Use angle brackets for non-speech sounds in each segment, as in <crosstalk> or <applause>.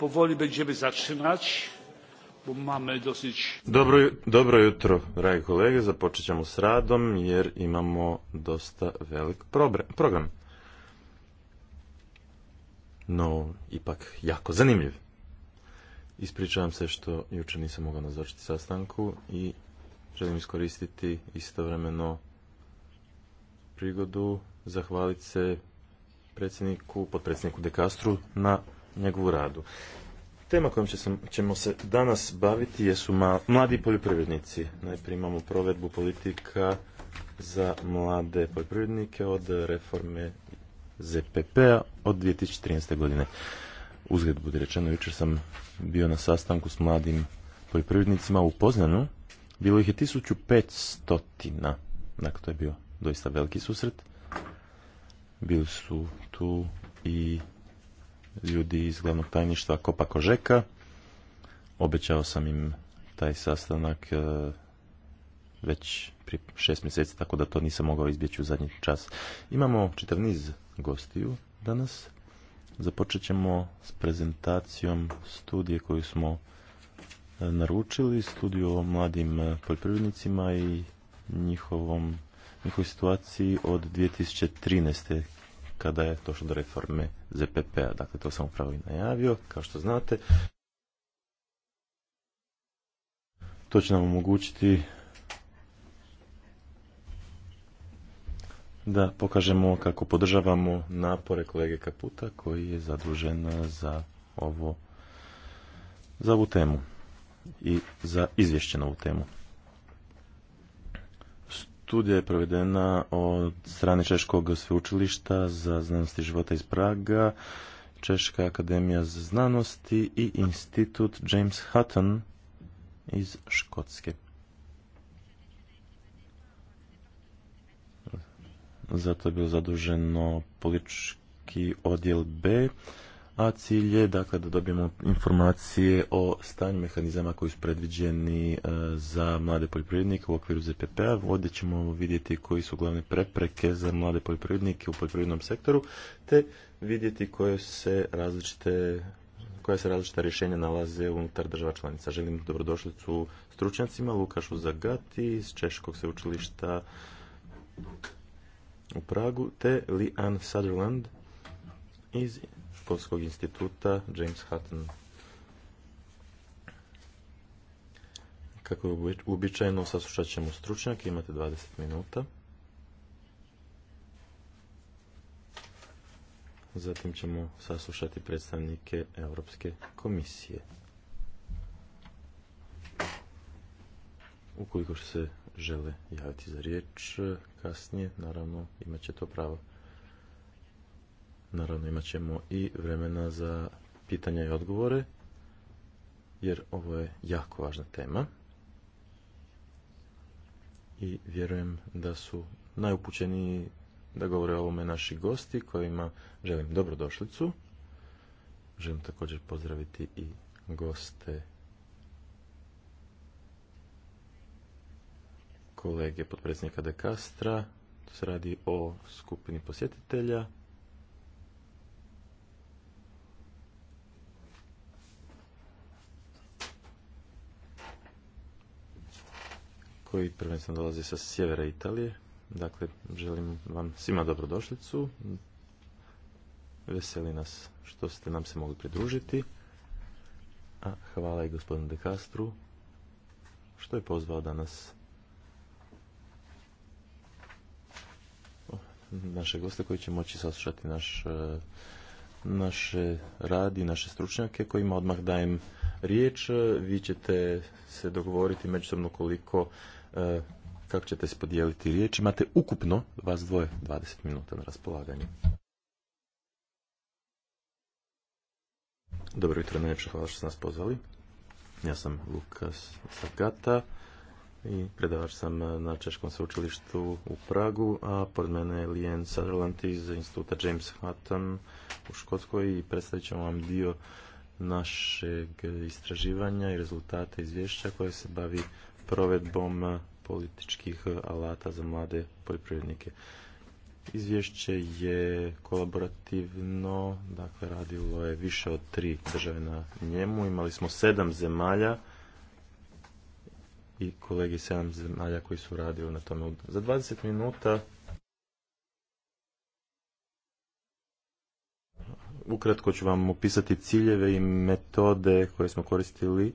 Powoli będziemy bo Dobro, jutro, dragi kolege. Započet ćemo s radom jer imamo dosta velik program. No, ipak jako zanimljiv. Ispričavam se što jučer nisam mogao nazočiti sastanku i želim iskoristiti istovremeno prigodu zahvaliti se predsjedniku, potpredsjedniku Dekastru na njegovu radu. Tema kojom ćemo se danas baviti jesu mladi poljoprivrednici. Najprije imamo provedbu politika za mlade poljoprivrednike od reforme ZPP-a od 2013. godine. Uzgled budi rečeno, jučer sam bio na sastanku s mladim poljoprivrednicima u Poznanu. Bilo ih je 1500. Dakle, to je bio doista veliki susret. Bili su tu i ljudi iz glavnog tajništva Kopa Kožeka. Obećao sam im taj sastanak e, već prije šest mjeseci, tako da to nisam mogao izbjeći u zadnji čas. Imamo čitav niz gostiju danas. Započet ćemo s prezentacijom studije koju smo e, naručili, studiju o mladim e, poljoprivrednicima i njihovom njihovoj situaciji od 2013 kada je došlo do reforme ZPP-a. Dakle, to sam upravo i najavio, kao što znate. To će nam omogućiti da pokažemo kako podržavamo napore kolege Kaputa koji je zadužen za ovo za ovu temu i za izvješće na ovu temu studija je provedena od strane Češkog sveučilišta za znanosti života iz Praga, Češka akademija za znanosti i institut James Hutton iz Škotske. Zato je bio zaduženo politički odjel B a cilj je dakle da dobijemo informacije o stanju mehanizama koji su predviđeni e, za mlade poljoprivrednike u okviru ZPP-a. Ovdje ćemo vidjeti koji su glavne prepreke za mlade poljoprivrednike u poljoprivrednom sektoru, te vidjeti koje se različite koja se različita rješenja nalaze unutar država članica. Želim dobrodošlicu stručnjacima Lukašu Zagati iz Češkog sveučilišta u Pragu, te Lian Sutherland iz instituta James Hutton. Kako je uobičajeno, saslušat ćemo stručnjak, imate 20 minuta. Zatim ćemo saslušati predstavnike Europske komisije. Ukoliko se žele javiti za riječ kasnije, naravno imat će to pravo. Naravno imat ćemo i vremena za pitanja i odgovore, jer ovo je jako važna tema. I vjerujem da su najupućeniji da govore o ovome naši gosti kojima želim dobrodošlicu. Želim također pozdraviti i goste kolege potpredsjednika De Castra. Tu se radi o skupini posjetitelja koji prvenstveno dolazi sa sjevera Italije. Dakle, želim vam svima dobrodošlicu. Veseli nas što ste nam se mogli pridružiti. A hvala i gospodinu De Castru što je pozvao danas naše goste koji će moći saslušati naš, eh, naše radi, i naše stručnjake kojima odmah dajem riječ. Vi ćete se dogovoriti međusobno koliko E, kako ćete se podijeliti riječ. Imate ukupno vas dvoje 20 minuta na raspolaganju. Dobro jutro, najljepše hvala što ste nas pozvali. Ja sam Lukas Sagata i predavač sam na Češkom sveučilištu u Pragu, a pored mene je Lijen Sutherland iz instituta James Hutton u Škotskoj i predstavit ćemo vam dio našeg istraživanja i rezultata izvješća koje se bavi provedbom političkih alata za mlade poljoprivrednike. Izvješće je kolaborativno, dakle radilo je više od tri države na njemu. Imali smo sedam zemalja i kolegi sedam zemalja koji su radili na tome. Za 20 minuta ukratko ću vam opisati ciljeve i metode koje smo koristili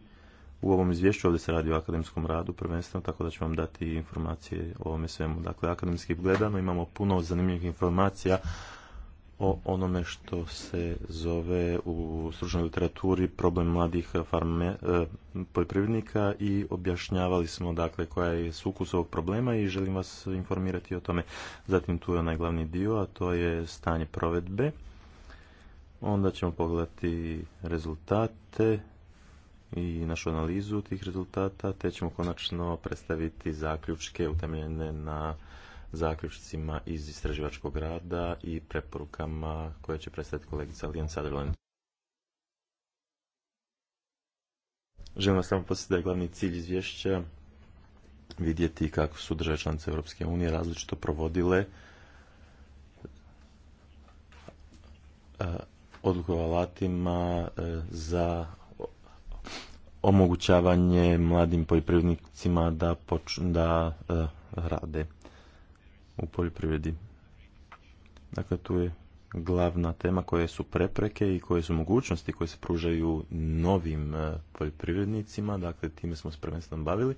u ovom izvješću, ovdje se radi o akademskom radu prvenstveno, tako da ću vam dati informacije o ovome svemu. Dakle, akademski gledano imamo puno zanimljivih informacija o onome što se zove u stručnoj literaturi problem mladih farme, e, poljoprivrednika i objašnjavali smo dakle koja je sukus ovog problema i želim vas informirati o tome. Zatim tu je onaj glavni dio, a to je stanje provedbe. Onda ćemo pogledati rezultate i našu analizu tih rezultata, te ćemo konačno predstaviti zaključke utemeljene na zaključcima iz istraživačkog rada i preporukama koje će predstaviti kolegica Lijan Želim Želimo samo posjetiti da je glavni cilj izvješća vidjeti kako su države članice Europske unije različito provodile e, odluku o alatima e, za omogućavanje mladim poljoprivrednicima da, da e, rade u poljoprivredi. Dakle, tu je glavna tema koje su prepreke i koje su mogućnosti koje se pružaju novim e, poljoprivrednicima, dakle time smo se prvenstveno bavili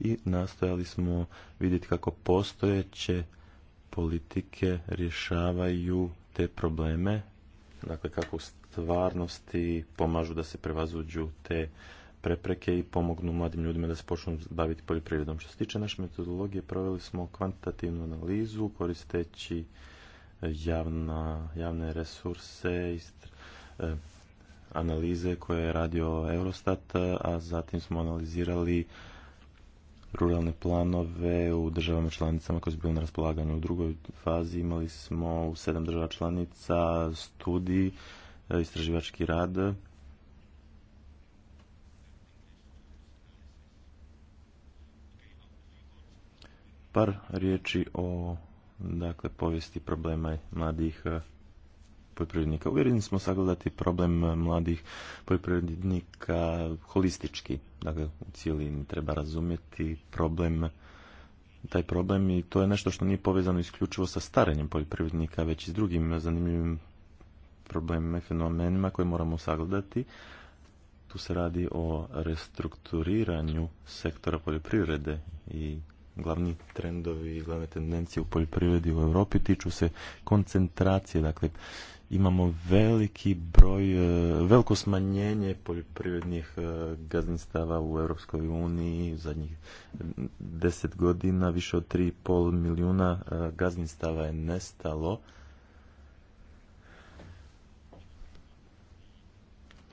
i nastojali smo vidjeti kako postojeće politike rješavaju te probleme, dakle kako u stvarnosti pomažu da se prevazuđu te prepreke i pomognu mladim ljudima da se počnu baviti poljoprivredom. Što se tiče naše metodologije, proveli smo kvantitativnu analizu koristeći e, javna, javne resurse, i e, analize koje je radio Eurostat, e, a zatim smo analizirali ruralne planove u državama članicama koje su bile na raspolaganju. U drugoj fazi imali smo u sedam država članica studij, istraživački rad par riječi o dakle, povijesti problema mladih eh, poljoprivrednika. Uvjereni smo sagledati problem mladih poljoprivrednika holistički. Dakle, u cijeli treba razumjeti problem taj problem i to je nešto što nije povezano isključivo sa starenjem poljoprivrednika, već i s drugim zanimljivim problemima i fenomenima koje moramo sagledati. Tu se radi o restrukturiranju sektora poljoprivrede i glavni trendovi i glavne tendencije u poljoprivredi u Europi tiču se koncentracije. Dakle, imamo veliki broj, e, veliko smanjenje poljoprivrednih e, gazdinstava u Europskoj uniji zadnjih deset godina, više od 3,5 milijuna e, gazdinstava je nestalo.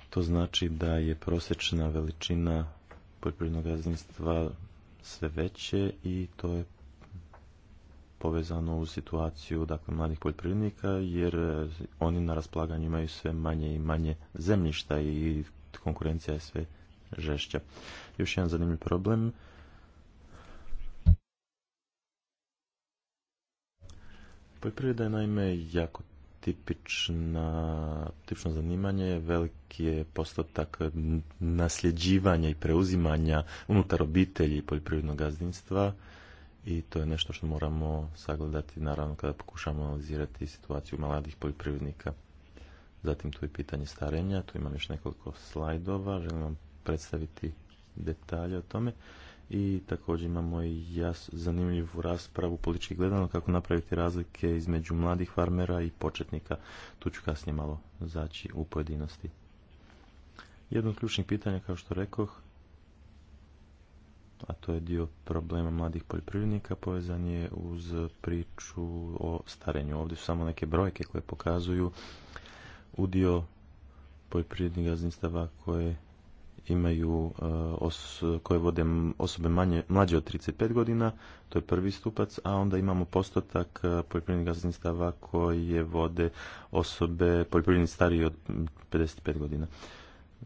To znači da je prosječna veličina poljoprivrednog gazdinstva sve veće i to je povezano u situaciju dakle, mladih poljoprivrednika jer e, oni na raspolaganju imaju sve manje i manje zemljišta i konkurencija je sve žešća. Još jedan zanimljiv problem Poljoprivreda je naime jako tipična, tipično zanimanje, veliki je postotak nasljeđivanja i preuzimanja unutar obitelji poljoprivrednog gazdinstva i to je nešto što moramo sagledati naravno kada pokušamo analizirati situaciju mladih poljoprivrednika. Zatim tu je pitanje starenja, tu imam još nekoliko slajdova, želim vam predstaviti detalje o tome i također imamo i jas, zanimljivu raspravu politički gledano kako napraviti razlike između mladih farmera i početnika. Tu ću kasnije malo zaći u pojedinosti. Jedno od ključnih pitanja, kao što rekoh, a to je dio problema mladih poljoprivrednika, povezan je uz priču o starenju. Ovdje su samo neke brojke koje pokazuju udio poljoprivrednih gazdinstava koje imaju e, koje vode osobe manje, mlađe od 35 godina, to je prvi stupac, a onda imamo postotak e, poljoprivrednih gazdinstava koje vode osobe poljoprivredni stariji od 55 godina.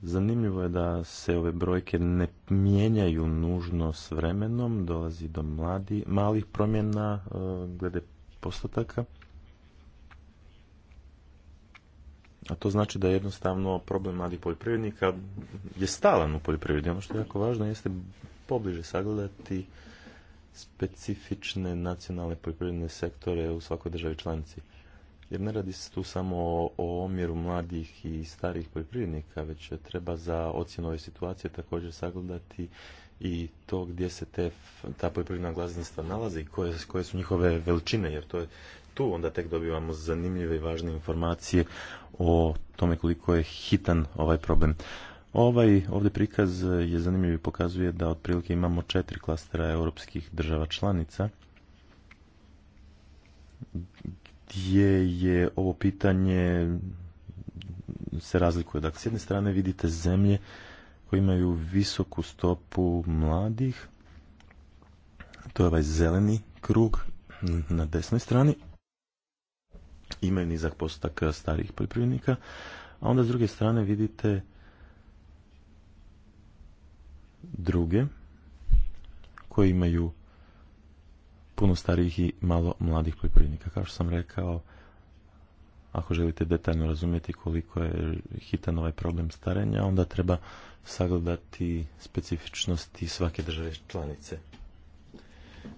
Zanimljivo je da se ove brojke ne mijenjaju nužno s vremenom, dolazi do mladi, malih promjena e, glede postotaka. A to znači da jednostavno problem mladih poljoprivrednika je stalan u poljoprivredi. Ono što je jako važno jeste pobliže sagledati specifične nacionalne poljoprivredne sektore u svakoj državi članici. Jer ne radi se tu samo o, omjeru mladih i starih poljoprivrednika, već treba za ocjenu ove situacije također sagledati i to gdje se te, ta poljoprivredna glazinstva nalazi i koje, koje su njihove veličine, jer to je tu onda tek dobivamo zanimljive i važne informacije o tome koliko je hitan ovaj problem. Ovaj ovdje prikaz je zanimljiv i pokazuje da otprilike imamo četiri klastera europskih država članica gdje je ovo pitanje se razlikuje. Dakle, s jedne strane vidite zemlje koje imaju visoku stopu mladih, to je ovaj zeleni krug na desnoj strani, imaju nizak postak eh, starih poljoprivrednika, a onda s druge strane vidite druge koji imaju puno starijih i malo mladih poljoprivrednika. Kao što sam rekao, ako želite detaljno razumjeti koliko je hitan ovaj problem starenja, onda treba sagledati specifičnosti svake države članice.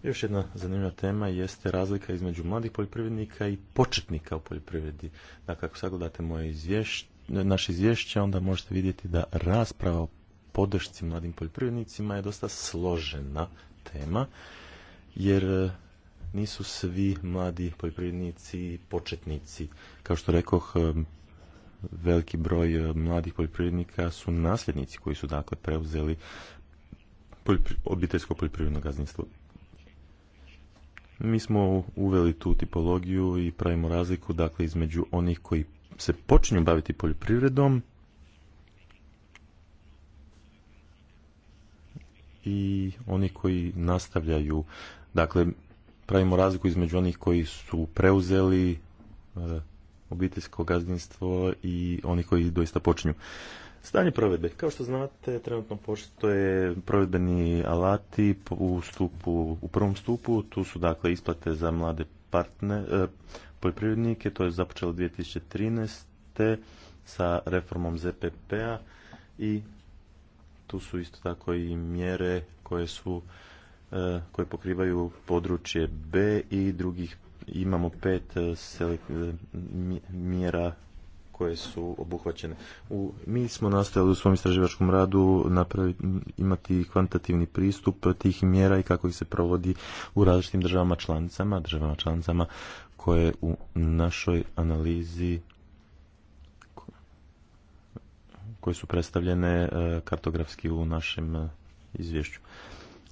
Još jedna zanimljiva tema jeste razlika između mladih poljoprivrednika i početnika u poljoprivredi. Dakle, ako sagledate moje izvješće, naše izvješće, onda možete vidjeti da rasprava o podršci mladim poljoprivrednicima je dosta složena tema, jer e, nisu svi mladi poljoprivrednici početnici. Kao što rekoh, e, veliki broj e, mladih poljoprivrednika su nasljednici koji su dakle preuzeli obiteljsko poljoprivredno gazdinstvo. Mi smo uveli tu tipologiju i pravimo razliku dakle između onih koji se počinju baviti poljoprivredom i onih koji nastavljaju. Dakle, pravimo razliku između onih koji su preuzeli e, obiteljsko gazdinstvo i oni koji doista počinju. Stanje provedbe. Kao što znate, trenutno je provedbeni alati u, stupu, u prvom stupu. Tu su dakle isplate za mlade partner, e, poljoprivrednike. To je započelo 2013. sa reformom ZPP-a i tu su isto tako i mjere koje su e, koje pokrivaju područje B i drugih imamo pet e, mjera koje su obuhvaćene. U, mi smo nastavili u svom istraživačkom radu napraviti, imati kvantitativni pristup tih mjera i kako ih se provodi u različitim državama članicama, državama članicama koje u našoj analizi koje su predstavljene e, kartografski u našem e, izvješću.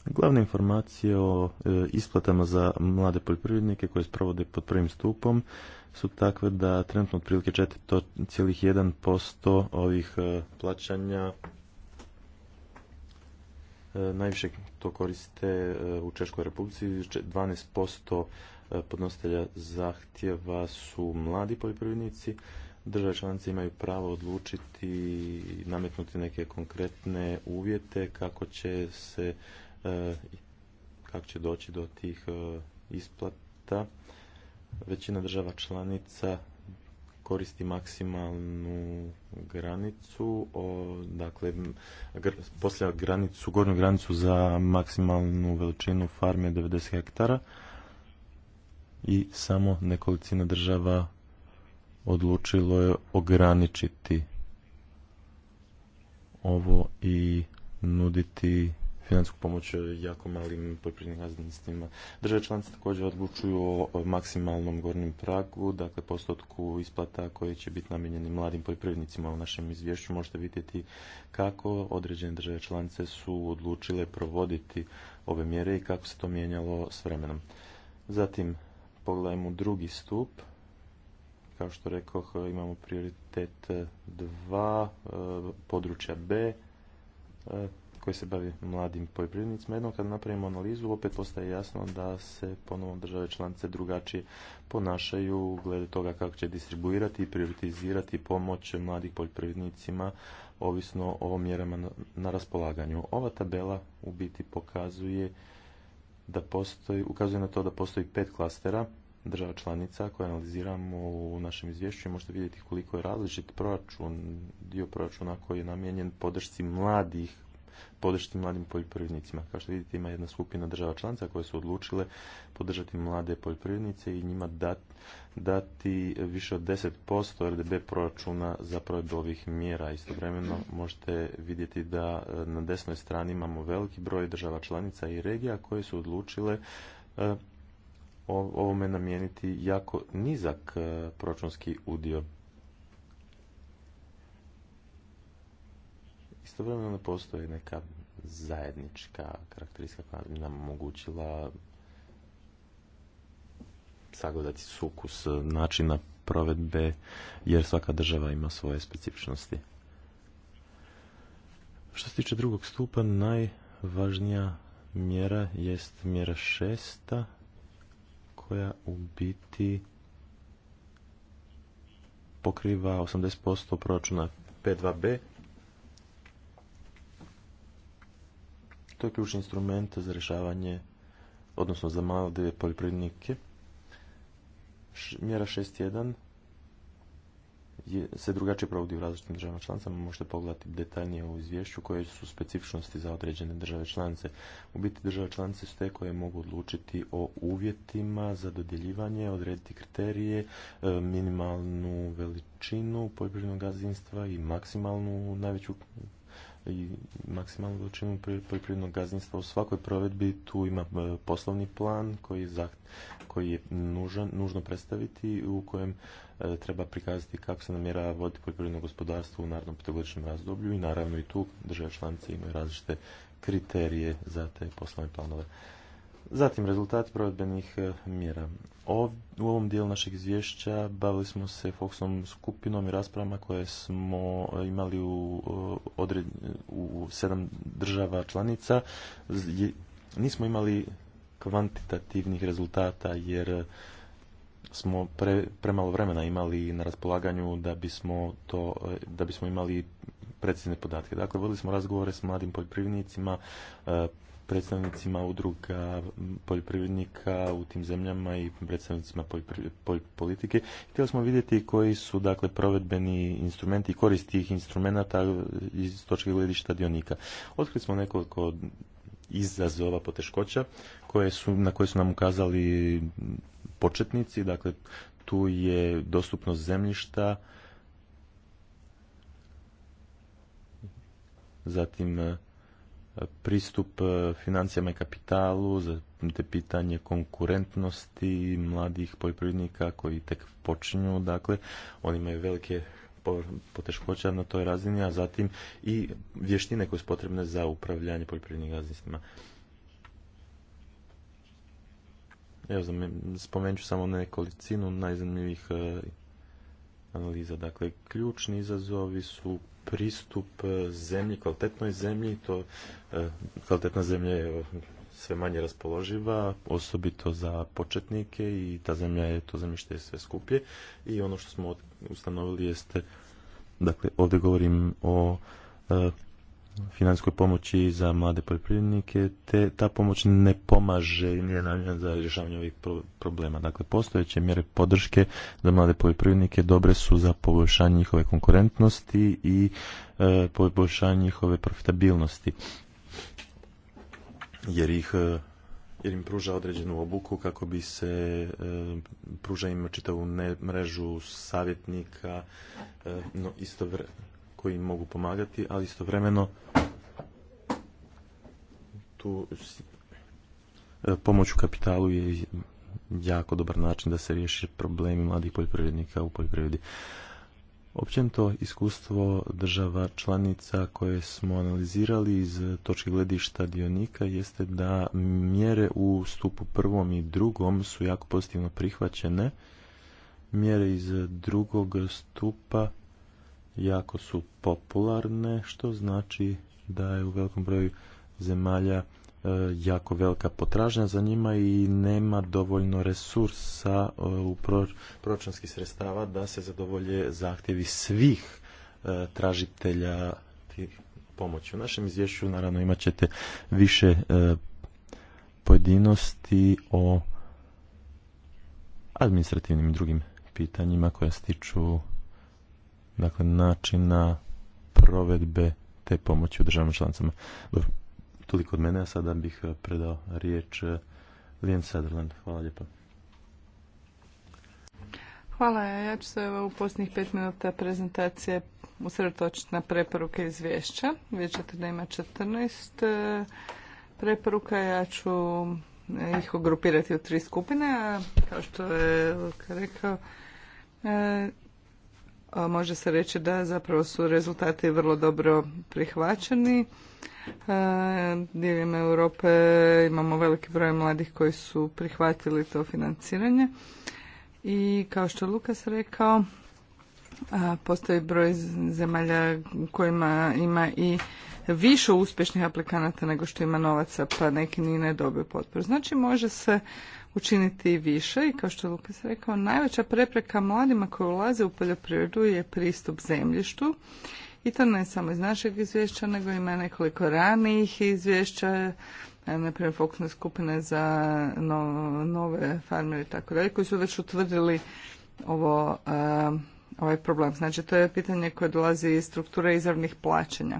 Glavne informacije o e, isplatama za mlade poljoprivrednike koje se provode pod prvim stupom su takve da trenutno otprilike 4,1% ovih e, plaćanja e, najviše to koriste e, u Češkoj republici, 12% podnositelja zahtjeva su mladi poljoprivrednici. Države članice imaju pravo odlučiti i nametnuti neke konkretne uvjete kako će se kako će doći do tih isplata većina država članica koristi maksimalnu granicu, dakle, gr, granicu, gornju granicu za maksimalnu veličinu farme 90 hektara i samo nekolicina država odlučilo je ograničiti ovo i nuditi financijsku pomoć e, jako malim poljoprivrednim gazdinstvima. Države članice također odlučuju o maksimalnom gornjem pragu, dakle postotku isplata koji će biti namijenjeni mladim poljoprivrednicima. U našem izvješću možete vidjeti kako određene države članice su odlučile provoditi ove mjere i kako se to mijenjalo s vremenom. Zatim pogledajmo drugi stup. Kao što rekoh, e, imamo prioritet 2, e, područja B, koji se bavi mladim poljoprivrednicima. Jednom kad napravimo analizu, opet postaje jasno da se ponovo države članice drugačije ponašaju glede toga kako će distribuirati i prioritizirati pomoć mladih poljoprivrednicima ovisno o mjerama na raspolaganju. Ova tabela u biti pokazuje da postoji, ukazuje na to da postoji pet klastera država članica koje analiziramo u našem izvješću i možete vidjeti koliko je različit proračun, dio proračuna koji je namijenjen podršci mladih podržati mladim poljoprivrednicima. Kao što vidite ima jedna skupina država članica koje su odlučile podržati mlade poljoprivrednice i njima dati više od 10% RDB proračuna za provedbu ovih mjera. Istovremeno možete vidjeti da e, na desnoj strani imamo veliki broj država članica i regija koje su odlučile e, ovome namijeniti jako nizak e, proračunski udio. Istovremeno ne postoji neka zajednička karakteristika koja bi nam omogućila sagledati sukus načina provedbe, jer svaka država ima svoje specifičnosti. Što se tiče drugog stupa, najvažnija mjera jest mjera šesta, koja u biti pokriva 80% proračuna P2B, To je ključni instrument za rješavanje, odnosno za mlade poljoprivrednike. Mjera 6.1 se drugačije provodi u različitim državama članicama, možete pogledati detaljnije u izvješću koje su specifičnosti za određene države članice. U biti države članice su te koje mogu odlučiti o uvjetima za dodjeljivanje, odrediti kriterije, e, minimalnu veličinu poljoprivrednog gazdinstva i maksimalnu najveću i maksimalnu veličinu poljoprivrednog gazdinstva u svakoj provedbi tu ima e, poslovni plan koji, zaht koji je nužan, nužno predstaviti u kojem e, treba prikazati kako se namjera voditi poljoprivredno gospodarstvo u narodnom petogodišnjem razdoblju i naravno i tu države članice imaju različite kriterije za te poslovne planove. Zatim rezultati provedbenih e, mjera. u ovom dijelu našeg izvješća bavili smo se fokusnom skupinom i raspravama koje smo e, imali u, e, odred, u sedam država članica. Nismo imali kvantitativnih rezultata jer smo premalo vremena imali na raspolaganju da bismo, to, da bismo imali precizne podatke. Dakle, vodili smo razgovore s mladim poljoprivrednicima, predstavnicima udruga poljoprivrednika u tim zemljama i predstavnicima politike. Htjeli smo vidjeti koji su dakle provedbeni instrumenti i korist tih instrumenta iz točke gledišta dionika. Otkrili smo nekoliko izazova poteškoća koje su, na koje su nam ukazali početnici, dakle tu je dostupnost zemljišta, zatim pristup e, financijama i kapitalu, za te pitanje konkurentnosti mladih poljoprivrednika koji tek počinju, dakle, oni imaju velike poteškoća na toj razini, a zatim i vještine koje su potrebne za upravljanje poljoprivrednim gazdinstvima. Evo, spomenut ću samo nekolicinu najzanimljivih e, analiza. Dakle, ključni izazovi su pristup e, zemlji, kvalitetnoj zemlji, to e, kvalitetna zemlja je sve manje raspoloživa, osobito za početnike i ta zemlja je, to zemljište je sve skuplje i ono što smo ustanovili jeste, dakle ovdje govorim o e, financijskoj pomoći za mlade poljoprivrednike, te ta pomoć ne pomaže i nije namjena za rješavanje ovih problema. Dakle, postojeće mjere podrške za mlade poljoprivrednike dobre su za poboljšanje njihove konkurentnosti i e, poboljšanje njihove profitabilnosti, jer ih e, jer im pruža određenu obuku kako bi se e, pruža im čitavu mrežu savjetnika, e, no isto vre, koji mogu pomagati, ali istovremeno tu e, pomoć u kapitalu je jako dobar način da se riješe problemi mladih poljoprivrednika u poljoprivredi. Općenito iskustvo država članica koje smo analizirali iz točke gledišta dionika jeste da mjere u stupu prvom i drugom su jako pozitivno prihvaćene. Mjere iz drugog stupa jako su popularne, što znači da je u velikom broju zemalja e, jako velika potražnja za njima i nema dovoljno resursa e, u proračunskih sredstava da se zadovolje zahtjevi svih e, tražitelja pomoći. U našem izvješću naravno imat ćete više pojedinosti o administrativnim i drugim pitanjima koja se tiču dakle, načina provedbe te pomoći u državama članicama. Dobro, toliko od mene, a sada bih e, predao riječ e, Lijen Sutherland. Hvala lijepa. Hvala, ja ću se u posljednjih pet minuta prezentacije usredotočiti na preporuke izvješća. ćete da ima 14 e, preporuka, ja ću ih ogrupirati u tri skupine, kao što je rekao, može se reći da zapravo su rezultati vrlo dobro prihvaćeni. E, diljem Europe imamo veliki broj mladih koji su prihvatili to financiranje. I kao što je Lukas rekao, postoji broj zemalja u kojima ima i više uspješnih aplikanata nego što ima novaca, pa neki ni ne dobiju potporu. Znači može se učiniti više i kao što je Lukas rekao, najveća prepreka mladima koji ulaze u poljoprivredu je pristup zemljištu i to ne samo iz našeg izvješća, nego ima nekoliko ranijih izvješća, e, primjer fokusne skupine za nove farmere i tako dalje, koji su već utvrdili ovo, e, ovaj problem. Znači, to je pitanje koje dolazi iz strukture izravnih plaćanja.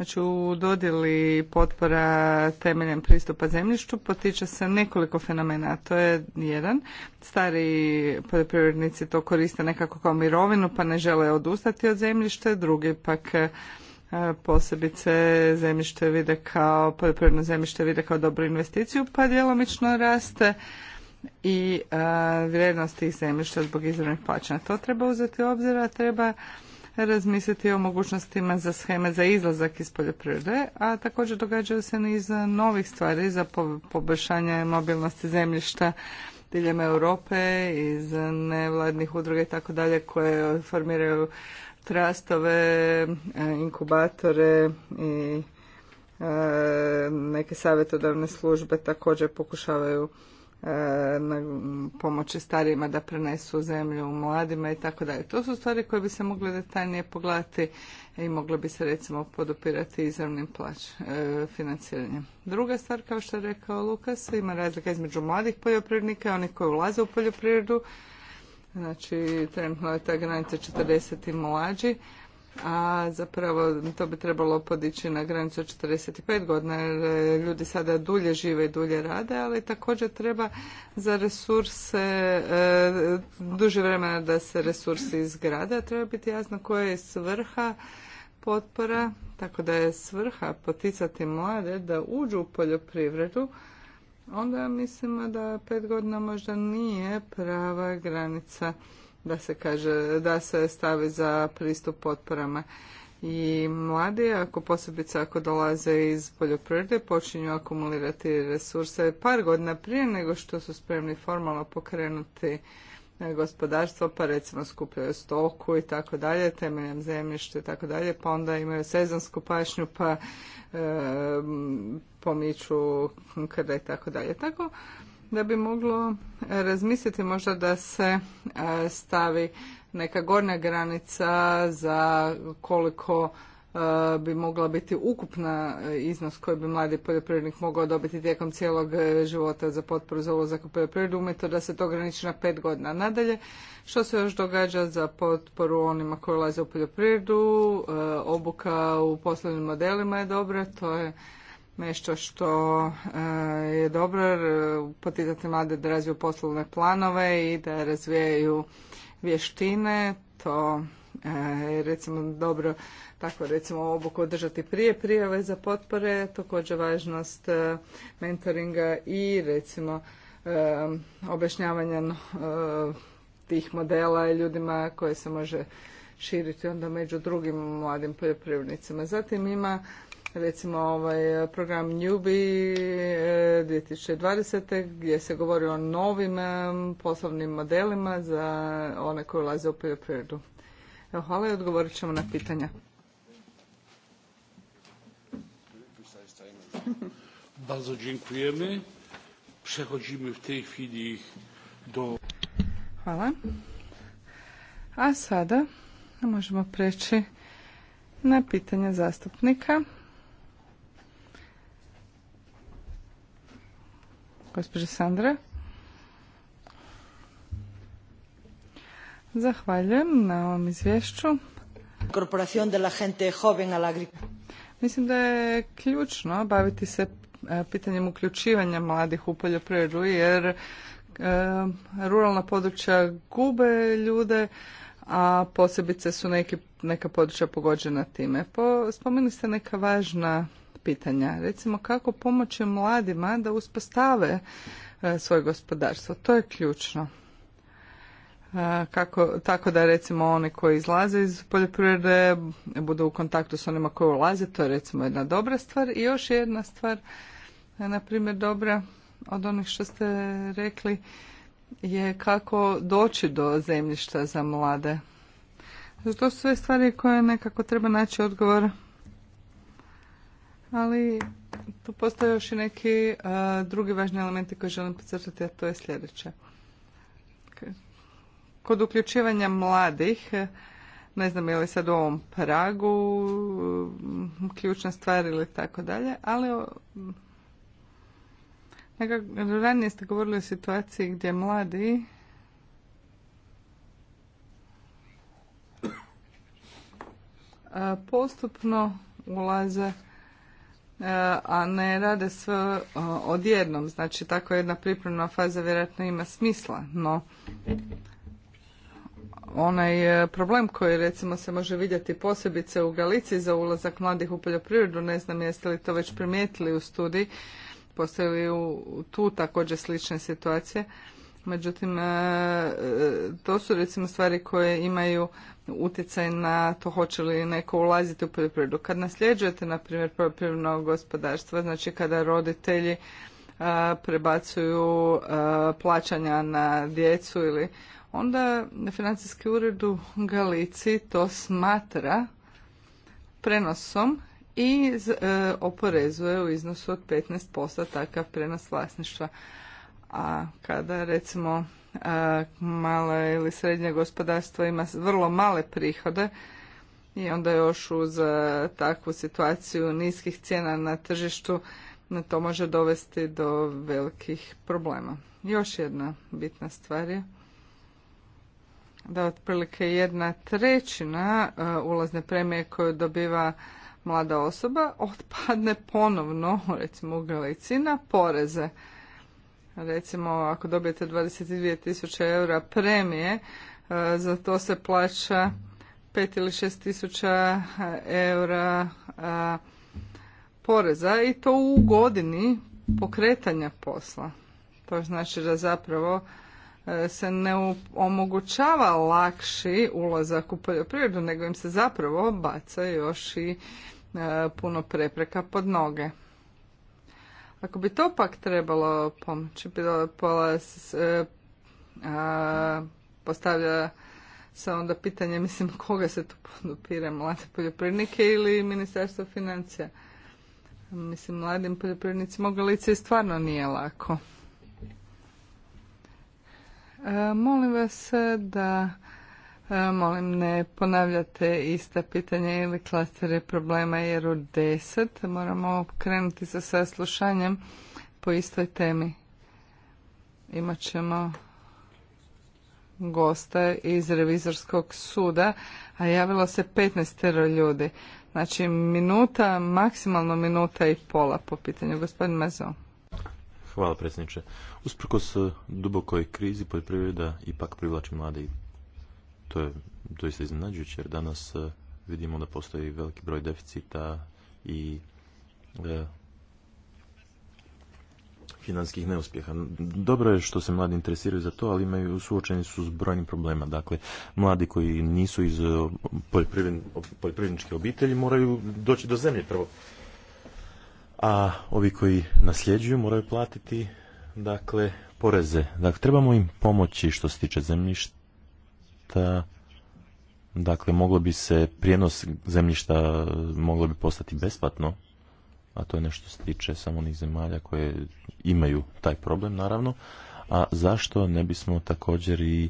Znači u dodjeli potpora temeljem pristupa zemljištu potiče se nekoliko fenomena. To je jedan, stari poljoprivrednici to koriste nekako kao mirovinu pa ne žele odustati od zemljišta, drugi pak e, posebice zemljište vide kao, poljoprivredno zemljište vide kao dobru investiciju pa djelomično raste i e, vrijednost tih zemljišta zbog izravnih plaćanja. To treba uzeti u obzir, a treba razmisliti o mogućnostima za scheme za izlazak iz poljoprivrede, a također događaju se niz novih stvari za poboljšanje mobilnosti zemljišta diljem Europe, iz nevladnih udruga i tako dalje koje formiraju trastove, e, inkubatore i e, neke savjetodavne službe također pokušavaju pomoći starijima da prenesu zemlju mladima i tako dalje. To su stvari koje bi se mogle detaljnije pogledati i mogle bi se recimo podupirati izravnim plać, e, financiranjem. Druga stvar, kao što je rekao Lukas, ima razlika između mladih poljoprivrednika i onih koji ulaze u poljoprivredu. Znači, trenutno je ta granica 40 i mlađi, a zapravo to bi trebalo podići na granicu 45 godina jer e, ljudi sada dulje žive i dulje rade, ali također treba za resurse e, duže vremena da se resursi izgrade, treba biti jasno koja je svrha potpora, tako da je svrha poticati mlade da uđu u poljoprivredu, onda mislimo da pet godina možda nije prava granica da se kaže, da se stavi za pristup potporama. I mladi, ako posebice ako dolaze iz poljoprivrede, počinju akumulirati resurse par godina prije nego što su spremni formalno pokrenuti e, gospodarstvo, pa recimo skupljaju stoku i tako dalje, temeljem zemljišta i tako dalje, pa onda imaju sezonsku pašnju, pa e, pomiču krda i tako dalje. Tako da bi moglo e, razmisliti možda da se e, stavi neka gornja granica za koliko e, bi mogla biti ukupna iznos koji bi mladi poljoprivrednik mogao dobiti tijekom cijelog života za potporu za ulazak u poljoprivredu, umjesto da se to ograniči na pet godina. Nadalje, što se još događa za potporu onima koji ulaze u poljoprivredu, obuka u poslovnim modelima je dobra, to je nešto što eh, je dobro, eh, poticati mlade da razviju poslovne planove i da razvijaju vještine, to eh, je recimo dobro tako recimo obuku održati prije prijave za potpore, također važnost mentoringa i recimo objašnjavanja tih modela ljudima koje se može širiti onda među drugim mladim poljoprivrednicima. Zatim ima recimo ovaj program Newbie 2020. Eh, gdje se govori o novim poslovnim modelima za one koji ulaze u poljoprivredu. hvala i odgovorit ćemo na pitanja. <laughs> Bardzo dziękujemy. Przechodzimy w tej chwili do... Hvala. A sada možemo preći na pitanje zastupnika. gospođa Sandra. Zahvaljujem na ovom izvješću. de la gente joven Mislim da je ključno baviti se e, pitanjem uključivanja mladih u poljoprivredu jer e, ruralna područja gube ljude, a posebice su neka područja pogođena time. Po, spomenuli ste neka važna pitanja. Recimo kako pomoći mladima da uspostave e, svoje gospodarstvo. To je ključno. E, kako, tako da recimo oni koji izlaze iz poljoprivrede budu u kontaktu s onima koji ulaze, to je recimo jedna dobra stvar. I još jedna stvar, e, na primjer dobra od onih što ste rekli, je kako doći do zemljišta za mlade. To su sve stvari koje nekako treba naći odgovor ali tu postoje još i neki e, drugi važni elementi koje želim podcrtati, a to je sljedeće. Kod uključivanja mladih, e, ne znam je li sad u ovom pragu ključna stvar ili tako dalje, ali nekako, ranije ste govorili o situaciji gdje mladi e, postupno ulaze E, a ne rade sve e, odjednom. Znači, tako jedna pripremna faza vjerojatno ima smisla, no onaj e, problem koji recimo se može vidjeti posebice u Galici za ulazak mladih u poljoprivredu, ne znam jeste li to već primijetili u studiji, postoje li tu također slične situacije, Međutim, e, e, to su recimo stvari koje imaju utjecaj na to hoće li neko ulaziti u poljoprivredu. Kad nasljeđujete, na primjer, poljoprivredno gospodarstvo, znači kada roditelji e, prebacuju plaćanja na djecu ili onda financijski ured galici to smatra prenosom i oporezuje u iznosu od 15% takav prenos vlasništva a kada recimo e, male ili srednje gospodarstvo ima vrlo male prihode i onda još uz e, takvu situaciju niskih cijena na tržištu to može dovesti do velikih problema. Još jedna bitna stvar je da otprilike jedna trećina e, ulazne premije koju dobiva mlada osoba otpadne ponovno, recimo u poreze Recimo, ako dobijete 22.000 eura premije, e, za to se plaća 5 ili 6.000 tisuća e, eura e, poreza i to u godini pokretanja posla. To znači da zapravo se ne omogućava lakši ulazak u poljoprivredu, nego im se zapravo baca još i puno prepreka pod noge. Ako bi to pak trebalo pomoći, pola se e, postavlja se onda pitanje, mislim, koga se tu podupire, mlade poljoprivrednike ili ministarstvo financija? Mislim, mladim poljoprivrednicima u Galiciji stvarno nije lako. E, molim vas da E, molim ne ponavljate ista pitanja ili klastere problema jer u deset moramo krenuti sa saslušanjem po istoj temi. Imaćemo gosta iz revizorskog suda, a javilo se 15 ljudi. Znači minuta, maksimalno minuta i pola po pitanju. Gospodin Mezo. Hvala predsjedniče. Usprkos dubokoj krizi poljoprivreda ipak privlači mlade i to je doista iznenađujuće jer danas e, vidimo da postoji veliki broj deficita i e, financijskih neuspjeha. Dobro je što se mladi interesiraju za to, ali imaju suočeni su s brojnim problema. Dakle, mladi koji nisu iz e, poljoprivredničke obitelji moraju doći do zemlje prvo. A ovi koji nasljeđuju moraju platiti dakle poreze. Dakle, trebamo im pomoći što se tiče zemljišta zemljišta dakle moglo bi se prijenos zemljišta moglo bi postati besplatno a to je nešto se tiče samo onih zemalja koje imaju taj problem naravno a zašto ne bismo također i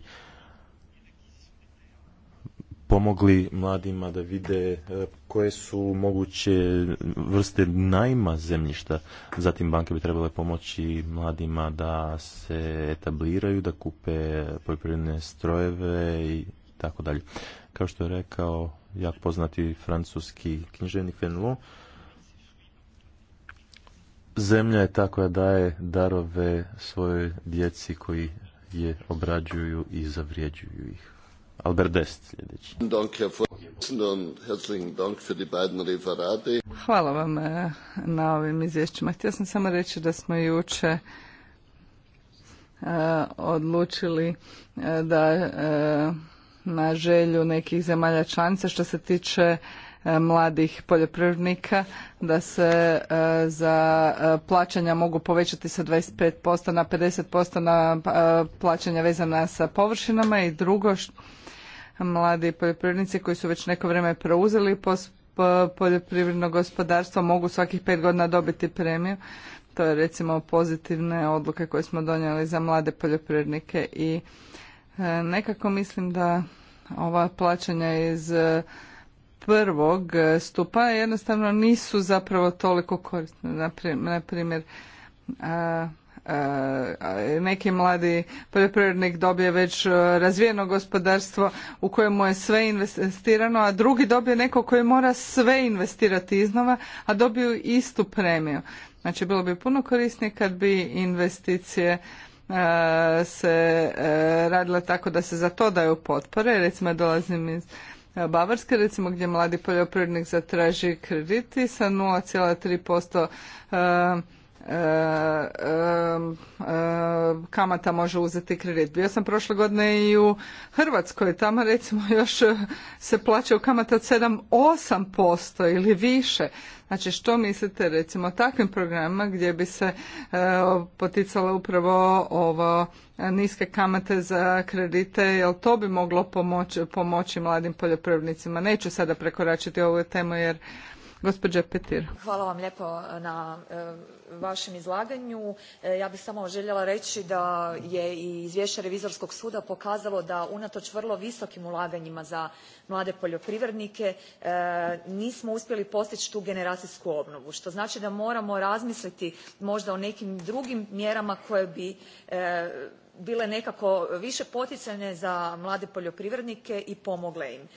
pomogli mladima da vide e, koje su moguće vrste najma zemljišta. Zatim banke bi trebale pomoći mladima da se etabliraju, da kupe poljoprivredne strojeve i tako dalje. Kao što je rekao jak poznati francuski književnik Fenlon, zemlja je ta koja daje darove svojoj djeci koji je obrađuju i zavrijeđuju ih. Albert Dest sljedeći. Hvala vam eh, na ovim izvješćima. Htio sam samo reći da smo juče eh, odlučili eh, da na želju nekih zemalja članica što se tiče mladih poljoprivrednika da se za plaćanja mogu povećati sa 25% na 50% na plaćanja vezana sa površinama i drugo mladi poljoprivrednici koji su već neko vrijeme preuzeli poljoprivredno gospodarstvo mogu svakih pet godina dobiti premiju. To je recimo pozitivne odluke koje smo donijeli za mlade poljoprivrednike i e, nekako mislim da ova plaćanja iz prvog stupa jednostavno nisu zapravo toliko korisne. Naprimjer, primjer, E, neki mladi poljoprivrednik dobije već e, razvijeno gospodarstvo u kojemu je sve investirano, a drugi dobije neko koji mora sve investirati iznova, a dobiju istu premiju. Znači bilo bi puno korisnije kad bi investicije e, se radile tako da se za to daju potpore. Recimo ja dolazim iz Bavarske, recimo gdje mladi poljoprivrednik zatraži krediti sa 0,3% E, e, e, kamata može uzeti kredit. Bio sam prošle godine i u Hrvatskoj, tamo recimo <laughs> još se u kamata od 7-8% ili više. Znači što mislite recimo o takvim programima gdje bi se poticale upravo ovo niske kamate za kredite, jel to bi moglo pomoći, pomoći mladim poljoprivrednicima? Neću sada prekoračiti ovu temu jer Hvala vam lijepo na e, vašem izlaganju. E, ja bih samo željela reći da je i izvješće revizorskog suda pokazalo da unatoč vrlo visokim ulaganjima za mlade poljoprivrednike e, nismo uspjeli postići tu generacijsku obnovu što znači da moramo razmisliti možda o nekim drugim mjerama koje bi bile nekako više poticajne za mlade poljoprivrednike i pomogle im.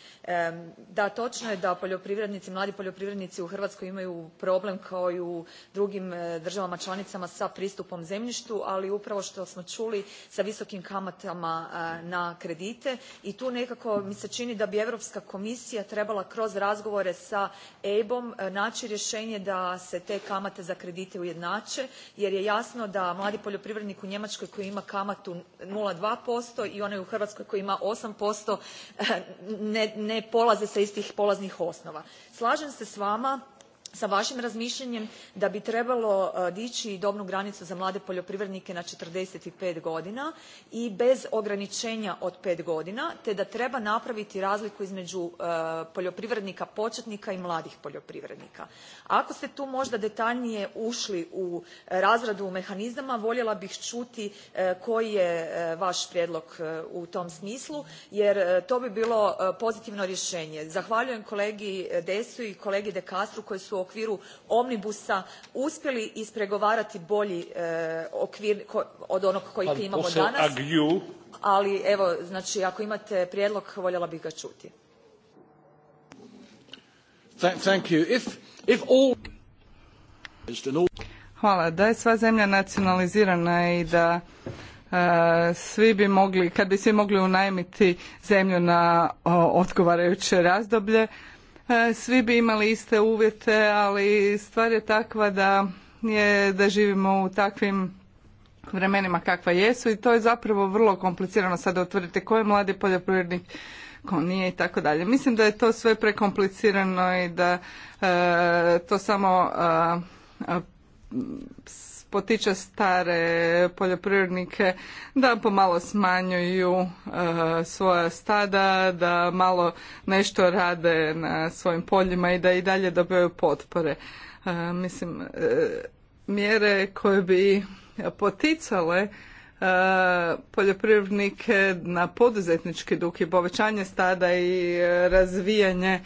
Da, točno je da poljoprivrednici, mladi poljoprivrednici u Hrvatskoj imaju problem kao i u drugim e, državama članicama sa pristupom zemljištu, ali upravo što smo čuli sa visokim kamatama e, na kredite i tu nekako mi se čini da bi Europska komisija trebala kroz razgovore sa EIB-om e, naći rješenje da se te kamate za kredite ujednače jer je jasno da mladi poljoprivrednik u Njemačkoj koji ima kamatu nuladva 0,2% i onaj u Hrvatskoj koji ima 8% <laughs> ne, ne polaze sa istih polaznih osnova. Slažem se s vama sa vašim razmišljanjem da bi trebalo e, dići dobnu granicu za mlade poljoprivrednike na četrdeset godina i bez ograničenja od pet godina te da treba napraviti razliku između e, poljoprivrednika početnika i mladih poljoprivrednika. ako ste tu možda detaljnije ušli u razradu mehanizama voljela bih čuti e, koji je vaš prijedlog u tom smislu jer to bi bilo pozitivno rješenje. zahvaljujem kolegi desu i kolegi de castru koji su okviru omnibusa uspjeli ispregovarati bolji eh, okvir od onog koji imamo danas ali evo znači ako imate prijedlog voljela bih ga čuti. Hvala. Da je sva zemlja nacionalizirana i da eh, svi bi mogli, kad bi svi mogli unajmiti zemlju na odgovarajuće razdoblje, E, svi bi imali iste uvjete, ali stvar je takva da, je, da živimo u takvim vremenima kakva jesu i to je zapravo vrlo komplicirano sada otvoriti ko je mladi poljoprivrednik, ko nije i tako dalje. Mislim da je to sve prekomplicirano i da e, to samo e, potiče stare poljoprivrednike da pomalo smanjuju e, svoja stada, da malo nešto rade na svojim poljima i da i dalje dobivaju potpore. E, mislim, e, mjere koje bi poticale poljoprivrednike na poduzetnički duk i povećanje stada i razvijanje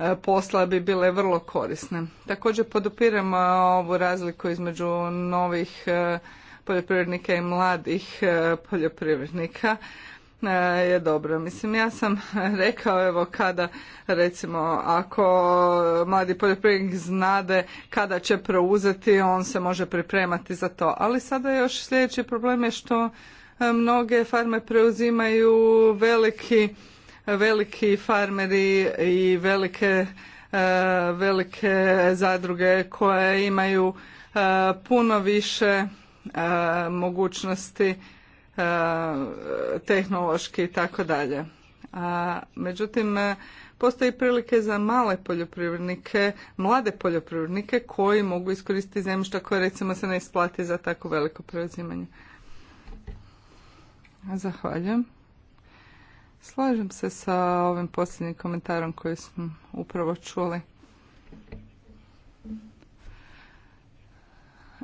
E, posla bi bile vrlo korisne. Također podupiramo e, ovu razliku između novih e, poljoprivrednika i mladih poljoprivrednika je dobro. Mislim, ja sam <laughs> rekao evo kada recimo ako mladi poljoprivrednik znade kada će preuzeti, on se može pripremati za to. Ali sada još sljedeći problem je što mnoge farme preuzimaju veliki veliki farmeri i velike, e, velike zadruge koje imaju e, puno više e, mogućnosti tehnološki i tako dalje. Međutim, postoji prilike za male poljoprivrednike, mlade poljoprivrednike koji mogu iskoristiti zemljišta koje recimo se ne isplati za tako veliko preuzimanje. Zahvaljujem. Slažem se sa ovim posljednjim komentarom koji smo upravo čuli.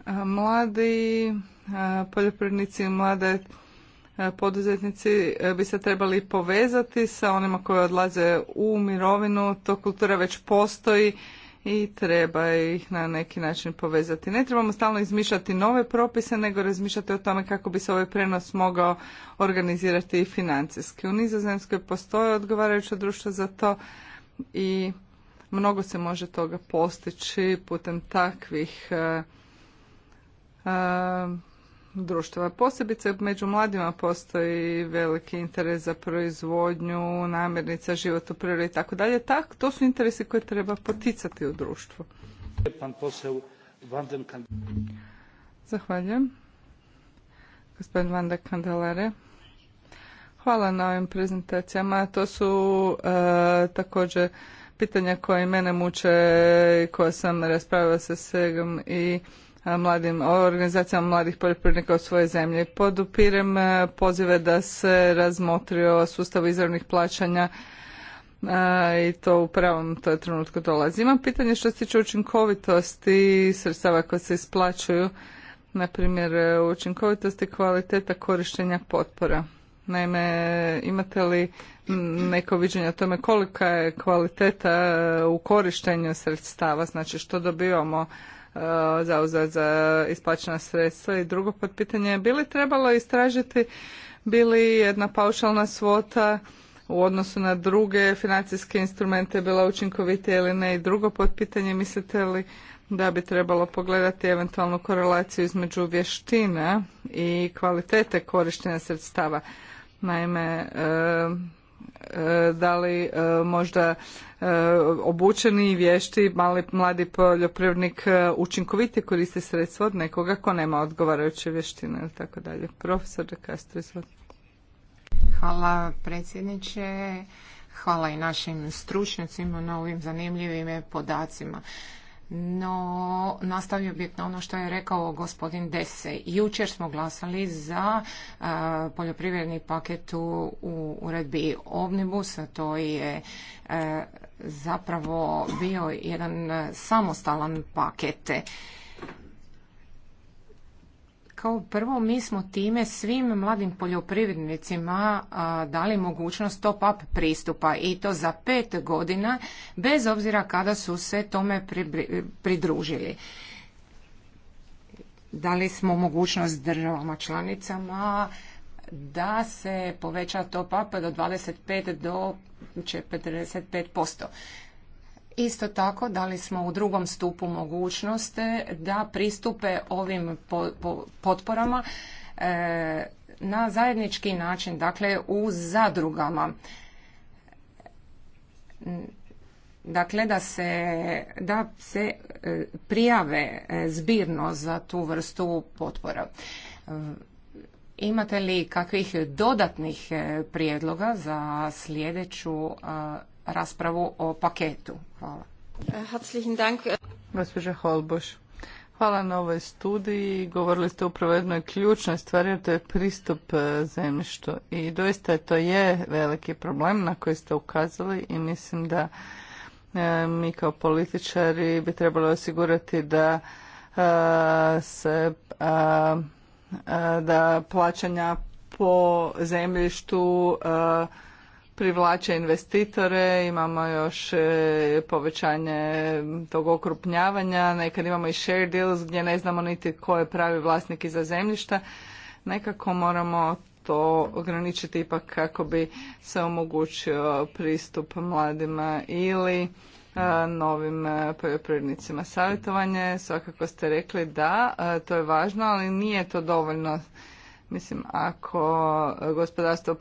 E, mladi e, poljoprivrednici i mlade e, poduzetnici bi se trebali povezati sa onima koji odlaze u mirovinu, to kultura već postoji i treba ih na neki način povezati. Ne trebamo stalno izmišljati nove propise, nego razmišljati o tome kako bi se ovaj prenos mogao organizirati i financijski. U Nizozemskoj postoje odgovarajuće društva za to i mnogo se može toga postići putem takvih eh, eh, društava. Posebice među mladima postoji veliki interes za proizvodnju, namirnica, život u prirodi i tako dalje. Tak, to su interesi koje treba poticati u društvu. Zahvaljujem. Gospodin Vanda Kandelare. Hvala na ovim prezentacijama. To su e, također pitanja koje mene muče i koja sam raspravila sa Segom i mladim organizacijama mladih poljoprivrednika od svoje zemlje. Podupirem e, pozive da se razmotri o sustavu izravnih plaćanja e, i to u pravom to je trenutku dolazi. Imam pitanje što se tiče učinkovitosti sredstava koja se isplaćuju, na primjer e, učinkovitosti kvaliteta korištenja potpora. Naime, imate li neko viđenje o tome kolika je kvaliteta u korištenju sredstava, znači što dobivamo E, zauze za isplaćena sredstva. I drugo potpitanje je bi li trebalo istražiti bili jedna paušalna svota u odnosu na druge financijske instrumente bila učinkovitija ili ne? I drugo potpitanje, mislite li da bi trebalo pogledati eventualnu korelaciju između vještina i kvalitete korištenja sredstava? Naime, e, E, da li e, možda e, obučeni i vješti mali mladi poljoprivrednik učinkovitije koristi sredstvo od nekoga ko nema odgovarajuće vještine ili tako dalje. Profesor De Castro, Hvala predsjedniče, hvala i našim stručnjacima na ovim zanimljivim podacima no nastavio bih na ono što je rekao gospodin Dese. Jučer smo glasali za poljoprivredni paket u, uredbi Omnibusa. to je e, zapravo bio jedan e, samostalan paket kao prvo, mi smo time svim mladim poljoprivrednicima dali mogućnost top-up pristupa i to za pet godina, bez obzira kada su se tome pridružili. Dali smo mogućnost državama članicama da se poveća top-up do 25 do 55%. Isto tako dali smo u drugom stupu mogućnost da pristupe ovim potporama e, na zajednički način, dakle u zadrugama. Dakle, da se, da se e, prijave e, zbirno za tu vrstu potpora. Imate li kakvih dodatnih prijedloga za sljedeću raspravu o paketu. Hvala. Herzlichen Dank. Gospođa Holboš. Hvala na ovoj studiji. Govorili ste upravo o jednoj ključnoj stvari, a to je pristup e, zemljištu. I doista to je veliki problem na koji ste ukazali i mislim da e, mi kao političari bi trebali osigurati da e, se da plaćanja po zemljištu privlače investitore, imamo još e, povećanje tog okrupnjavanja, nekad imamo i share deals gdje ne znamo niti ko je pravi vlasnik iza zemljišta. Nekako moramo to ograničiti ipak kako bi se omogućio pristup mladima ili e, novim e, poljoprivrednicima savjetovanje. Svakako ste rekli da, to je važno, ali nije to dovoljno Mislim, ako gospodarstvo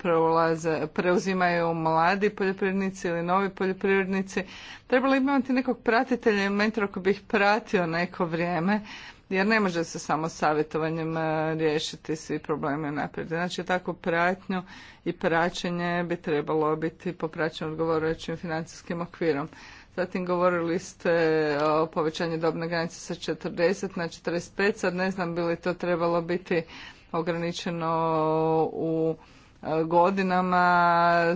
preuzimaju mladi poljoprivrednici ili novi poljoprivrednici, trebali bi imati nekog pratitelja ili mentora koji bi ih pratio neko vrijeme, jer ne može se samo savjetovanjem e, riješiti svi problemi naprijed. Znači, tako pratnju i praćenje bi trebalo biti popraćeno odgovarajućim financijskim okvirom. Zatim govorili ste o povećanju dobne granice sa 40 na 45, sad ne znam bi li to trebalo biti ograničeno u e, godinama,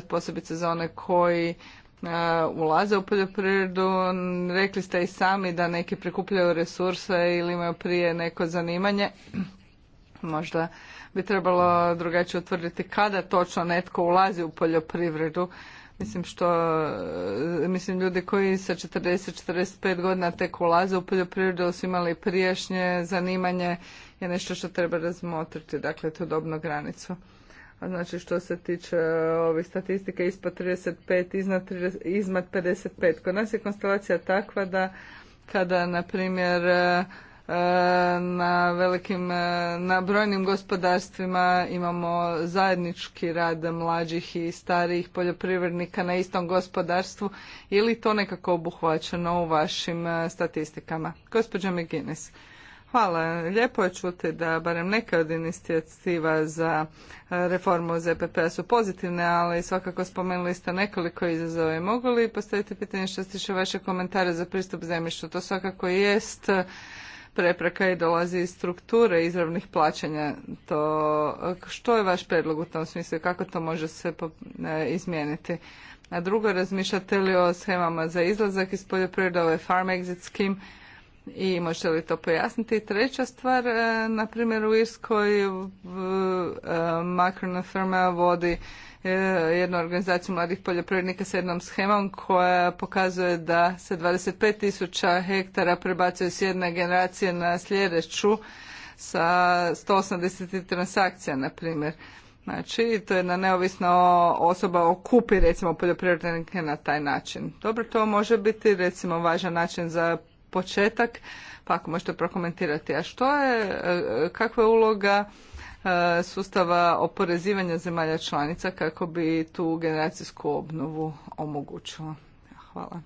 posebice za one koji e, ulaze u poljoprivredu. Rekli ste i sami da neki prikupljaju resurse ili imaju prije neko zanimanje. <clears throat> Možda bi trebalo drugačije utvrditi kada točno netko ulazi u poljoprivredu Mislim što, e, mislim ljudi koji sa 40-45 godina tek ulaze u poljoprivredu su imali prijašnje zanimanje je nešto što treba razmotriti, dakle tu dobnu granicu. A znači što se tiče e, ovih statistike, ispod 35, iznad, 30, iznad 55. Kod nas je konstelacija takva da kada, na primjer, e, E, na velikim, e, na brojnim gospodarstvima imamo zajednički rad mlađih i starijih poljoprivrednika na istom gospodarstvu. Je to nekako obuhvaćeno u vašim e, statistikama? Gospođo McGuinness. Hvala. Lijepo je čuti da barem neke od inicijativa za reformu zpp p-a su pozitivne, ali svakako spomenuli ste nekoliko izazova mogu li postaviti pitanje što se tiče vaše komentare za pristup zemljištu. To svakako jest prepreka i dolazi iz strukture izravnih plaćanja. To, što je vaš predlog u tom smislu? Kako to može se e, izmijeniti? A drugo, razmišljate li o schemama za izlazak iz poljoprivreda, ovaj farm exit scheme i možete li to pojasniti? I treća stvar, e, na primjer u Irskoj e, makrona firma vodi E, jednu organizaciju mladih poljoprivrednika s jednom schemom koja pokazuje da se 25 tisuća hektara prebacuje s jedne generacije na sljedeću sa 180 transakcija, na primjer. Znači, to je jedna neovisna osoba okupi, recimo, poljoprivrednike na taj način. Dobro, to može biti, recimo, važan način za početak, pa ako možete prokomentirati. A što je, e, e, kakva je uloga E, sustava oporezivanja zemalja članica kako bi tu generacijsku obnovu omogućila. Hvala.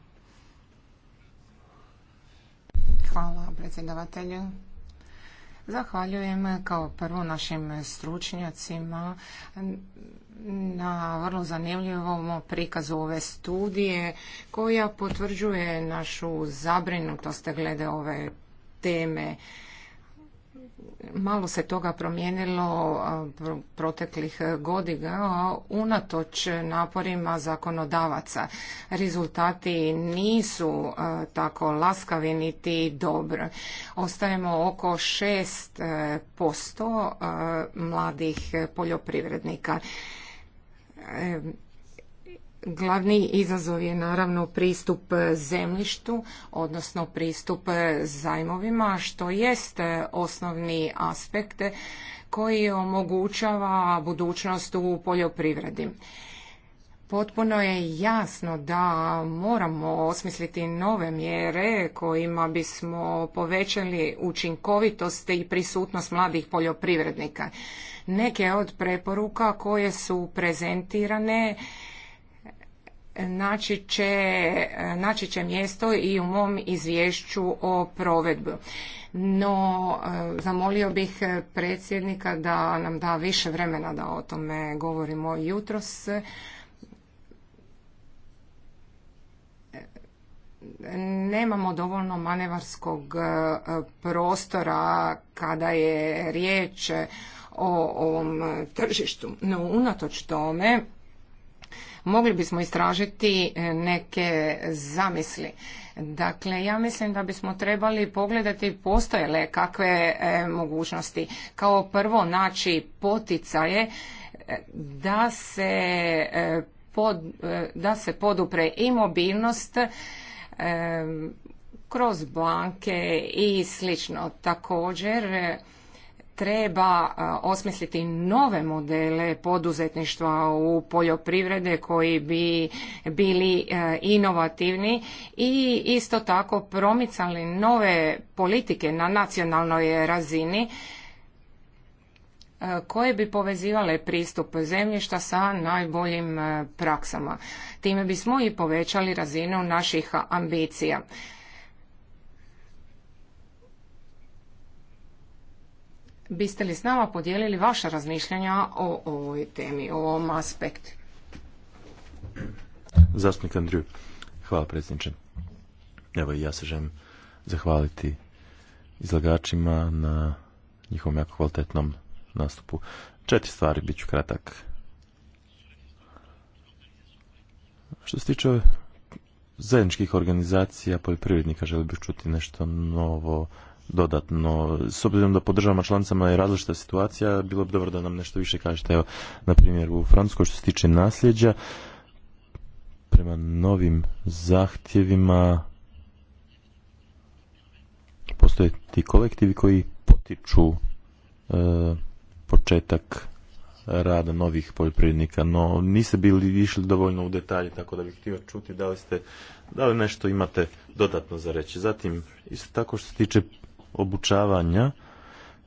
Hvala predsjedavatelju. Zahvaljujem kao prvo našim stručnjacima na vrlo zanimljivom prikazu ove studije koja potvrđuje našu zabrinutost glede ove teme malo se toga promijenilo proteklih e, godina unatoč naporima zakonodavaca. Rezultati nisu e, tako laskavi niti dobri. Ostajemo oko 6% e, mladih poljoprivrednika Glavni izazov je naravno pristup zemljištu, odnosno pristup zajmovima, što jest osnovni aspekt koji omogućava budućnost u poljoprivredi. Potpuno je jasno da moramo osmisliti nove mjere kojima bismo povećali učinkovitost i prisutnost mladih poljoprivrednika. Neke od preporuka koje su prezentirane naći će, mjesto i u mom izvješću o provedbu. No, e, zamolio bih predsjednika da nam da više vremena da o tome govorimo jutros. E, nemamo dovoljno manevarskog e, prostora kada je riječ o ovom tržištu. No, unatoč tome, mogli bismo istražiti e, neke zamisli. Dakle, ja mislim da bismo trebali pogledati li kakve e, mogućnosti. Kao prvo naći poticaje e, da se, da se podupre i mobilnost kroz banke i slično. Također, treba e, osmisliti nove modele poduzetništva u poljoprivrede koji bi bili e, inovativni i isto tako promicali nove politike na nacionalnoj razini e, koje bi povezivale pristup zemljišta sa najboljim praksama. Time bismo i povećali razinu naših ambicija. biste li s nama podijelili vaša razmišljanja o ovoj temi, o ovom aspektu? Zastupnik Andriju, hvala predsjedniče. Evo i ja se želim zahvaliti izlagačima na njihovom jako kvalitetnom nastupu. Četiri stvari, bit ću kratak. Što se tiče zajedničkih organizacija poljoprivrednika, želio bih čuti nešto novo dodatno. S obzirom da po državama članicama je različita situacija, bilo bi dobro da nam nešto više kažete. Evo, na primjer, u Francuskoj što se tiče nasljeđa, prema novim zahtjevima postoje ti kolektivi koji potiču e, početak rada novih poljoprivrednika, no niste bili išli dovoljno u detalje, tako da bih htio čuti da li ste, da li nešto imate dodatno za reći. Zatim, isto tako što se tiče obučavanja.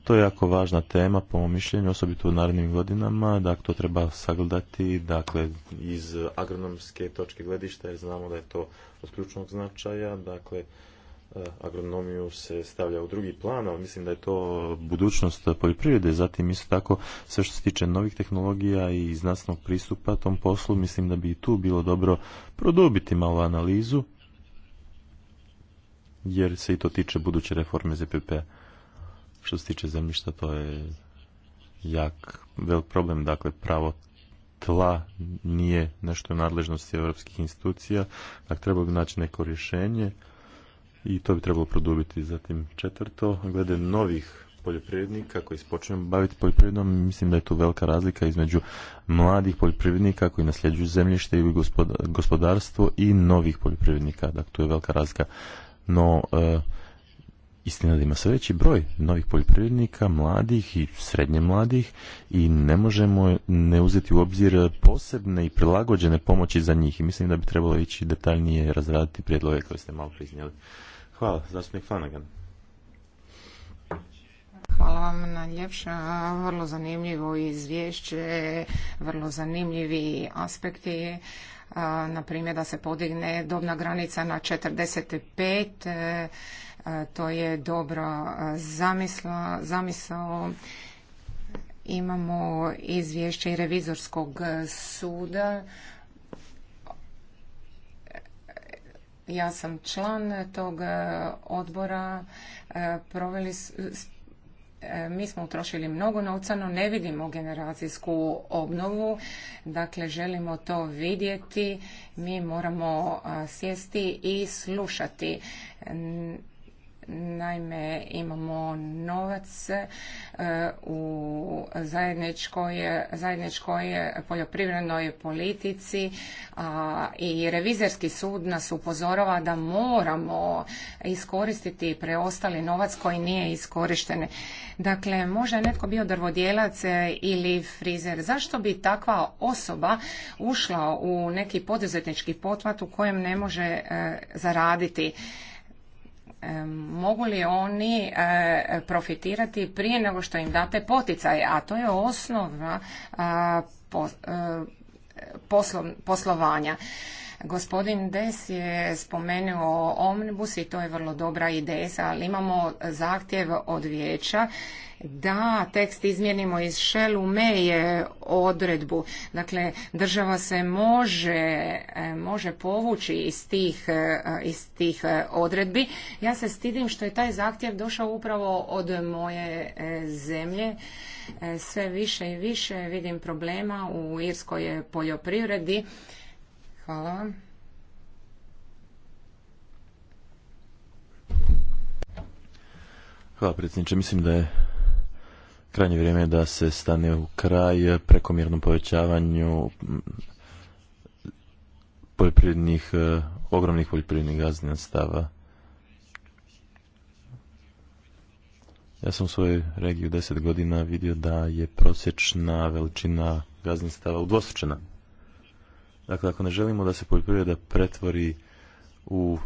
To je jako važna tema po mom mišljenju, osobito u narednim godinama, dakle to treba sagledati dakle, iz agronomske točke gledišta jer znamo da je to od ključnog značaja, dakle e, agronomiju se stavlja u drugi plan, ali mislim da je to budućnost poljoprivrede, zatim isto tako sve što se tiče novih tehnologija i znanstvenog pristupa tom poslu, mislim da bi i tu bilo dobro produbiti malo analizu jer se i to tiče buduće reforme zpp Što se tiče zemljišta, to je jak, velik problem, dakle pravo tla nije nešto u nadležnosti europskih institucija, dakle treba bi naći neko rješenje i to bi trebalo produbiti. Zatim četvrto, glede novih poljoprivrednika koji se počinju baviti poljoprivredom, mislim da je tu velika razlika između mladih poljoprivrednika koji nasljeđuju zemljište i gospodarstvo i novih poljoprivrednika. Dakle, tu je velika razlika no e, istina da ima sve veći broj novih poljoprivrednika, mladih i srednje mladih i ne možemo ne uzeti u obzir posebne i prilagođene pomoći za njih i mislim da bi trebalo ići detaljnije razraditi prijedloge koje ste malo priznjeli. Hvala, zastupnik Flanagan. Hvala vam vrlo zanimljivo izvješće, vrlo zanimljivi aspekti na primjer da se podigne dobna granica na 45, e, to je dobra zamisla, zamisao. Imamo izvješće i revizorskog suda. Ja sam član tog odbora. E, proveli, E, mi smo utrošili mnogo novca, no ne vidimo generacijsku obnovu. Dakle, želimo to vidjeti. Mi moramo sjesti i slušati Naime, imamo novac e, u zajedničkoj, zajedničkoj poljoprivrednoj politici i revizorski sud nas upozorava da moramo iskoristiti preostali novac koji nije iskorišten. Dakle, možda netko bio drvodjelac e, ili frizer. Zašto bi takva osoba ušla u neki poduzetnički potvat u kojem ne može e, zaraditi? E, mogu li oni e, profitirati prije nego što im date poticaj, a to je osnova e, poslovanja. Gospodin Des je spomenuo omnibus i to je vrlo dobra ideja, ali imamo zahtjev od vijeća da tekst izmijenimo iz šelu meje odredbu. Dakle, država se može, e, može povući iz tih, e, iz tih e, odredbi. Ja se stidim što je taj zahtjev došao upravo od moje zemlje. Sve više i više vidim problema u irskoj poljoprivredi Hvala vam. Hvala predsjedniče. Mislim da je krajnje vrijeme da se stane u kraj prekomjernom povećavanju mm, poljoprivrednih, e, ogromnih poljoprivrednih gazdinstava. Ja sam u svojoj regiji u deset godina vidio da je prosječna veličina gazdinstava udvostručena Dakle, ako ne želimo da se poljoprivreda pretvori u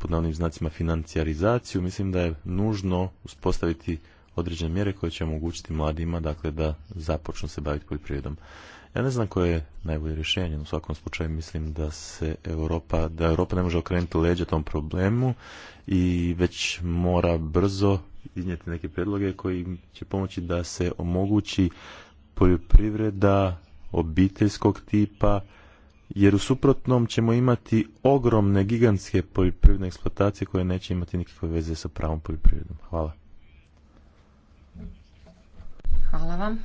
pod navnim znacima financijarizaciju, mislim da je nužno uspostaviti određene mjere koje će omogućiti mladima dakle, da započnu se baviti poljoprivredom. Ja ne znam koje je najbolje rješenje, u svakom slučaju mislim da se Europa, da Europa ne može okrenuti leđa tom problemu i već mora brzo iznijeti neke predloge koji će pomoći da se omogući poljoprivreda obiteljskog tipa, jer u suprotnom ćemo imati ogromne, gigantske poljoprivredne eksploatacije koje neće imati nikakve veze sa pravom poljoprivredom. Hvala. Hvala vam.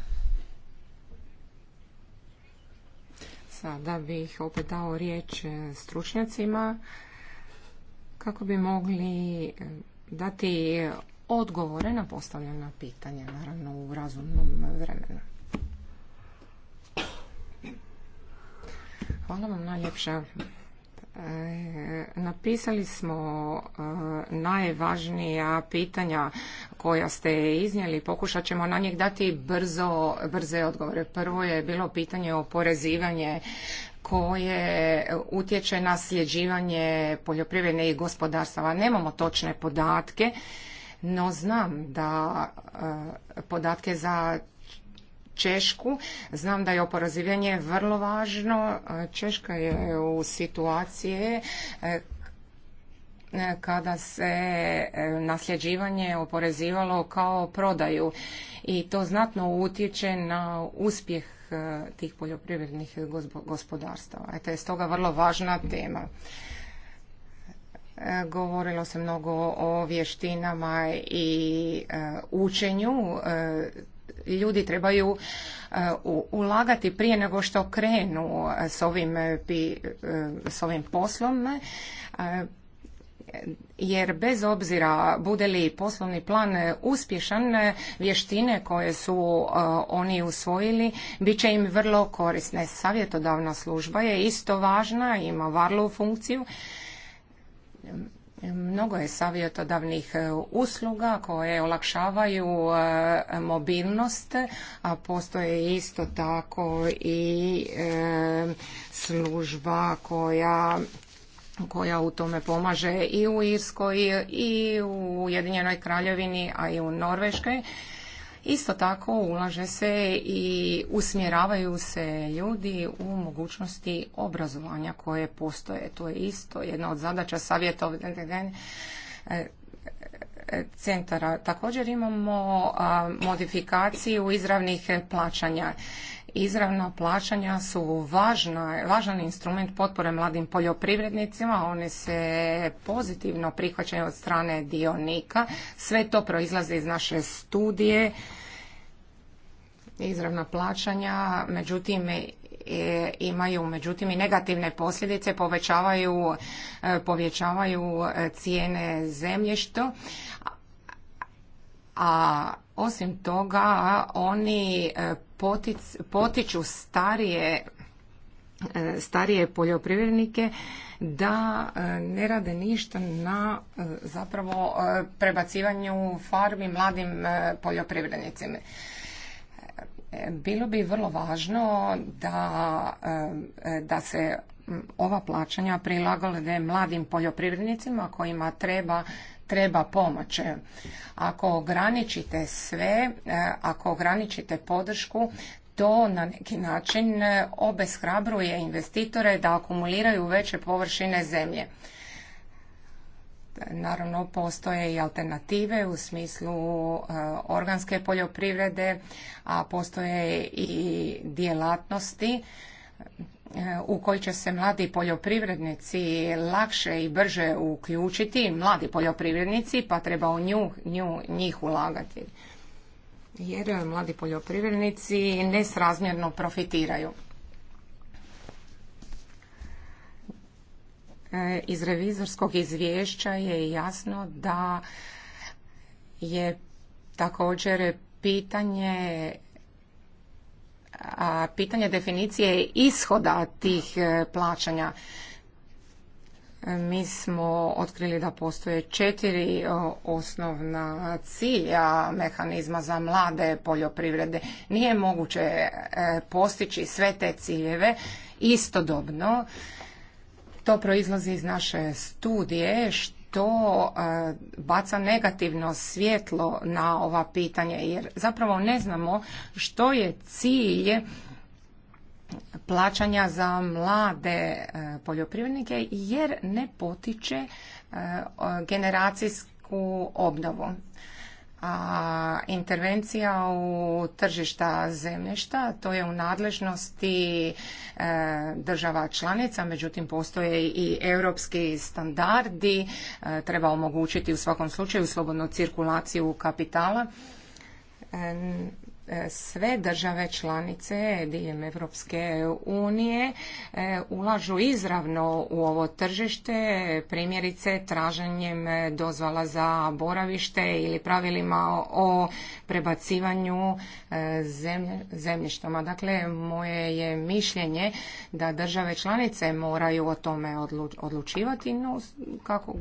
Sada bih opet dao riječ e, stručnjacima kako bi mogli e, dati odgovore na postavljena pitanja, naravno u razumnom vremenu. Hvala vam najljepša. E, napisali smo e, najvažnija pitanja koja ste iznijeli. Pokušat ćemo na njih dati brzo, brze odgovore. Prvo je bilo pitanje oporezivanje koje utječe na sljeđivanje poljoprivredne gospodarstava. Nemamo točne podatke, no znam da e, podatke za Češku. Znam da je oporezivanje vrlo važno. E, Češka je u situacije e, kada se e, nasljeđivanje oporezivalo kao prodaju i to znatno utječe na uspjeh tih poljoprivrednih gospodarstava. Eto je stoga vrlo važna tema. Govorilo se mnogo o vještinama i učenju ljudi trebaju e, ulagati prije nego što krenu s ovim, e, e, s ovim poslom jer bez obzira bude li poslovni plan uspješan, vještine koje su oni usvojili bit će im vrlo korisne. Savjetodavna služba je isto važna, ima varlu funkciju Mnogo je savjetodavnih e, usluga koje olakšavaju e, mobilnost, a postoje isto tako i e, služba koja koja u tome pomaže i u Irskoj i u Ujedinjenoj Kraljevini, a i u Norveškoj Isto tako ulaže se i usmjeravaju se ljudi u mogućnosti obrazovanja koje postoje. To je isto jedna od zadaća savjetovanja eh, eh, centara. Također imamo modifikaciju izravnih plaćanja. Izravna plaćanja su važna, važan instrument potpore mladim poljoprivrednicima, one se pozitivno prihvaćaju od strane dionika. Sve to proizlazi iz naše studije. Izravna plaćanja, međutim, e, imaju međutim i negativne posljedice, povećavaju, e, povećavaju e, cijene zemljišta, a osim toga oni potiču starije e, starije poljoprivrednike da e, ne rade ništa na e, zapravo prebacivanju farmi mladim poljoprivrednicima. Bilo bi vrlo važno da, da se ova plaćanja prilagode mladim poljoprivrednicima kojima treba treba pomoć. E, ako ograničite sve, e, ako ograničite podršku, to na neki način e, obeshrabruje investitore da akumuliraju veće površine zemlje. Naravno, postoje i alternative u smislu organske poljoprivrede, a postoje i djelatnosti u koji će se mladi poljoprivrednici lakše i brže uključiti, mladi poljoprivrednici, pa treba u nju, nju njih ulagati. Jer mladi poljoprivrednici nesrazmjerno profitiraju. E, iz revizorskog izvješća je jasno da je također pitanje a pitanje definicije ishoda tih e, plaćanja. Mi smo otkrili da postoje četiri osnovna cilja mehanizma za mlade poljoprivrede. Nije moguće e, postići sve te ciljeve istodobno. To proizlazi iz naše studije što to e, baca negativno svjetlo na ova pitanja jer zapravo ne znamo što je cilj plaćanja za mlade e, poljoprivrednike jer ne potiče e, generacijsku obnovu a intervencija u tržišta zemljišta to je u nadležnosti e, država članica međutim postoje i europski standardi e, treba omogućiti u svakom slučaju slobodnu cirkulaciju kapitala e, E, sve države članice diljem Evropske unije e, ulažu izravno u ovo tržište, primjerice traženjem dozvala za boravište ili pravilima o prebacivanju e, zemljištama. Dakle, moje je mišljenje da države članice moraju o tome odlučivati, no kako,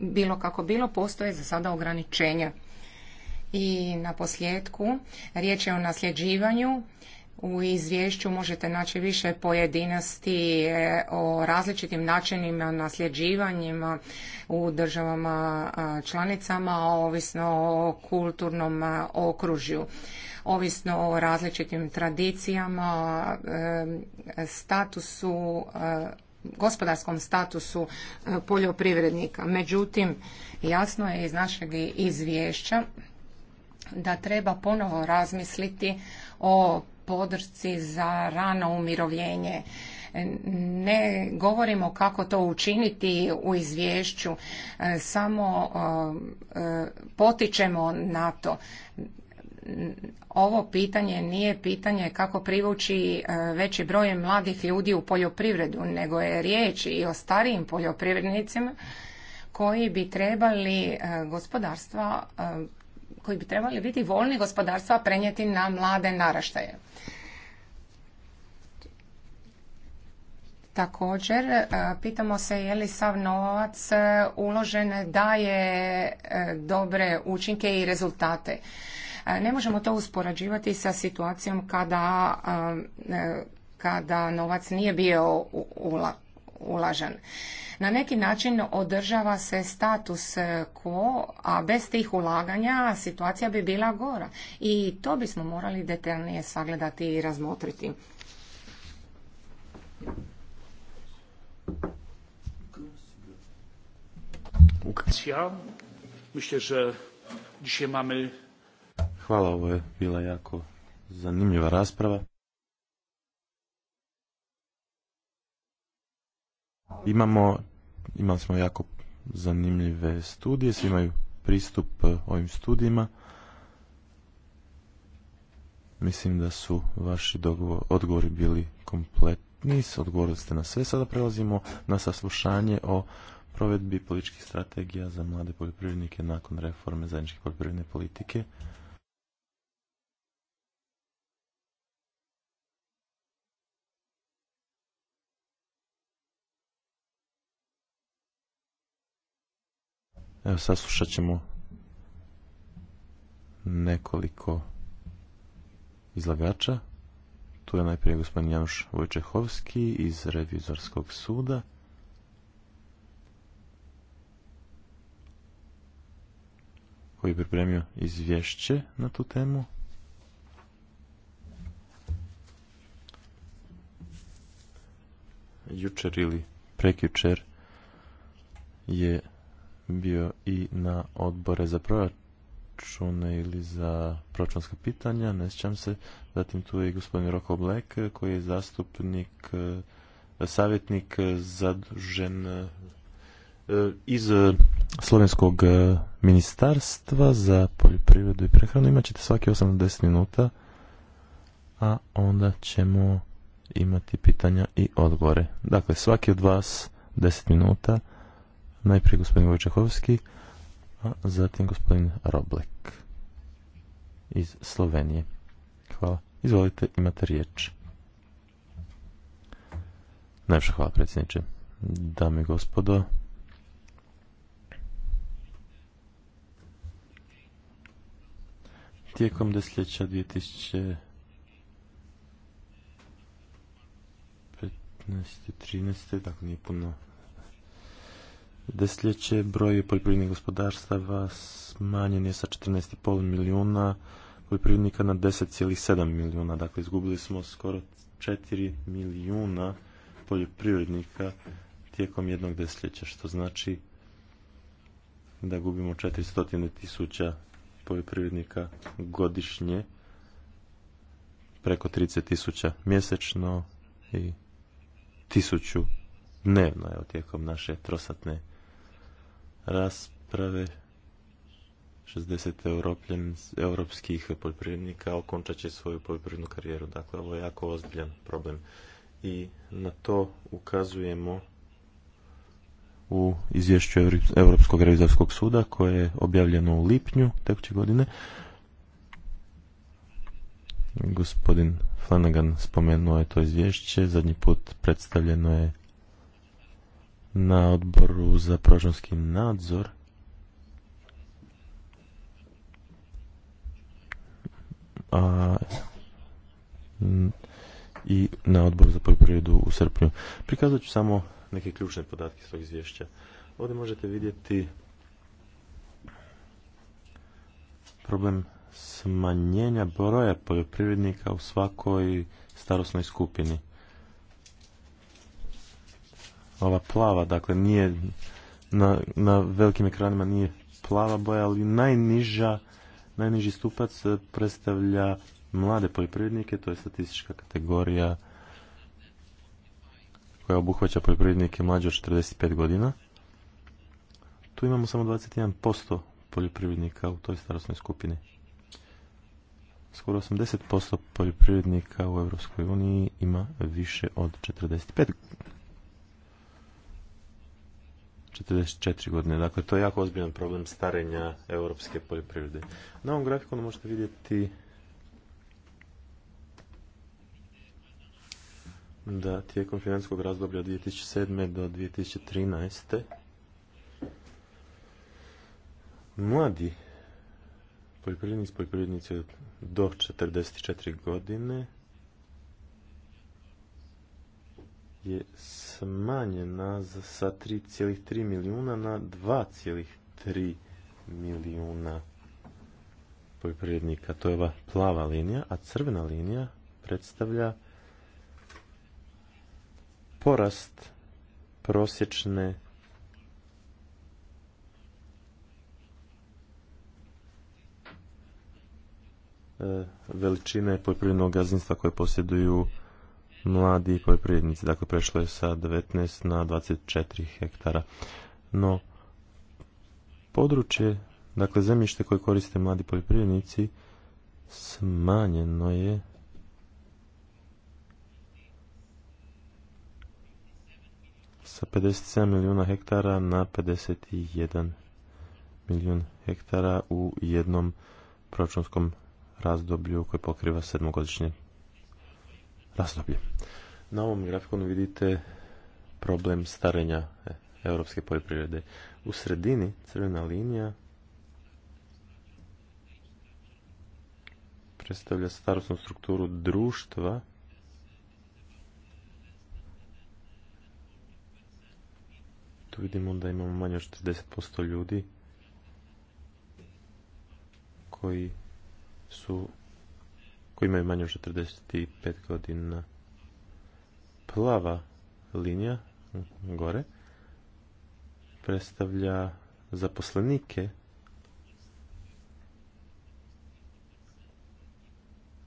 bilo kako bilo, postoje za sada ograničenja. I na posljedku, riječ je o nasljeđivanju. U izvješću možete naći više pojedinosti e, o različitim načinima nasljeđivanjima u državama članicama, ovisno o kulturnom okružju, ovisno o različitim tradicijama, e, statusu, e, gospodarskom statusu poljoprivrednika. Međutim, jasno je iz našeg izvješća da treba ponovo razmisliti o podršci za rano umirovljenje. Ne govorimo kako to učiniti u izvješću, e, samo e, e, potičemo na to. Ovo pitanje nije pitanje kako privući veći broj mladih ljudi u poljoprivredu, nego je riječ i o starijim poljoprivrednicima koji bi trebali gospodarstva koji bi trebali biti voljni gospodarstva prenijeti na mlade naraštaje. Također, e, pitamo se je li sav novac e, uložen daje e, dobre učinke i rezultate. Ne možemo to uspoređivati sa situacijom kada, kada novac nije bio ulažen. Na neki način održava se status eh, quo, a bez tih ulaganja situacija bi bila gora. I to bismo morali detaljnije sagledati i razmotriti. Hvala, ovo je bila jako zanimljiva rasprava. Imamo, imali smo jako zanimljive studije, svi imaju pristup e, ovim studijima. Mislim da su vaši odgovori bili kompletni, odgovorili ste na sve. Sada prelazimo na saslušanje o provedbi političkih strategija za mlade poljoprivrednike nakon reforme zajedničke poljoprivredne politike. Evo, saslušat ćemo nekoliko izlagača. Tu je najprije gospodin Januš Vojčehovski iz Revizorskog suda. koji je pripremio izvješće na tu temu. Jučer ili prekjučer je bio i na odbore za proračune ili za proračunska pitanja, ne sjećam se. Zatim tu je i gospodin Roko koji je zastupnik, eh, savjetnik eh, zadužen eh, iz slovenskog ministarstva za poljoprivredu i prehranu. Imaćete svaki 8 do minuta, a onda ćemo imati pitanja i odgovore. Dakle, svaki od vas 10 minuta Najprije gospodin Vojčehovski, a zatim gospodin Roblek iz Slovenije. Hvala. Izvolite, imate riječ. Najviše hvala predsjedniče. Dame i gospodo, tijekom desetljeća 2015. 13. tako nije puno desetljeće broj poljoprivrednih gospodarstava smanjen je sa 14,5 milijuna poljoprivrednika na 10,7 milijuna. Dakle, izgubili smo skoro 4 milijuna poljoprivrednika tijekom jednog desetljeća, što znači da gubimo 400 tisuća poljoprivrednika godišnje, preko 30 tisuća mjesečno i tisuću dnevno evo, tijekom naše trosatne rasprave 60 europskih poljoprivrednika okončat će svoju poljoprivrednu karijeru. Dakle, ovo je jako ozbiljan problem i na to ukazujemo u izvješću Europskog revizorskog suda koje je objavljeno u lipnju tekuće godine. Gospodin Flanagan spomenuo je to izvješće, zadnji put predstavljeno je na odboru za proračunski nadzor a i na odboru za poljoprivredu u srpnju. Prikazat ću samo neke ključne podatke svog izvješća. Ovdje možete vidjeti problem smanjenja broja poljoprivrednika u svakoj starosnoj skupini ova plava, dakle nije na, na velikim ekranima nije plava boja, ali najniža, najniži stupac predstavlja mlade poljoprivrednike, to je statistička kategorija koja obuhvaća poljoprivrednike mlađe od 45 godina. Tu imamo samo 21% poljoprivrednika u toj starosnoj skupini. Skoro 80% poljoprivrednika u EU ima više od 45 44 godine. Dakle, to je jako ozbiljan problem starenja europske poljoprivrede. Na ovom grafikonu možete vidjeti da tijekom financijskog razdoblja 2007. do 2013. mladi poljoprivrednici poljoprivrednici do 44 godine je smanjena sa 3,3 milijuna na 2,3 milijuna poljoprivrednika. To je ova plava linija, a crvena linija predstavlja porast prosječne e, veličine poljoprivrednog gazdinstva koje posjeduju mladi poljoprivrednici. Dakle, prešlo je sa 19 na 24 hektara. No, područje, dakle, zemljište koje koriste mladi poljoprivrednici smanjeno je sa 57 milijuna hektara na 51 milijun hektara u jednom proračunskom razdoblju koje pokriva sedmogodišnje razdoblje. Na ovom grafikonu vidite problem starenja europske poljoprivrede. U sredini crvena linija predstavlja starosnu strukturu društva Tu vidimo da imamo manje od 40% ljudi koji su koji imaju manje od 45 godina. Plava linija gore predstavlja zaposlenike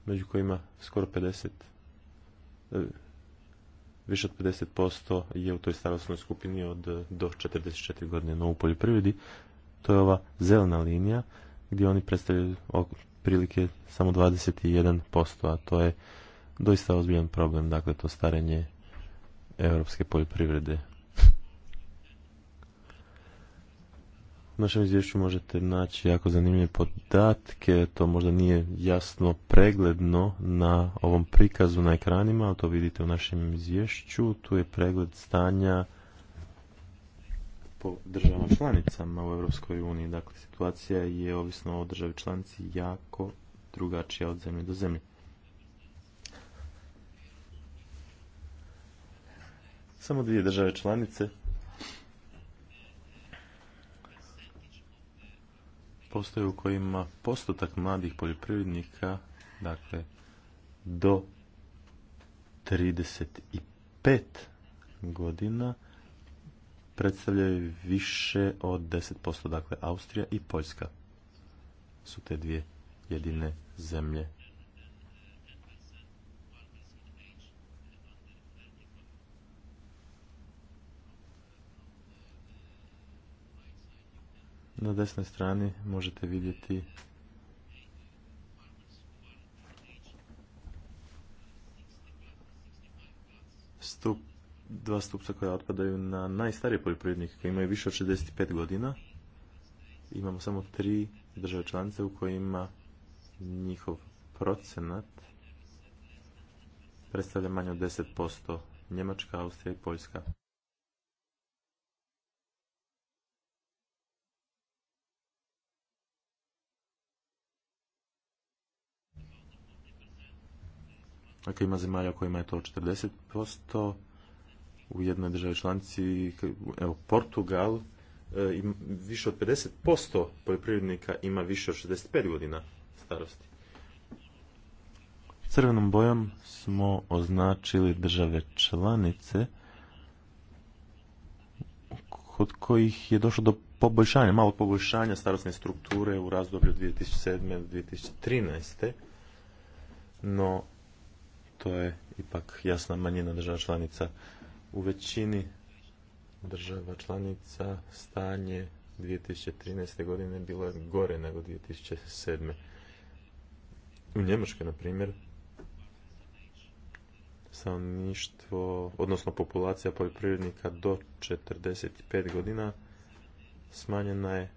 među kojima skoro 50 eh, više od 50% je u toj starosnoj skupini od do 44 godine. No u poljoprivredi to je ova zelena linija gdje oni predstavljaju prilike samo 21%, a to je doista ozbiljan problem, dakle to starenje europske poljoprivrede. U našem izvješću možete naći jako zanimljive podatke, to možda nije jasno pregledno na ovom prikazu na ekranima, ali to vidite u našem izvješću, tu je pregled stanja po državama članicama u Europskoj uniji. Dakle, situacija je ovisno o državi članici jako drugačija od zemlje do zemlje. Samo dvije države članice postoje u kojima postotak mladih poljoprivrednika, dakle, do 35 godina, predstavljaju više od 10%, dakle Austrija i Poljska su te dvije jedine zemlje. Na desnoj strani možete vidjeti stup dva stupca koja otpadaju na najstarije poljoprivrednike koji imaju više od 65 godina. Imamo samo tri države članice u kojima njihov procenat predstavlja manje od 10%. Njemačka, Austrija i Poljska. Ako dakle, ima zemalja u kojima je to 40%, u jednoj državi članici, evo Portugal, e, više od 50% poljoprivrednika ima više od 65 godina starosti. Crvenom bojom smo označili države članice kod kojih je došlo do poboljšanja, malo poboljšanja starosne strukture u razdoblju 2007. do 2013. No, to je ipak jasna manjina država članica u većini država članica stanje 2013. godine bilo je gore nego 2007. U Njemačkoj, na primjer, stanovništvo, odnosno populacija poljoprivrednika do 45 godina smanjena je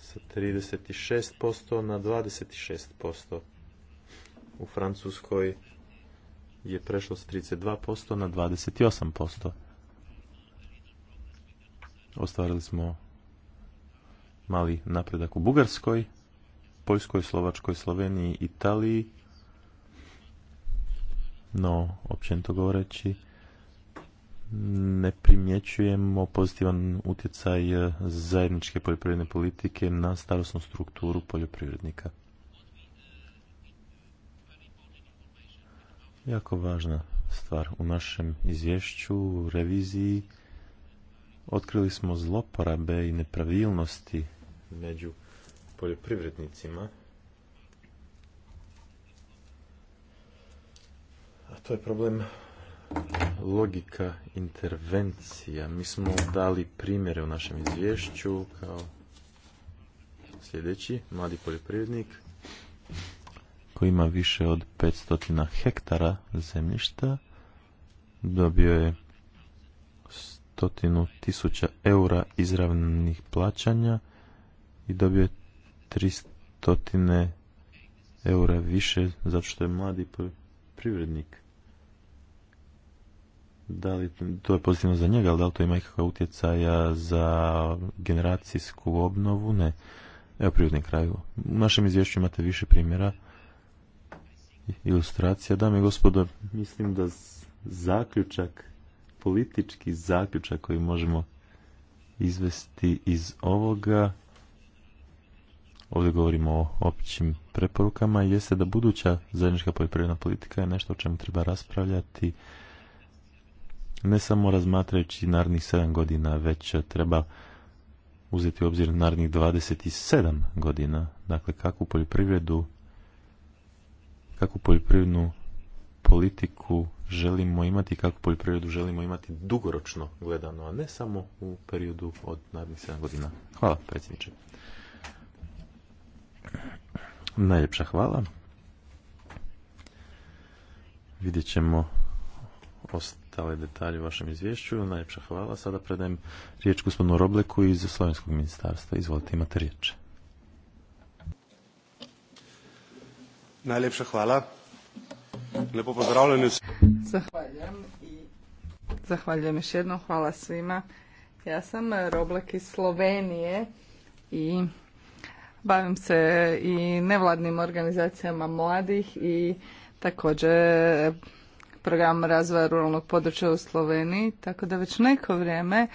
sa 36% na 26%. U Francuskoj je prešlo s 32% na 28%. Ostvarili smo mali napredak u Bugarskoj, Poljskoj, Slovačkoj, Sloveniji, Italiji. No, općenito govoreći, ne primjećujemo pozitivan utjecaj zajedničke poljoprivredne politike na starosnu strukturu poljoprivrednika. jako važna stvar u našem izvješću, u reviziji. Otkrili smo zloporabe i nepravilnosti među poljoprivrednicima. A to je problem logika intervencija. Mi smo dali primjere u našem izvješću kao sljedeći mladi poljoprivrednik koji ima više od 500 hektara zemljišta dobio je stotinu tisuća eura izravnih plaćanja i dobio je 300 eura više zato što je mladi privrednik. Da li to je pozitivno za njega, ali da li to ima ikakva utjecaja za generacijsku obnovu? Ne. Evo prirodni kraju. U našem izvješću imate više primjera ilustracija. Dame i gospodo, mislim da zaključak, politički zaključak koji možemo izvesti iz ovoga, ovdje govorimo o općim preporukama, jeste da buduća zajednička poljoprivredna politika je nešto o čemu treba raspravljati ne samo razmatrajući narednih 7 godina, već treba uzeti u obzir narednih 27 godina. Dakle, kakvu poljoprivredu kakvu poljoprivrednu politiku želimo imati, kakvu poljoprivredu želimo imati dugoročno gledano, a ne samo u periodu od narednih 7 godina. Hvala, predsjedniče. Najljepša hvala. Vidjet ćemo ostale detalje u vašem izvješću. Najljepša hvala. Sada predajem riječ gospodinu Robleku iz Slovenskog ministarstva. Izvolite, imate riječ. Najlepša hvala. Lepo pozdravljeni. Zahvaljujem i zahvaljujem još jednom. Hvala svima. Ja sam Roblek iz Slovenije i bavim se i nevladnim organizacijama mladih i također program razvoja ruralnog područja u Sloveniji, tako da već neko vrijeme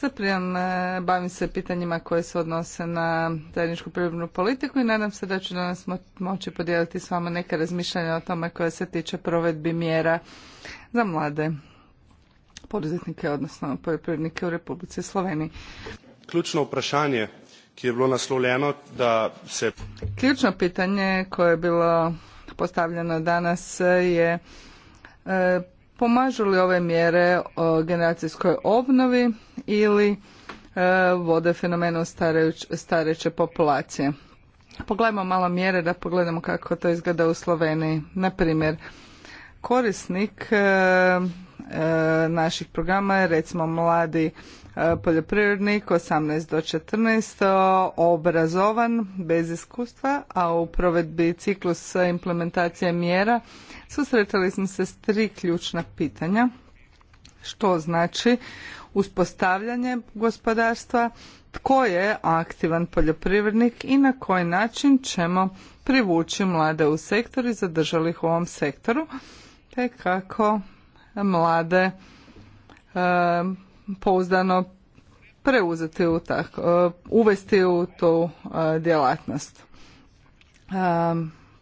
Zaprijem, bavim se pitanjima koje se odnose na zajedničku prirodnu politiku i nadam se da ću danas moći podijeliti s vama neke razmišljanja o tome koje se tiče provedbi mjera za mlade poduzetnike, odnosno poljoprivrednike u Republici Sloveniji. Ključno vprašanje ki je bilo naslovljeno, da se... Ključno pitanje koje je bilo postavljeno danas je e, pomažu li ove mjere e, generacijskoj obnovi ili e, vode fenomenu stareće populacije. Pogledajmo malo mjere da pogledamo kako to izgleda u Sloveniji. Na primjer, korisnik e, naših programa je recimo mladi poljoprivrednik 18 do 14 obrazovan bez iskustva a u provedbi ciklus implementacije mjera susretali smo se s tri ključna pitanja što znači uspostavljanje gospodarstva, tko je aktivan poljoprivrednik i na koji način ćemo privući mlade u sektor i zadržali ih u ovom sektoru, te kako mlade pouzdano preuzeti u tako, e, uvesti u tu e, djelatnost.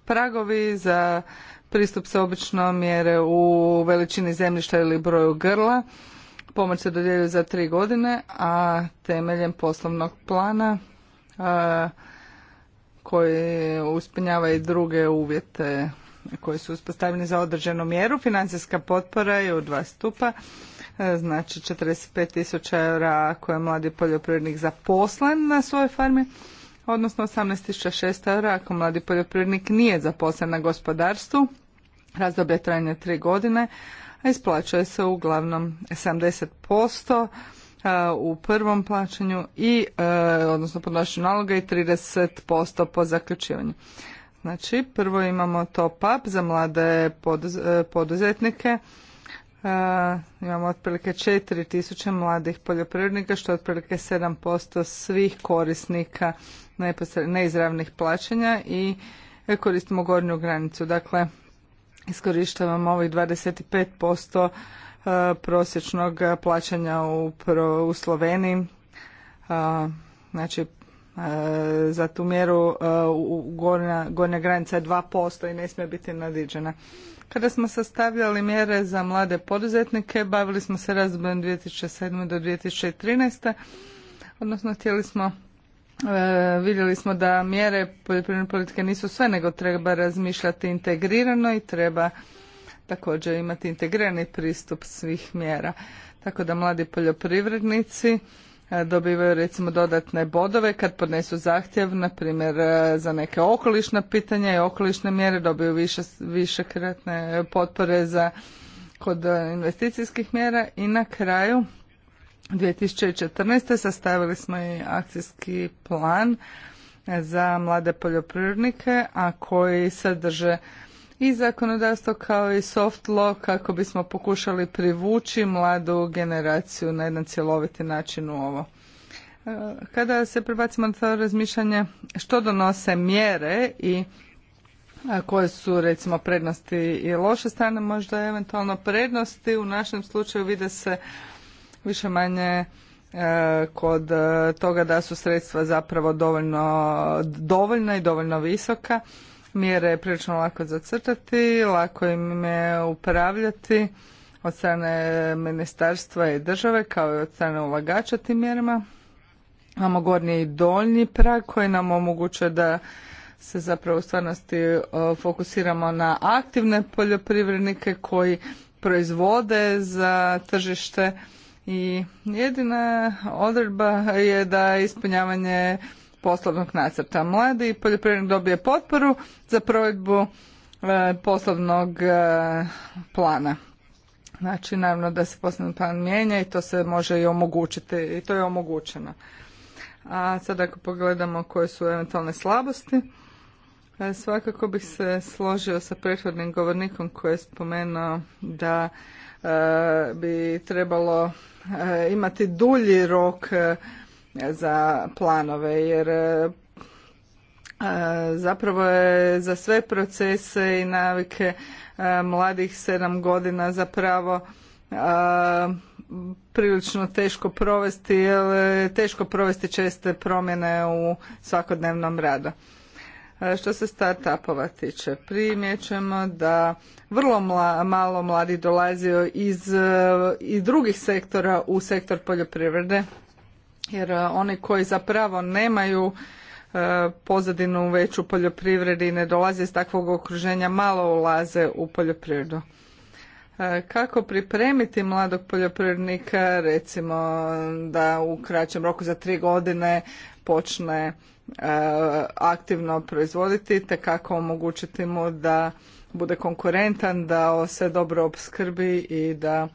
Pragovi za pristup se obično mjere u veličini zemljišta ili broju grla. Pomoć se dodjeljuje za tri godine, a temeljem poslovnog plana a, koji uspinjava i druge uvjete koji su uspostavljeni za određenu mjeru. Financijska potpora je u dva stupa, znači 45.000 eura ako je mladi poljoprivrednik zaposlen na svojoj farmi, odnosno 18.600 eura ako mladi poljoprivrednik nije zaposlen na gospodarstvu razdoblje trajanja tri godine, a isplaćuje se uglavnom 70% u prvom plaćanju i e, odnosno podnošenju naloga i 30% po zaključivanju. Znači, prvo imamo top up za mlade e, poduzetnike. E, imamo otprilike 4000 mladih poljoprivrednika, što je otprilike 7% svih korisnika neizravnih plaćanja i koristimo gornju granicu. Dakle, iskorištavamo ovih 25% e, prosječnog plaćanja u, Sloveniji. Znači, e, za tu mjeru e, gornja, granica je 2% i ne smije biti nadiđena. Kada smo sastavljali mjere za mlade poduzetnike, bavili smo se razdobljom 2007. do 2013. Odnosno, htjeli smo E, vidjeli smo da mjere poljoprivredne politike nisu sve, nego treba razmišljati integrirano i treba također imati integrirani pristup svih mjera. Tako da mladi poljoprivrednici e, dobivaju recimo dodatne bodove kad podnesu zahtjev, na primjer e, za neke okolišna pitanja i okolišne mjere dobiju više, više potpore za kod investicijskih mjera i na kraju 2014. sastavili smo i akcijski plan za mlade poljoprivrednike, a koji sadrže i zakonodavstvo kao i soft law kako bismo pokušali privući mladu generaciju na jedan cjeloviti način u ovo. Kada se prebacimo na to razmišljanje što donose mjere i koje su recimo prednosti i loše strane, možda eventualno prednosti u našem slučaju vide se više manje e, kod e, toga da su sredstva zapravo dovoljno dovoljna i dovoljno visoka. Mjere je prilično lako zacrtati, lako im je upravljati od strane ministarstva i države kao i od strane ulagača tim mjerama. Imamo gornji i doljni prag koji nam omogućuje da se zapravo u stvarnosti e, fokusiramo na aktivne poljoprivrednike koji proizvode za tržište i jedina odredba je da ispunjavanje poslovnog nacrta. Mladi poljoprivrednik dobije potporu za provedbu e, poslovnog e, plana. Znači, naravno da se poslovni plan mijenja i to se može i omogućiti i to je omogućeno. A sad ako pogledamo koje su eventualne slabosti, E, svakako bih se složio sa prethodnim govornikom koji je spomenuo da e, bi trebalo e, imati dulji rok za planove jer zapravo je za sve procese i navike mladih sedam godina zapravo prilično teško provesti jer teško provesti česte promjene u svakodnevnom radu. E, što se start-upova tiče, primjećemo da vrlo malo mladi dolazio iz, e, iz drugih sektora u sektor poljoprivrede, jer e, oni koji zapravo nemaju pozadinu veću u poljoprivredi i ne dolaze iz takvog okruženja, malo ulaze u poljoprivredu. Kako pripremiti mladog poljoprivrednika, recimo da u kraćem roku za tri godine počne E, aktivno proizvoditi, te kako omogućiti mu da bude konkurentan, da se dobro opskrbi i da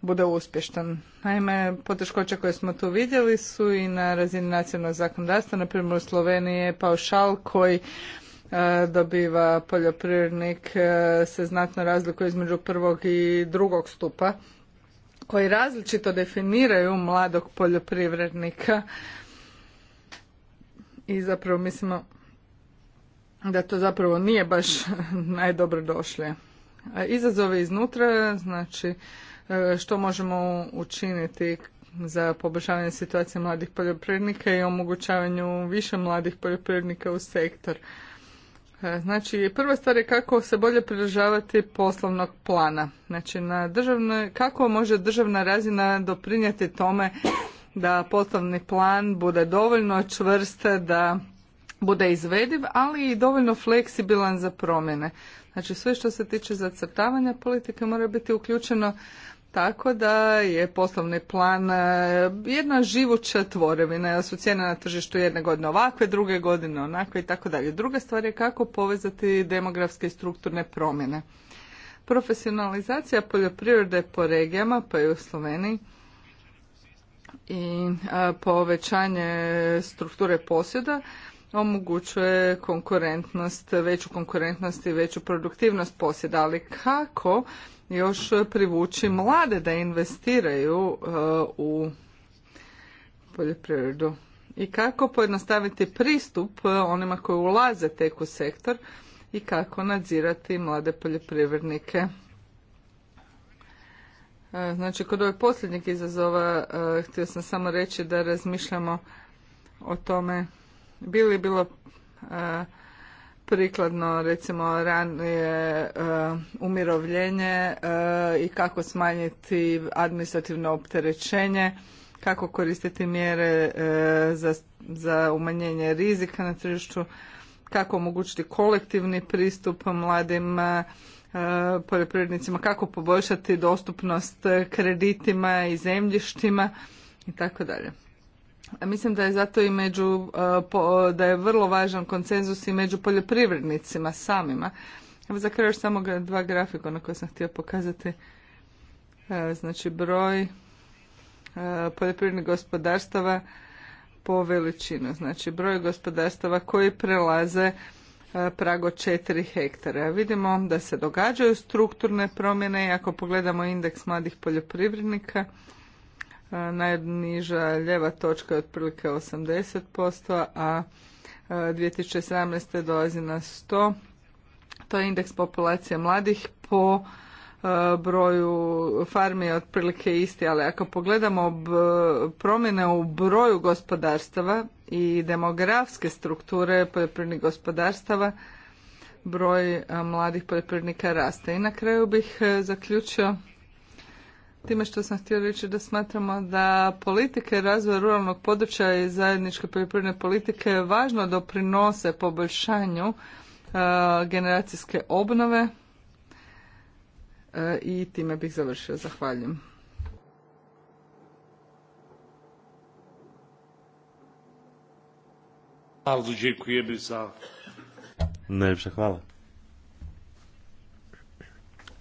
bude uspješan. Naime, poteškoće koje smo tu vidjeli su i na razini nacionalnog zakonodavstva, na primjer u Sloveniji je paušal koji e, dobiva poljoprivrednik e, se znatno razlikuje između prvog i drugog stupa koji različito definiraju mladog poljoprivrednika i zapravo mislimo da to zapravo nije baš <laughs> najdobro došlo. Izazove iznutra, znači e, što možemo učiniti za poboljšavanje situacije mladih poljoprivrednika i omogućavanju više mladih poljoprivrednika u sektor. E, znači, prva stvar je kako se bolje pridržavati poslovnog plana. Znači, na državnoj, kako može državna razina doprinijeti tome da poslovni plan bude dovoljno čvrst da bude izvediv, ali i dovoljno fleksibilan za promjene. Znači sve što se tiče zacrtavanja politike mora biti uključeno tako da je poslovni plan e, jedna živuća tvorevina, jer su cijene na tržištu jedne godine ovakve, druge godine onakve i tako dalje. Druga stvar je kako povezati demografske i strukturne promjene. Profesionalizacija poljoprivrede po regijama, pa i u Sloveniji, i povećanje strukture posjeda omogućuje konkurentnost, veću konkurentnost i veću produktivnost posjeda, ali kako još privući mlade da investiraju e, u poljoprivredu i kako pojednostaviti pristup e, onima koji ulaze tek u sektor i kako nadzirati mlade poljoprivrednike E, znači, kod ovih posljednjeg izazova e, htio sam samo reći da razmišljamo o tome bi li bilo e, prikladno recimo ranije umirovljenje i kako smanjiti administrativno opterećenje, kako koristiti mjere za, umanjenje rizika na tržištu, kako omogućiti kolektivni pristup mladim E, poljoprivrednicima kako poboljšati dostupnost kreditima i zemljištima i tako dalje. Mislim da je zato i među, e, da je vrlo važan konsenzus i među poljoprivrednicima samima. Evo za kraj još samo dva na koje sam htio pokazati. E, znači broj poljoprivrednih gospodarstava po veličinu. Znači broj gospodarstava koji prelaze E, prago od 4 hektara. Vidimo da se događaju strukturne promjene i ako pogledamo indeks mladih poljoprivrednika, e, najniža ljeva točka je otprilike 80%, a 2017. E, dolazi na 100%. To je indeks populacije mladih po E, broju farmi je otprilike isti, ali ako pogledamo promjene u broju gospodarstava i demografske strukture poljoprivrednih gospodarstava, broj e, mladih poljoprivrednika raste. I na kraju bih e, zaključio time što sam htio reći da smatramo da politike razvoja ruralnog područja i zajedničke poljoprivredne politike važno doprinose poboljšanju generacijske obnove E, i time bih završio. Zahvaljujem. Bardzo dziękuję za... Najlepsza chwała.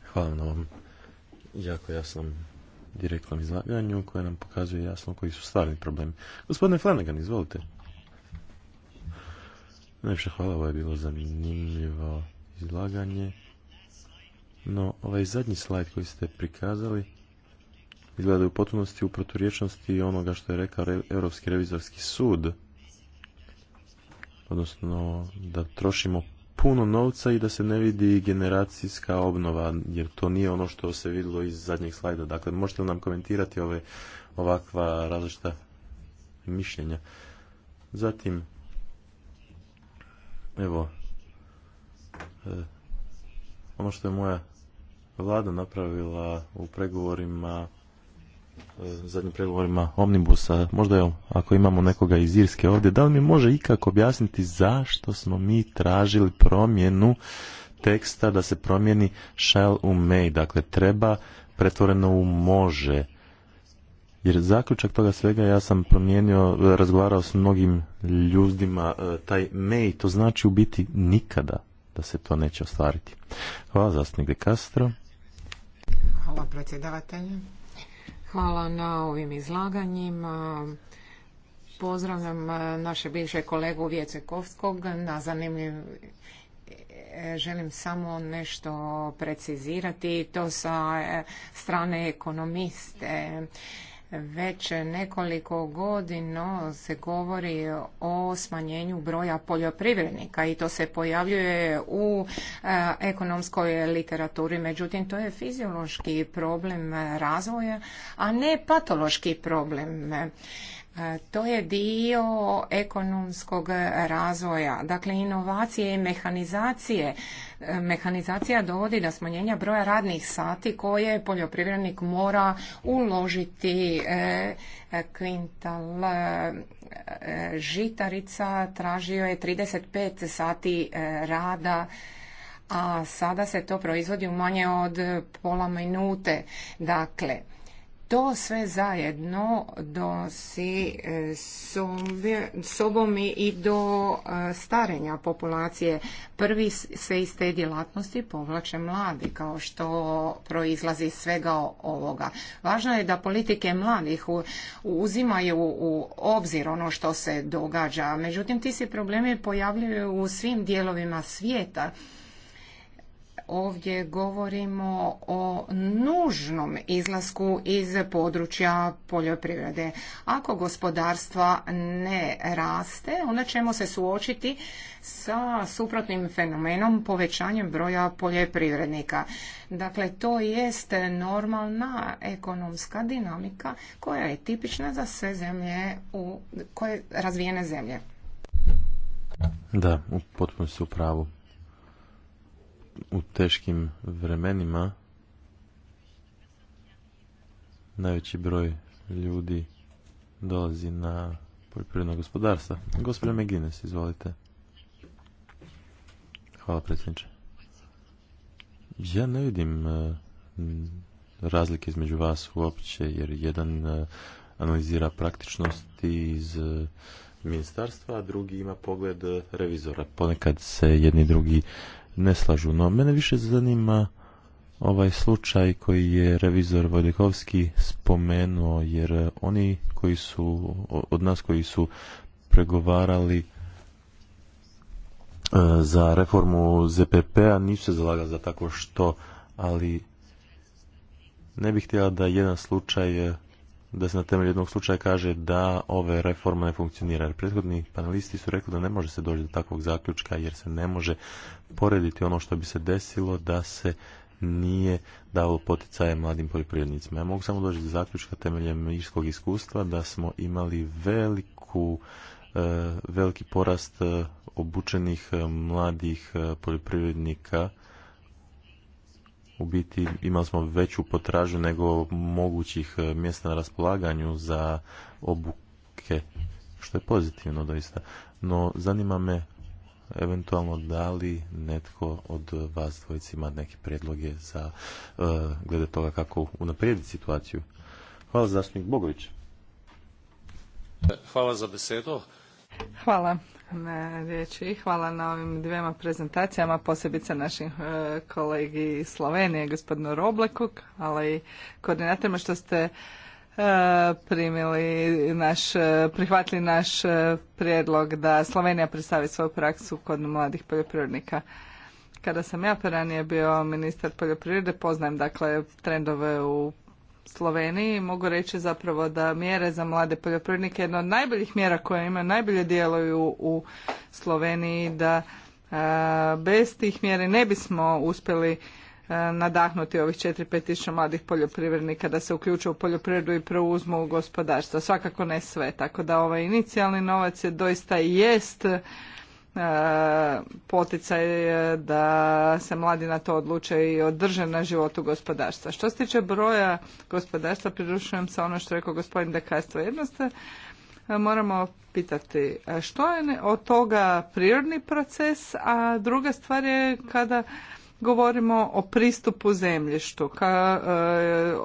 Hvala na ovom jako jasnom direktnom izlaganju koje nam pokazuje jasno koji su stvarni problemi. Gospodine Flanagan, izvolite. Najviše hvala, ovo je bilo zanimljivo izlaganje. No, ovaj zadnji slajd koji ste prikazali izgleda u potpunosti u proturječnosti onoga što je rekao Europski revizorski sud, odnosno da trošimo puno novca i da se ne vidi generacijska obnova, jer to nije ono što se vidilo iz zadnjeg slajda. Dakle, možete li nam komentirati ove ovakva različita mišljenja? Zatim, evo, e, ono što je moja vlada napravila u pregovorima e, zadnjim pregovorima Omnibusa, možda je, ako imamo nekoga iz Irske ovdje, da li mi može ikako objasniti zašto smo mi tražili promjenu teksta da se promijeni shall u may, dakle treba pretvoreno u može. Jer zaključak toga svega ja sam promijenio, razgovarao s mnogim ljudima, e, taj may to znači u biti nikada da se to neće ostvariti. Hvala zastupnik Hvala predsjedavatelju. Hvala na ovim izlaganjima. Pozdravljam eh, naše bivše kolegu Vjecekovskog na zanimljiv eh, želim samo nešto precizirati to sa eh, strane ekonomiste već nekoliko godina se govori o smanjenju broja poljoprivrednika i to se pojavljuje u e, ekonomskoj literaturi. Međutim, to je fiziološki problem razvoja, a ne patološki problem. E, to je dio ekonomskog razvoja. Dakle, inovacije i mehanizacije. E, mehanizacija dovodi do smanjenja broja radnih sati koje poljoprivrednik mora uložiti e, kvintal žitarica. Tražio je 35 sati rada a sada se to proizvodi u manje od pola minute. Dakle, to sve zajedno donosi e, sobom i do e, starenja populacije. Prvi se iz te djelatnosti povlače mladi, kao što proizlazi iz svega ovoga. Važno je da politike mladih uzimaju u obzir ono što se događa. Međutim, ti se problemi pojavljuju u svim dijelovima svijeta ovdje govorimo o nužnom izlasku iz područja poljoprivrede. Ako gospodarstva ne raste, onda ćemo se suočiti sa suprotnim fenomenom povećanjem broja poljoprivrednika. Dakle, to jest normalna ekonomska dinamika koja je tipična za sve zemlje, u, koje razvijene zemlje. Da, potpuno su u pravu u teškim vremenima najveći broj ljudi dolazi na poljoprivredno gospodarstva. Gospodin Megines, izvolite. Hvala predsjedniče. Ja ne vidim e, razlike između vas uopće, jer jedan e, analizira praktičnosti iz e, ministarstva, a drugi ima pogled revizora. Ponekad se jedni drugi ne slažu. No, mene više zanima ovaj slučaj koji je revizor Vojdekovski spomenuo, jer oni koji su, od nas koji su pregovarali e, za reformu ZPP-a nisu se zalagali za tako što, ali ne bih htjela da jedan slučaj da se na temelju jednog slučaja kaže da ove reforme ne funkcionira. Jer prethodni panelisti su rekli da ne može se doći do takvog zaključka jer se ne može porediti ono što bi se desilo da se nije davalo poticaje mladim poljoprivrednicima. Ja mogu samo doći do zaključka temeljem irskog iskustva da smo imali veliku e, veliki porast e, obučenih e, mladih poljoprivrednika u biti imali smo veću potražu nego mogućih e, mjesta na raspolaganju za obuke, što je pozitivno doista. No zanima me eventualno da li netko od vas dvojici ima neke prijedloge za e, glede toga kako unaprijediti situaciju. Hvala zastupnik Bogović. Hvala za besedo. Hvala na riječi i hvala na ovim dvema prezentacijama, posebice našim e, kolegi iz Slovenije, gospodinu Robleku, ali i koordinatorima što ste e, primili naš, e, prihvatili naš prijedlog da Slovenija predstavi svoju praksu kod mladih poljoprivrednika. Kada sam ja pa ranije bio ministar poljoprivrede, poznajem dakle trendove u Sloveniji. Mogu reći zapravo da mjere za mlade poljoprivrednike jedna od najboljih mjera koje ima, najbolje djeluju u Sloveniji, da e, bez tih mjere ne bismo uspjeli e, nadahnuti ovih 4-5 tisuća mladih poljoprivrednika da se uključe u poljoprivredu i preuzmu u gospodarstvo. Svakako ne sve, tako da ovaj inicijalni novac je doista i jest E, poticaj da se mladi na to odluče i održe na životu gospodarstva. Što se tiče broja gospodarstva, prirušujem se ono što rekao gospodin Dekajstvo. Jednostavno, e, moramo pitati e, što je od toga prirodni proces, a druga stvar je kada govorimo o pristupu zemljištu. Ka, e,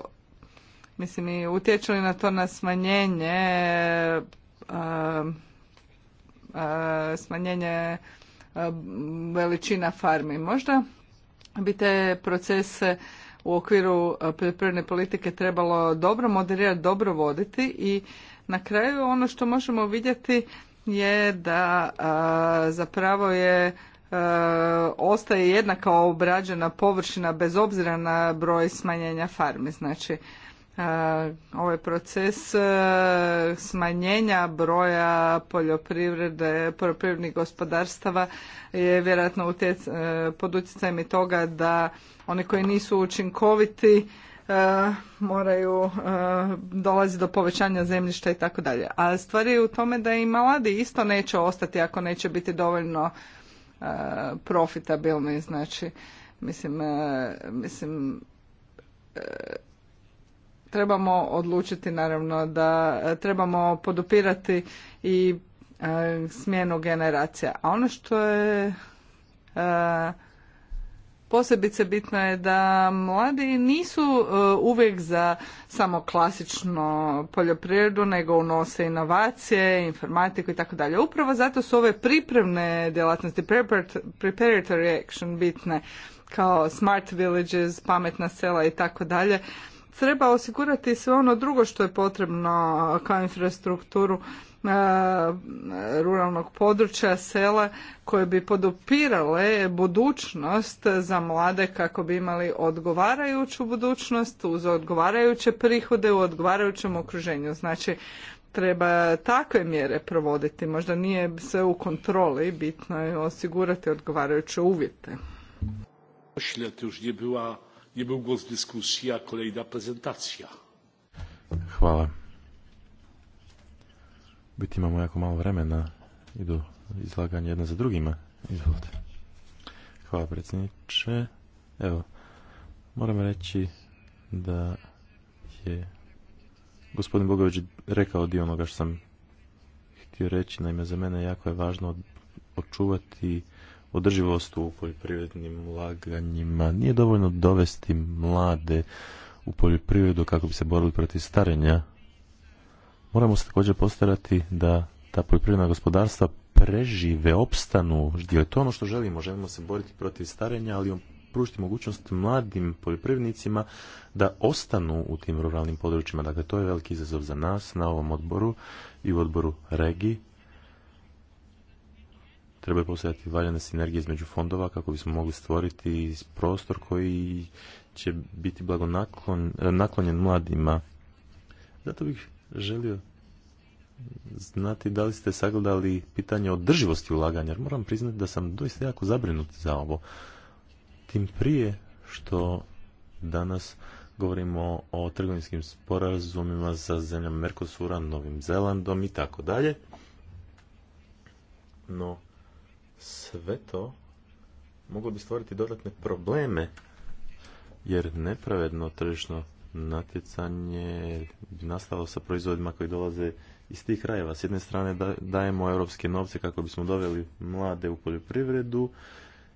mislim, i utječe na to na smanjenje E, smanjenje e, veličina farmi. Možda bi te procese u okviru e, poljoprivredne politike trebalo dobro moderirati, dobro voditi i na kraju ono što možemo vidjeti je da zapravo je ostaje jednaka obrađena površina bez obzira na broj smanjenja farmi. Znači, ovaj proces e, smanjenja broja poljoprivrede, poljoprivrednih gospodarstava je vjerojatno utjec, e, pod utjecajem i toga da oni koji nisu učinkoviti e, moraju dolazi do povećanja zemljišta i tako dalje. A stvar je u tome da i mladi isto neće ostati ako neće biti dovoljno profitabilni. Znači, mislim, mislim trebamo odlučiti naravno da e, trebamo podupirati i e, smjenu generacija. A ono što je e, posebice bitno je da mladi nisu uvijek za samo klasično poljoprivredu, nego unose inovacije, informatiku i tako dalje. Upravo zato su ove pripremne djelatnosti, preparatory action bitne, kao smart villages, pametna sela i tako dalje, treba osigurati sve ono drugo što je potrebno kao infrastrukturu e, ruralnog područja, sela koje bi podupirale budućnost za mlade kako bi imali odgovarajuću budućnost uz odgovarajuće prihode u odgovarajućem okruženju. Znači, treba takve mjere provoditi. Možda nije sve u kontroli, bitno je osigurati odgovarajuće uvjete nie był głos w dyskusji a kolejna prezentacja. Hvala. Biti imamo jako malo vremena. Idu izlaganje jedna za drugima. Izvolite. Hvala predsjedniče. Evo, moram reći da je gospodin Bogović rekao dio onoga što sam htio reći. Naime, za mene jako je važno očuvati održivost u poljoprivrednim ulaganjima. Nije dovoljno dovesti mlade u poljoprivredu kako bi se borili protiv starenja. Moramo se također postarati da ta poljoprivredna gospodarstva prežive, opstanu. Je to ono što želimo? Želimo se boriti protiv starenja, ali pružiti mogućnost mladim poljoprivrednicima da ostanu u tim ruralnim područjima. Dakle, to je veliki izazov za nas na ovom odboru i u odboru REGI trebaju postojati valjane sinergije između fondova kako bismo mogli stvoriti prostor koji će biti blagonaklon, e, naklonjen mladima. Zato bih želio znati da li ste sagledali pitanje održivosti ulaganja, jer moram priznati da sam doista jako zabrinut za ovo. Tim prije što danas govorimo o trgovinskim sporazumima sa zemljama Merkosura, Novim Zelandom i tako dalje. No, sve to moglo bi stvoriti dodatne probleme jer nepravedno tržišno natjecanje bi nastalo sa proizvodima koji dolaze iz tih krajeva. S jedne strane dajemo europske novce kako bismo doveli mlade u poljoprivredu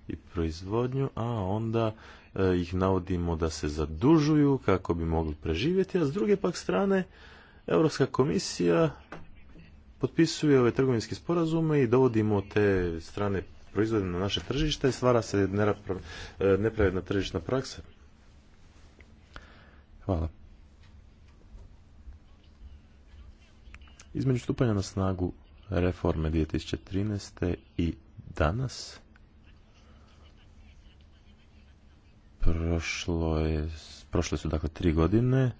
i proizvodnju, a onda e, ih navodimo da se zadužuju kako bi mogli preživjeti, a s druge pak strane Europska komisija potpisuje ove trgovinske sporazume i dovodimo te strane proizvode na naše tržište, stvara se e, nepravedna tržišna praksa. Hvala. Između stupanja na snagu reforme 2013. i danas prošlo je, prošle su dakle tri godine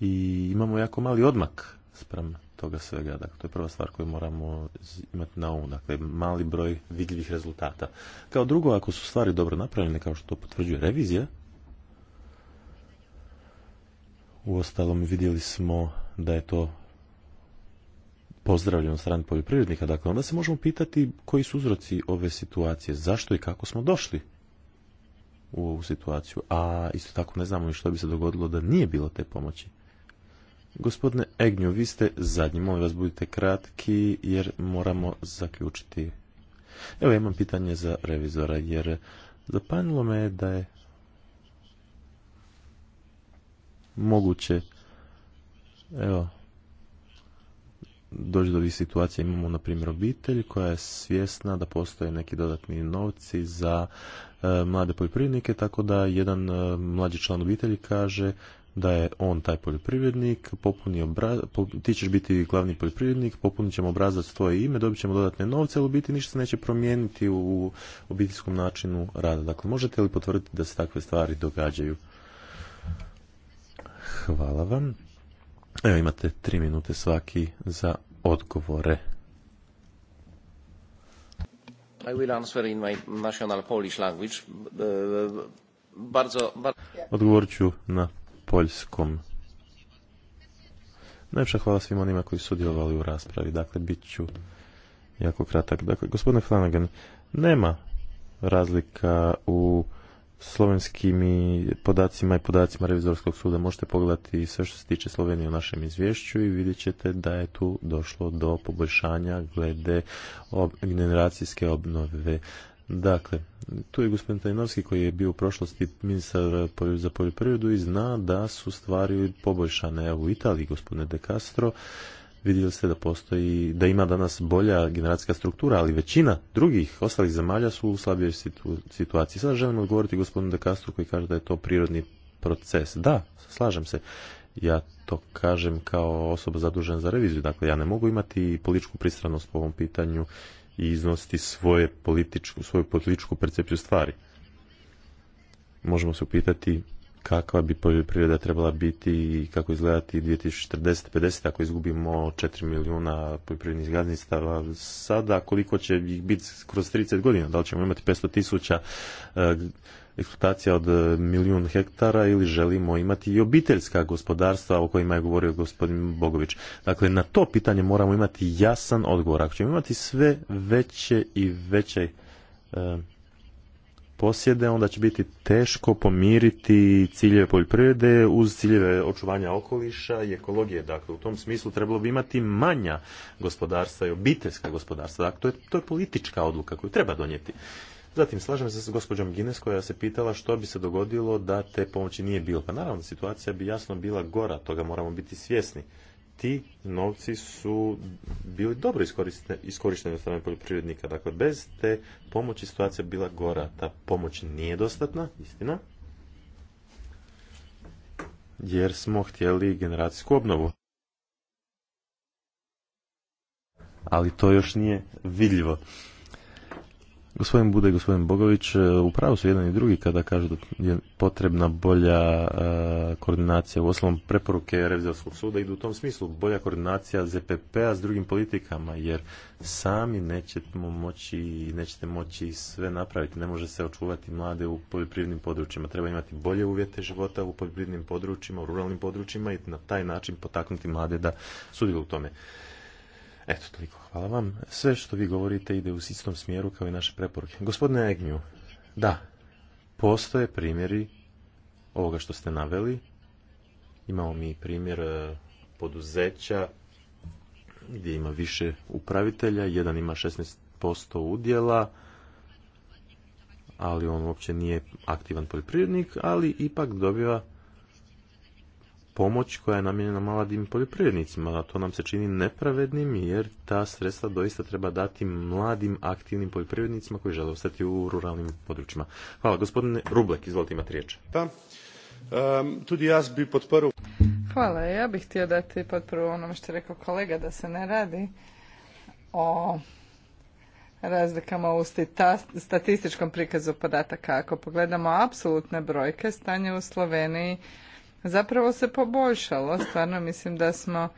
i imamo jako mali odmak sprem toga svega. Dakle, to je prva stvar koju moramo imati na umu. Dakle, mali broj vidljivih rezultata. Kao drugo, ako su stvari dobro napravljene, kao što to potvrđuje revizija, uostalom vidjeli smo da je to pozdravljeno strane poljoprivrednika. Dakle, onda se možemo pitati koji su uzroci ove situacije, zašto i kako smo došli u ovu situaciju. A isto tako ne znamo ni što bi se dogodilo da nije bilo te pomoći. Gospodine Egnju, vi ste zadnji, molim vas budite kratki jer moramo zaključiti. Evo imam pitanje za revizora jer zapanilo me da je moguće evo doći do ovih situacija imamo na primjer obitelj koja je svjesna da postoje neki dodatni novci za e, mlade poljoprivrednike tako da jedan e, mlađi član obitelji kaže da je on taj poljoprivrednik, popuni po, ti ćeš biti glavni poljoprivrednik, popunit ćemo obrazac tvoje ime, dobit ćemo dodatne novce, ali u biti ništa se neće promijeniti u obiteljskom načinu rada. Dakle, možete li potvrditi da se takve stvari događaju? Hvala vam. Evo imate tri minute svaki za odgovore. I will answer in my national Polish language. Bardzo, Odgovorit ću na Poljskom. Najpša hvala svim onima koji su sudjelovali u raspravi. Dakle, bit ću jako kratak. Dakle, gospodine Flanagan, nema razlika u slovenskim podacima i podacima revizorskog suda. Možete pogledati sve što se tiče Slovenije u našem izvješću i vidjet ćete da je tu došlo do poboljšanja glede generacijske obnove. Dakle, tu je gospodin Tajnovski koji je bio u prošlosti ministar za poljoprivredu i zna da su stvari poboljšane. u Italiji, gospodine De Castro, vidjeli ste da postoji, da ima danas bolja generacijska struktura, ali većina drugih ostalih zemalja su u slabijoj situaciji. Sada želim odgovoriti gospodinu De Castro koji kaže da je to prirodni proces. Da, slažem se. Ja to kažem kao osoba zadužena za reviziju. Dakle, ja ne mogu imati političku pristranost po ovom pitanju i iznositi svoje političku, svoju političku percepciju stvari. Možemo se upitati kakva bi poljoprivreda trebala biti i kako izgledati 2040-50 ako izgubimo 4 milijuna poljoprivrednih gazdinstava sada, koliko će ih biti kroz 30 godina, da li ćemo imati 500 tisuća eh, eksploatacija od e, milijun hektara ili želimo imati i obiteljska gospodarstva o kojima je govorio gospodin Bogović. Dakle, na to pitanje moramo imati jasan odgovor. Ako ćemo imati sve veće i veće e, posjede, onda će biti teško pomiriti ciljeve poljoprivrede uz ciljeve očuvanja okoliša i ekologije. Dakle, u tom smislu trebalo bi imati manja gospodarstva i obiteljska gospodarstva. Dakle, je, to je politička odluka koju treba donijeti. Zatim, slažem se s gospođom Gines koja se pitala što bi se dogodilo da te pomoći nije bilo. Pa naravno, situacija bi jasno bila gora, toga moramo biti svjesni. Ti novci su bili dobro iskorišteni od strane poljoprivrednika. Dakle, bez te pomoći situacija bila gora. Ta pomoć nije dostatna, istina, jer smo htjeli generacijsku obnovu. Ali to još nije vidljivo. Gospodin Bude i gospodin Bogović, e, upravo su jedan i drugi kada kažu da je potrebna bolja e, koordinacija. U osnovom preporuke Revizorskog suda idu u tom smislu bolja koordinacija ZPP-a s drugim politikama, jer sami nećemo moći, nećete moći sve napraviti. Ne može se očuvati mlade u poljoprivrednim područjima. Treba imati bolje uvjete života u poljoprivrednim područjima, u ruralnim područjima i na taj način potaknuti mlade da sudjeluju u tome. Eto, toliko. Hvala vam. Sve što vi govorite ide u istom smjeru kao i naše preporuke. Gospodine Egnju, da, postoje primjeri ovoga što ste naveli. Imamo mi primjer e, poduzeća gdje ima više upravitelja, jedan ima 16% udjela, ali on uopće nije aktivan poljoprivrednik, ali ipak dobiva pomoć koja je namijenjena mladim poljoprivrednicima, a to nam se čini nepravednim jer ta sredstva doista treba dati mladim aktivnim poljoprivrednicima koji žele ostati u ruralnim područjima. Hvala gospodine Rublek, izvolite imati riječ. Da. Um, tudi jaz bi Hvala, ja bih htio dati potporu onome što je rekao kolega da se ne radi o razlikama u statističkom prikazu podataka. Ako pogledamo apsolutne brojke, stanje u Sloveniji zapravo se poboljšalo. Stvarno mislim da smo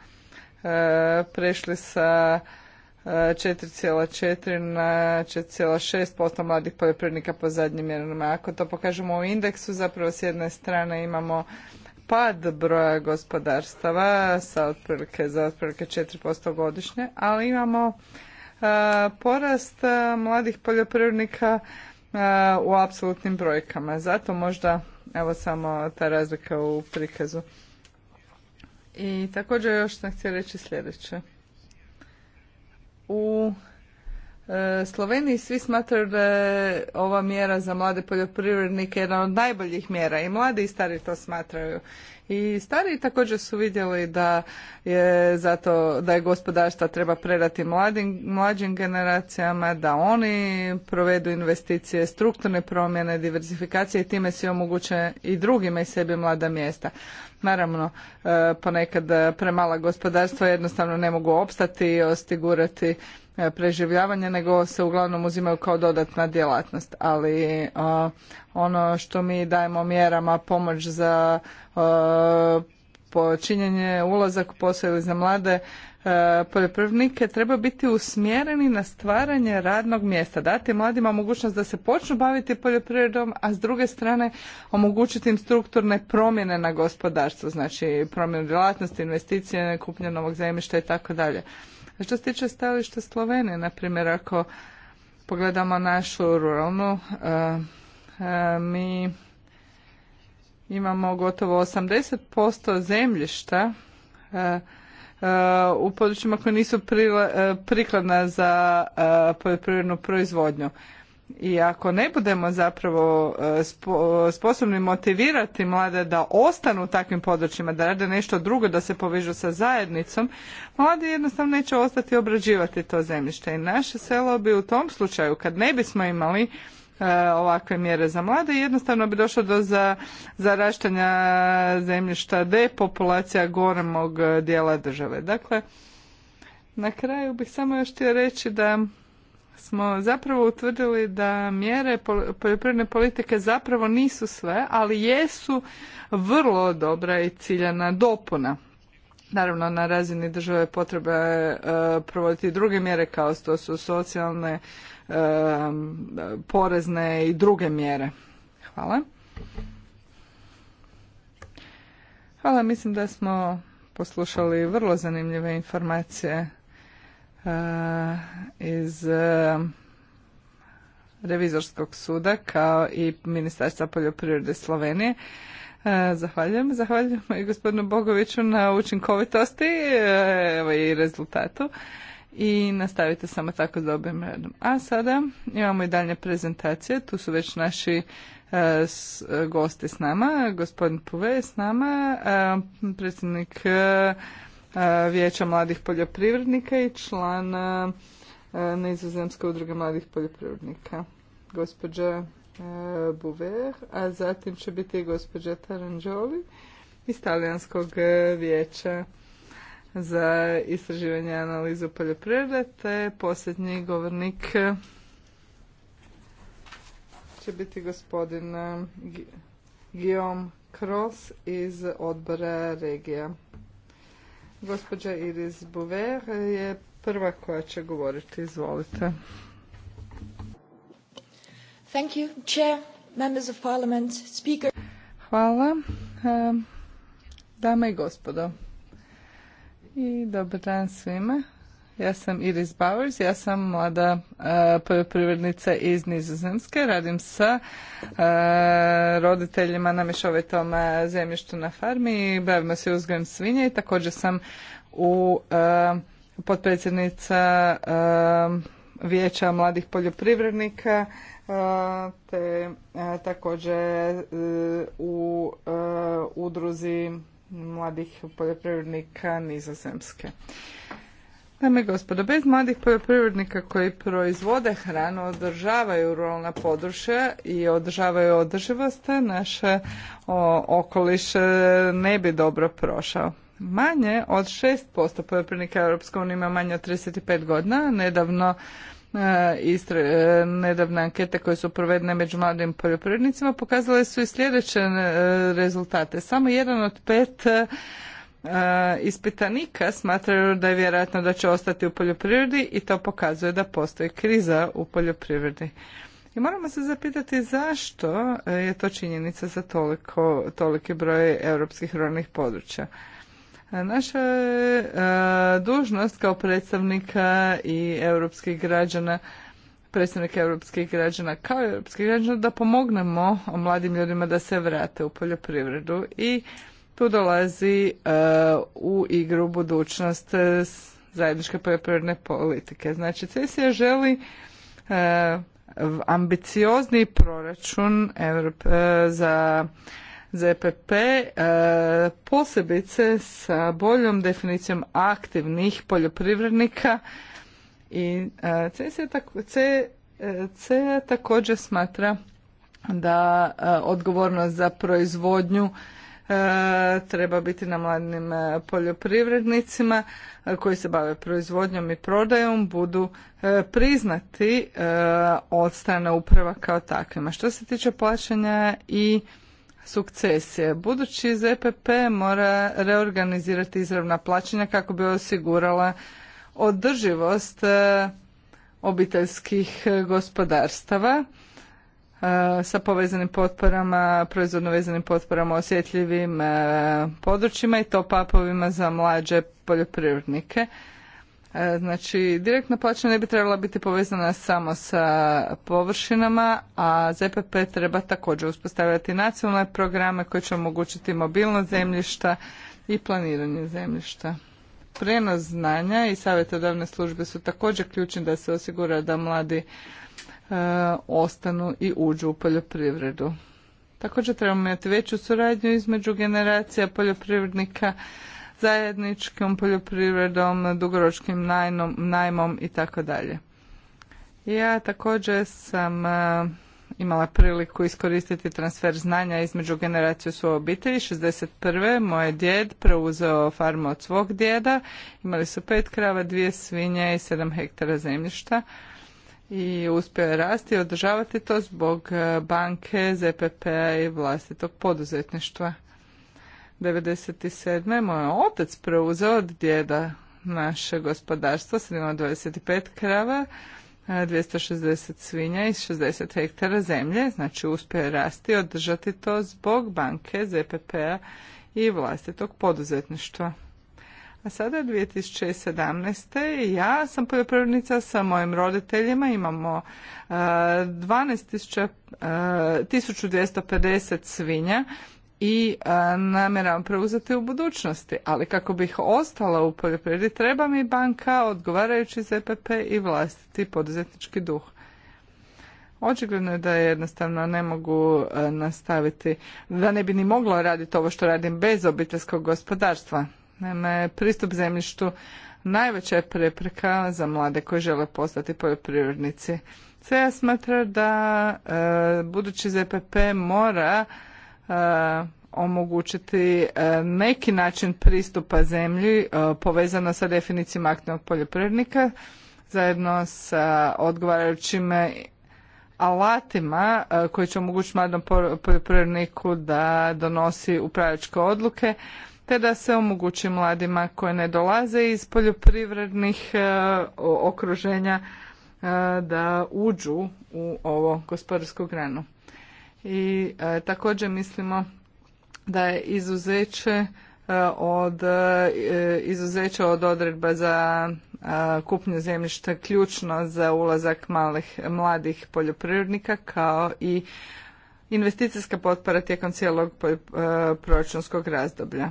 e, prešli sa 4,4 e, na 4,6% mladih poljoprivrednika po zadnjim mjerama. Ako to pokažemo u indeksu, zapravo s jedne strane imamo pad broja gospodarstava sa otprilike, za otprilike 4% godišnje, ali imamo e, porast e, mladih poljoprivrednika u apsolutnim brojkama. Zato možda Evo samo ta razlika u prikazu. I također još sam htio reći sljedeće. U E, Sloveniji svi smatraju da je ova mjera za mlade poljoprivrednike jedna od najboljih mjera i mladi i stari to smatraju. I stari također su vidjeli da je zato da je gospodarstva treba predati mladim, mlađim generacijama, da oni provedu investicije, strukturne promjene, diversifikacije i time se omoguće i drugima i sebi mlada mjesta. Naravno, e, ponekad premala gospodarstva jednostavno ne mogu opstati i osigurati E, preživljavanje, nego se uglavnom uzimaju kao dodatna djelatnost. Ali e, ono što mi dajemo mjerama pomoć za e, počinjenje ulazak u posao ili za mlade poljoprivrednike treba biti usmjereni na stvaranje radnog mjesta, dati mladima mogućnost da se počnu baviti poljoprivredom, a s druge strane omogućiti im strukturne promjene na gospodarstvu, znači promjenu djelatnosti, investicije, kupnje novog zemljišta i tako dalje. Što se tiče stajališta Slovenije, na primjer, ako pogledamo našu ruralnu, e, e, mi imamo gotovo 80% zemljišta e, u područjima koje nisu prikladna za poljoprivrednu proizvodnju i ako ne budemo zapravo e, sposobni motivirati mlade da ostanu u takvim područjima, da rade nešto drugo, da se povežu sa zajednicom, mladi jednostavno neće ostati obrađivati to zemljište. I naše selo bi u tom slučaju, kad ne bismo imali e, ovakve mjere za mlade jednostavno bi došlo do za, zaraštanja zemljišta, depopulacija goremog dijela države. Dakle, na kraju bih samo još htio reći da smo zapravo utvrdili da mjere poljoprivredne politike zapravo nisu sve, ali jesu vrlo dobra i ciljana dopuna. Naravno, na razini države potrebe je provoditi druge mjere kao što su socijalne, e, porezne i druge mjere. Hvala. Hvala, mislim da smo poslušali vrlo zanimljive informacije E, iz e, revizorskog suda kao i Ministarstva poljoprivrede Slovenije. E, zahvaljujem. Zahvaljujem i gospodinu Bogoviću na učinkovitosti evo i rezultatu i nastavite samo tako s dobrim radom. A sada imamo i dalje prezentacije. Tu su već naši gosti s nama. Gospodin Puve s nama, predsjednik Vijeća mladih poljoprivrednika i člana e, Nizozemske udruge mladih poljoprivrednika. Gospođa e, Buver, a zatim će biti i gospođa Taranđoli iz Talijanskog e, vijeća za istraživanje i analizu poljoprivrede, te posljednji govornik će biti gospodin Guillaume Cross iz odbora regija. Gospođa Iris Bouver je prva koja će govoriti. Izvolite. Thank you, chair, members of parliament, speaker. Hvala. Ehm, dame i gospodo. I dobar dan svima ja sam Iris Bowers, ja sam mlada e, poljoprivrednica iz Nizozemske, radim sa e, roditeljima na mješovitom e, zemljištu na farmi i bavimo se uzgojem svinje i također sam u potpredsjednica vijeća mladih poljoprivrednika te također u udruzi mladih poljoprivrednika Nizozemske. Dame i gospodo, bez mladih poljoprivrednika koji proizvode hranu, održavaju ruralna područja i održavaju održivost, naš okoliš e, ne bi dobro prošao. Manje od 6% poljoprivrednika Europske unije ima manje od 35 godina. Nedavno e, Istre, nedavne ankete koje su provedene među mladim poljoprivrednicima pokazale su i sljedeće e, rezultate. Samo jedan od pet E, ispitanika smatraju da je vjerojatno da će ostati u poljoprivredi i to pokazuje da postoji kriza u poljoprivredi. I moramo se zapitati zašto e, je to činjenica za toliko, toliki broj europskih ruralnih područja. E, naša dužnost kao predstavnika i europskih građana predstavnika europskih građana kao europskih građana da pomognemo mladim ljudima da se vrate u poljoprivredu i tu dolazi e, u igru budućnost e, zajedničke poljoprivredne politike. Znači, CESIA želi e, ambiciozni proračun za ZPP, posebice sa boljom definicijom aktivnih poljoprivrednika i CESIA također smatra da odgovornost za proizvodnju E, treba biti na mladim e, poljoprivrednicima e, koji se bave proizvodnjom i prodajom budu priznati od strane uprava kao takvima. Što se tiče plaćanja i sukcesije. Budući ZPP mora reorganizirati izravna plaćanja kako bi osigurala održivost obiteljskih gospodarstava E, sa povezanim potporama, proizvodno vezanim potporama osjetljivim e, područjima i to papovima za mlađe poljoprivrednike. E, znači, direktna plaća ne bi trebala biti povezana samo sa površinama, a ZPP treba također uspostavljati nacionalne programe koji će omogućiti mobilnost zemljišta i planiranje zemljišta. Prenos znanja i savjetodavne službe su također ključni da se osigura da mladi E, ostanu i uđu u poljoprivredu. Također trebamo imati veću suradnju između generacija poljoprivrednika zajedničkom poljoprivredom, dugoročkim najnom, najmom i tako dalje. Ja također sam e, imala priliku iskoristiti transfer znanja između generacije svoje obitelji. 61. moj djed preuzeo farmu od svog djeda. Imali su pet krava, dvije svinje i sedam hektara zemljišta i uspio je rasti i održavati to zbog e, banke, zpp p-a i vlastitog poduzetništva. 1997. moj otac preuzeo od djeda naše gospodarstvo, sad imamo 25 krava, 260 e, svinja i 60 hektara zemlje, znači uspio je rasti i održati to zbog banke, zpp p-a i vlastitog poduzetništva. A sada je 2017. ja sam poljoprivrednica sa mojim roditeljima, imamo uh, 12.000, 1250 svinja i uh, preuzeti u budućnosti. Ali kako bih ostala u poljoprivredi treba mi banka, odgovarajući ZPP i vlastiti poduzetnički duh. Očigledno je da jednostavno ne mogu e, nastaviti, da ne bi ni mogla raditi ovo što radim bez obiteljskog gospodarstva. Naime, pristup zemljištu najveća je prepreka za mlade koji žele postati poljoprivrednici. Sve ja smatra da e, budući ZPP mora e, omogućiti e, neki način pristupa zemlji e, povezano sa definicijom aktivnog poljoprivrednika zajedno sa odgovarajućim alatima koji će omogućiti mladom poljoprivredniku da donosi upravljačke odluke te da se omogući mladima koje ne dolaze iz poljoprivrednih e, okruženja e, da uđu u ovo gospodarsku granu. I e, također mislimo da je izuzeće od izuzeća od odredba za kupnju zemljišta ključno za ulazak malih, mladih poljoprivrednika kao i investicijska potpora tijekom cijelog proračunskog razdoblja.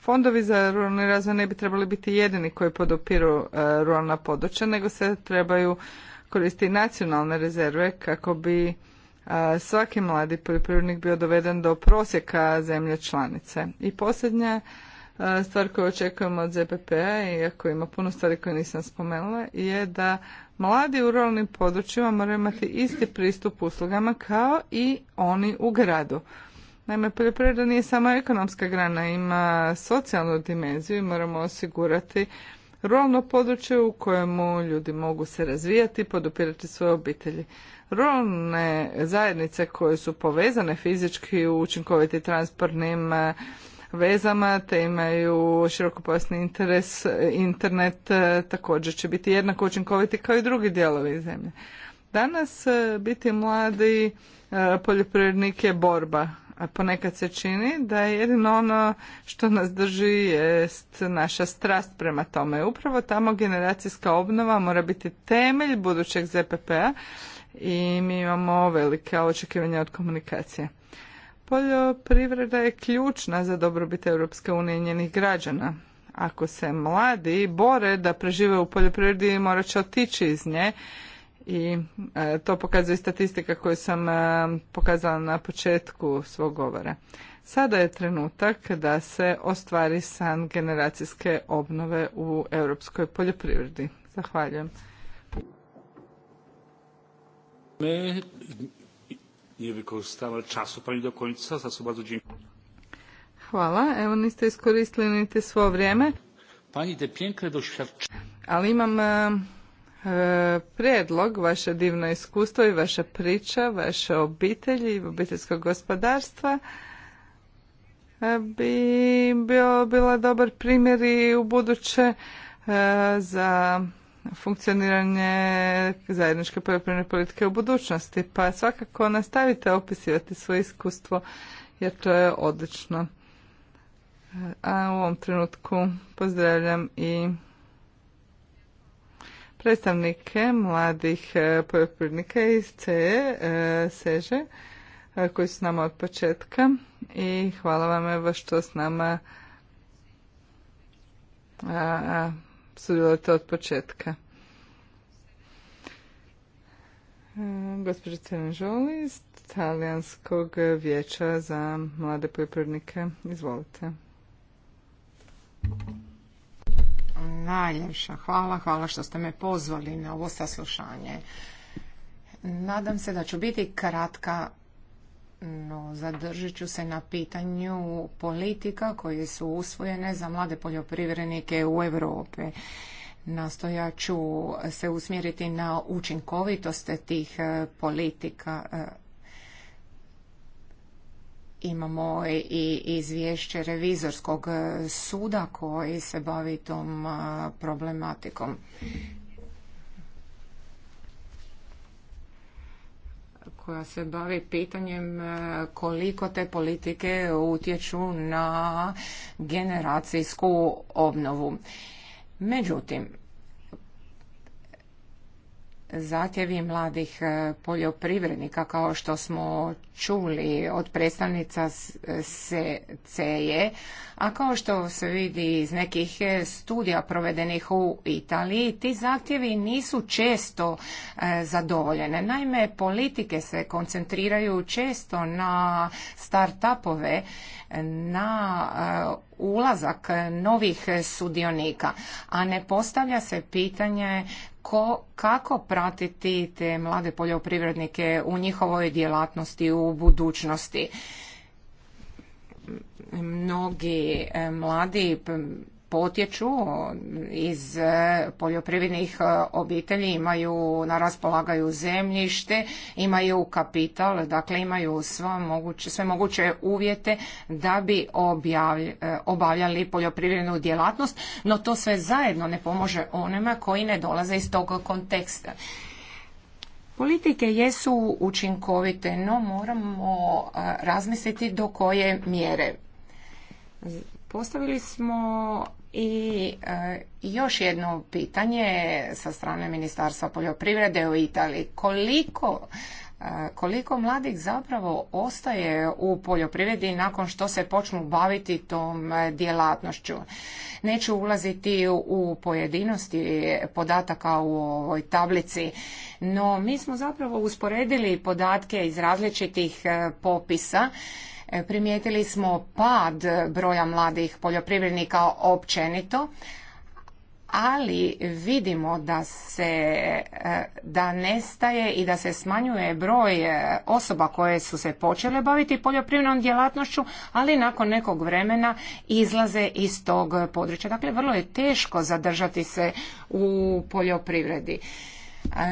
Fondovi za ruralni razvoj ne bi trebali biti jedini koji podopiru e, ruralna područja, nego se trebaju koristiti nacionalne rezerve kako bi e, svaki mladi poljoprivrednik bio doveden do prosjeka zemlje članice. I posljednja e, stvar koju očekujemo od ZPP-a, iako ima puno stvari koje nisam spomenula, je da mladi u ruralnim područjima moraju imati isti pristup uslugama kao i oni u gradu. Naime, poljoprivreda nije samo ekonomska grana, ima socijalnu dimenziju i moramo osigurati ruralno područje u kojemu ljudi mogu se razvijati i podupirati svoje obitelji. Ruralne zajednice koje su povezane fizički u učinkoviti transportnim e, vezama te imaju širokopojasni interes, e, internet e, također će biti jednako učinkoviti kao i drugi dijelovi zemlje. Danas biti mladi poljoprivrednik je borba ponekad se čini da je jedino ono što nas drži jest naša strast prema tome. Upravo tamo generacijska obnova mora biti temelj budućeg ZPP-a i mi imamo velike očekivanja od komunikacije. Poljoprivreda je ključna za dobrobit Europske unije i njenih građana. Ako se mladi bore da prežive u poljoprivredi, morat će otići iz nje i e, to pokazuje statistika koju sam e, pokazala na početku svog govora. Sada je trenutak da se ostvari san generacijske obnove u europskoj poljoprivredi. Zahvaljujem. nie Pani do końca, za bardzo dziękuję. Hvala, evo niste iskoristili niti svo vrijeme. Pani te piękne doświadczenie. Ali imam e, E, prijedlog, vaše divno iskustvo i vaša priča, vaše obitelji i obiteljskog gospodarstva e, bi bio, bila dobar primjer i u buduće e, za funkcioniranje zajedničke poljoprivredne politike u budućnosti. Pa svakako nastavite opisivati svoje iskustvo jer to je odlično. A u ovom trenutku pozdravljam i predstavnike mladih e, poljoprivrednika iz CE, Seže, e, koji su s nama od početka i hvala vam evo što s nama sudjelujete od početka. E, gospođa Cenežoli iz Talijanskog vijeća za mlade poljoprivrednike. Izvolite najljepša hvala. Hvala što ste me pozvali na ovo saslušanje. Nadam se da ću biti kratka, no zadržit ću se na pitanju politika koje su usvojene za mlade poljoprivrednike u Europi. nastojat ću se usmjeriti na učinkovitost tih politika Imamo i izvješće revizorskog e, suda koji se bavi tom e, problematikom. koja se bavi pitanjem e, koliko te politike utječu na generacijsku obnovu. Međutim, zahtjevi mladih e, poljoprivrednika, kao što smo čuli od predstavnica CE, e, a kao što se vidi iz nekih e, studija provedenih u Italiji, ti zahtjevi nisu često zadovoljene. Naime, politike se koncentriraju često na start-upove, na ulazak novih sudionika, a ne postavlja se pitanje ko, kako pratiti te mlade poljoprivrednike u njihovoj djelatnosti u budućnosti mnogi eh, mladi potječu iz e, poljoprivrednih e, obitelji, imaju na raspolagaju zemljište, imaju kapital, dakle imaju sva moguće, sve moguće uvjete da bi e, obavljali poljoprivrednu djelatnost, no to sve zajedno ne pomože onima koji ne dolaze iz tog konteksta. Politike jesu učinkovite, no moramo razmisliti do koje mjere. Postavili smo i e, još jedno pitanje sa strane Ministarstva poljoprivrede u Italiji. Koliko e, koliko mladih zapravo ostaje u poljoprivredi nakon što se počnu baviti tom e, djelatnošću. Neću ulaziti u pojedinosti podataka u ovoj tablici, no mi smo zapravo usporedili podatke iz različitih popisa E, primijetili smo pad broja mladih poljoprivrednika općenito, ali vidimo da se e, da nestaje i da se smanjuje broj e, osoba koje su se počele baviti poljoprivrednom djelatnošću, ali nakon nekog vremena izlaze iz tog područja. Dakle, vrlo je teško zadržati se u poljoprivredi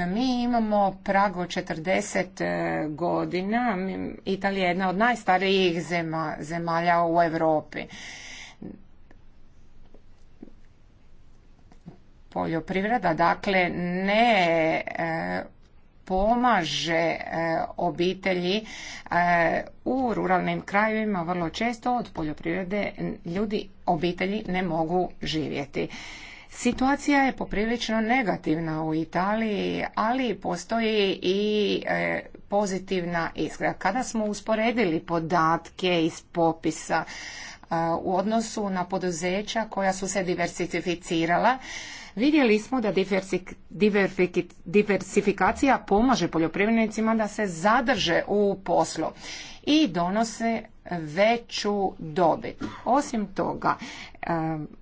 mi imamo prago 40 e, godina. Italija je jedna od najstarijih zemalja u Europi. Poljoprivreda, dakle, ne e, pomaže e, obitelji u ruralnim krajevima vrlo često od poljoprivrede ljudi obitelji ne mogu živjeti. Situacija je poprilično negativna u Italiji, ali postoji i e, pozitivna iskra. Kada smo usporedili podatke iz popisa e, u odnosu na poduzeća koja su se diversificirala, vidjeli smo da diversifikacija pomaže poljoprivrednicima da se zadrže u poslu i donose veću dobit. Osim toga, e,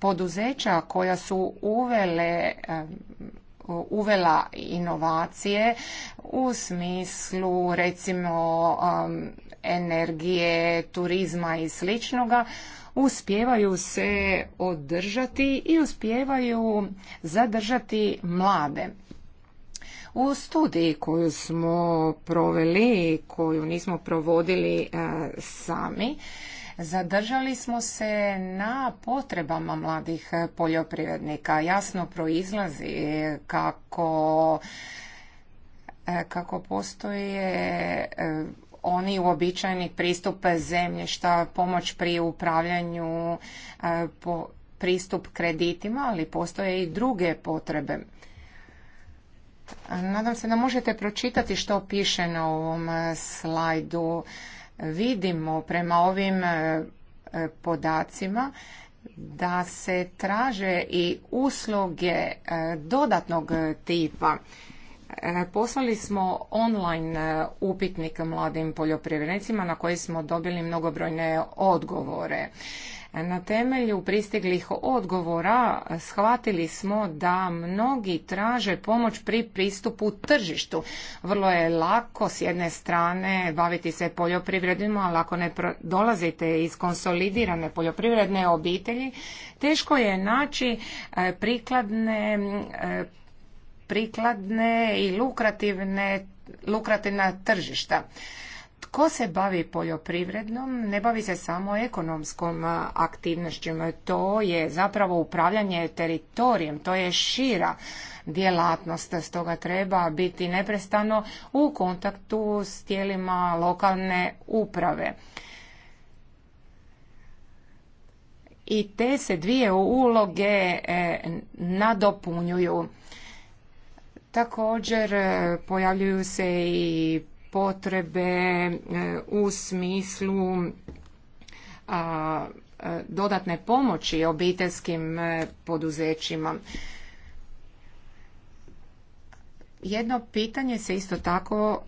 poduzeća koja su uvele uvela inovacije u smislu recimo energije, turizma i sličnoga uspijevaju se održati i uspijevaju zadržati mlade. U studiji koju smo proveli, koju nismo provodili eh, sami, Zadržali smo se na potrebama mladih poljoprivrednika. Jasno proizlazi kako e, kako postoje e, oni uobičajeni pristup zemljišta, pomoć pri upravljanju, e, pristup kreditima, ali postoje i druge potrebe. Nadam se da možete pročitati što piše na ovom slajdu vidimo prema ovim e, e, podacima da se traže i usluge e, dodatnog tipa. Poslali smo online upitnik mladim poljoprivrednicima na koji smo dobili mnogobrojne odgovore. Na temelju pristiglih odgovora shvatili smo da mnogi traže pomoć pri pristupu tržištu. Vrlo je lako s jedne strane baviti se poljoprivredima, ali ako ne dolazite iz konsolidirane poljoprivredne obitelji, teško je naći e, prikladne e, prikladne i lukrativne lukrativna tržišta tko se bavi poljoprivrednom ne bavi se samo ekonomskom aktivnošću. To je zapravo upravljanje teritorijem, to je šira djelatnost, stoga treba biti neprestano u kontaktu s tijelima lokalne uprave. I te se dvije uloge e, nadopunjuju. Također e, pojavljuju se i potrebe e, u smislu e, dodatne pomoći obiteljskim e, poduzećima. Jedno pitanje se isto tako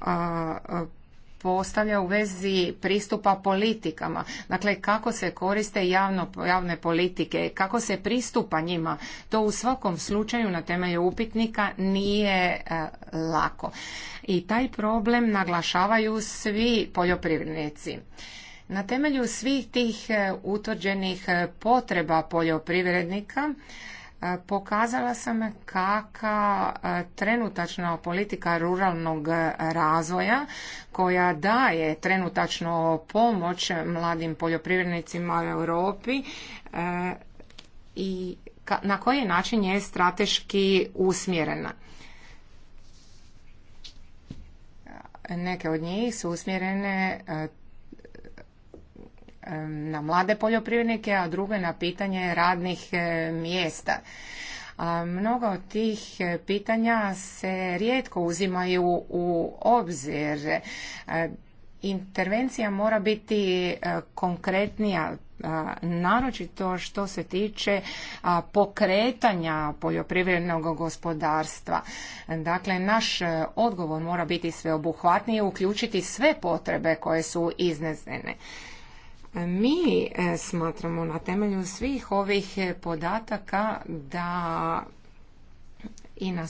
postavlja u vezi pristupa politikama. Dakle, kako se koriste javno, javne politike, kako se pristupa njima, to u svakom slučaju na temelju upitnika nije e, lako. I taj problem naglašavaju svi poljoprivrednici. Na temelju svih tih e, utvrđenih e, potreba poljoprivrednika, E, pokazala sam kaka e, trenutačna politika ruralnog razvoja koja daje trenutačno pomoć mladim poljoprivrednicima u Europi e, i na koji način je strateški usmjerena. Neke od njih su usmjerene na mlade poljoprivrednike, a drugo je na pitanje radnih mjesta. A mnogo od tih e, pitanja se rijetko uzimaju u obzir. E, intervencija mora biti e, konkretnija, naročito što se tiče pokretanja poljoprivrednog gospodarstva. Dakle, naš odgovor mora biti sveobuhvatniji i uključiti sve potrebe koje su iznesene. Mi e, smatramo na temelju svih ovih e, podataka da i na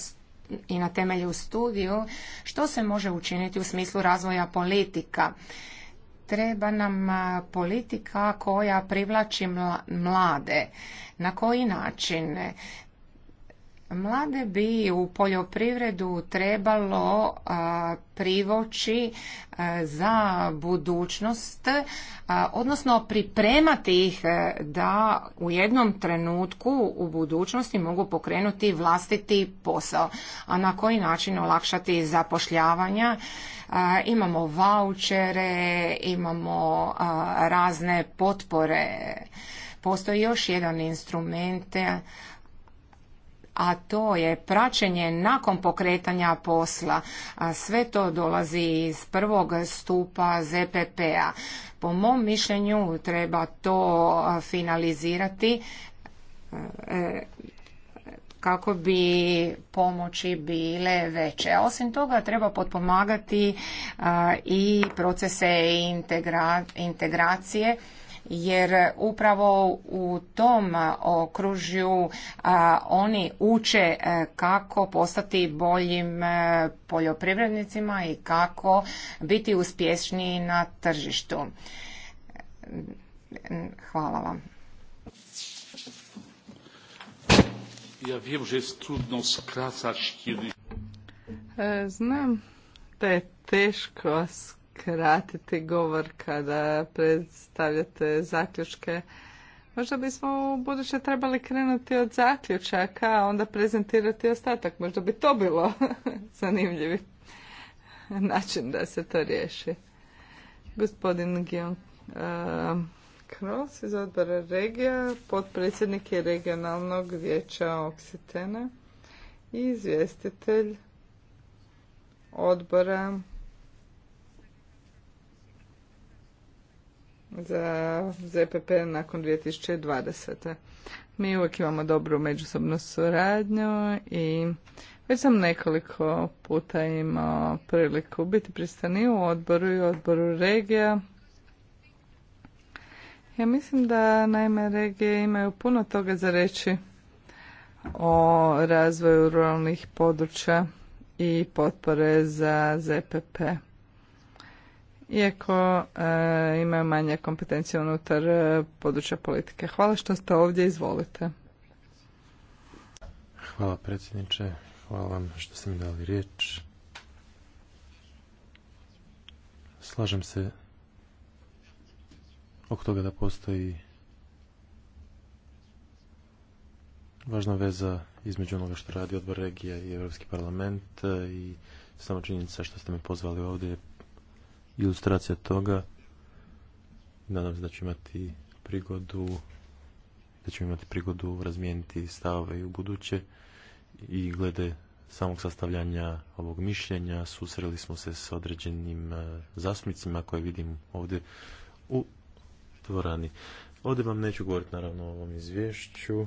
i na temelju studiju što se može učiniti u smislu razvoja politika. Treba nam e, politika koja privlači mlade. Na koji način? Mlade bi u poljoprivredu trebalo privoći za budućnost, odnosno pripremati ih e, da u jednom trenutku u budućnosti mogu pokrenuti vlastiti posao, a na koji način olakšati zapošljavanja. E, imamo vouchere, imamo razne potpore. Postoji još jedan instrument a to je praćenje nakon pokretanja posla. Sve to dolazi iz prvog stupa ZPP-a. Po mom mišljenju treba to finalizirati e, kako bi pomoći bile veće. Osim toga treba potpomagati i procese integracije jer upravo u tom okružju oni uče e, kako postati boljim e, poljoprivrednicima i kako biti uspješniji na tržištu. Hvala vam. Ja e, Znam da je teško kratiti govor kada predstavljate zaključke. Možda bismo u buduće trebali krenuti od zaključaka, a onda prezentirati ostatak. Možda bi to bilo <laughs> zanimljivi način da se to riješi. Gospodin Gion eh, iz odbora regija, potpredsjednik je regionalnog vijeća Oksitena i izvjestitelj odbora za ZPP nakon 2020. Mi uvijek imamo dobru međusobnu suradnju i već sam nekoliko puta imao priliku biti pristani u odboru i odboru regija. Ja mislim da naime regije imaju puno toga za reći o razvoju ruralnih područja i potpore za ZPP iako e, imaju manje kompetencije unutar e, područja politike. Hvala što ste ovdje, izvolite. Hvala predsjedniče, hvala vam što ste mi dali riječ. Slažem se oko toga da postoji važna veza između onoga što radi odbor regija i Europski parlament e, i samo činjenica što ste me pozvali ovdje ilustracija toga. Nadam se da ću imati prigodu da ćemo imati prigodu razmijeniti stavove i u buduće i glede samog sastavljanja ovog mišljenja susreli smo se s određenim e, zasmicima koje vidim ovdje u dvorani. Ovdje vam neću govoriti naravno o ovom izvješću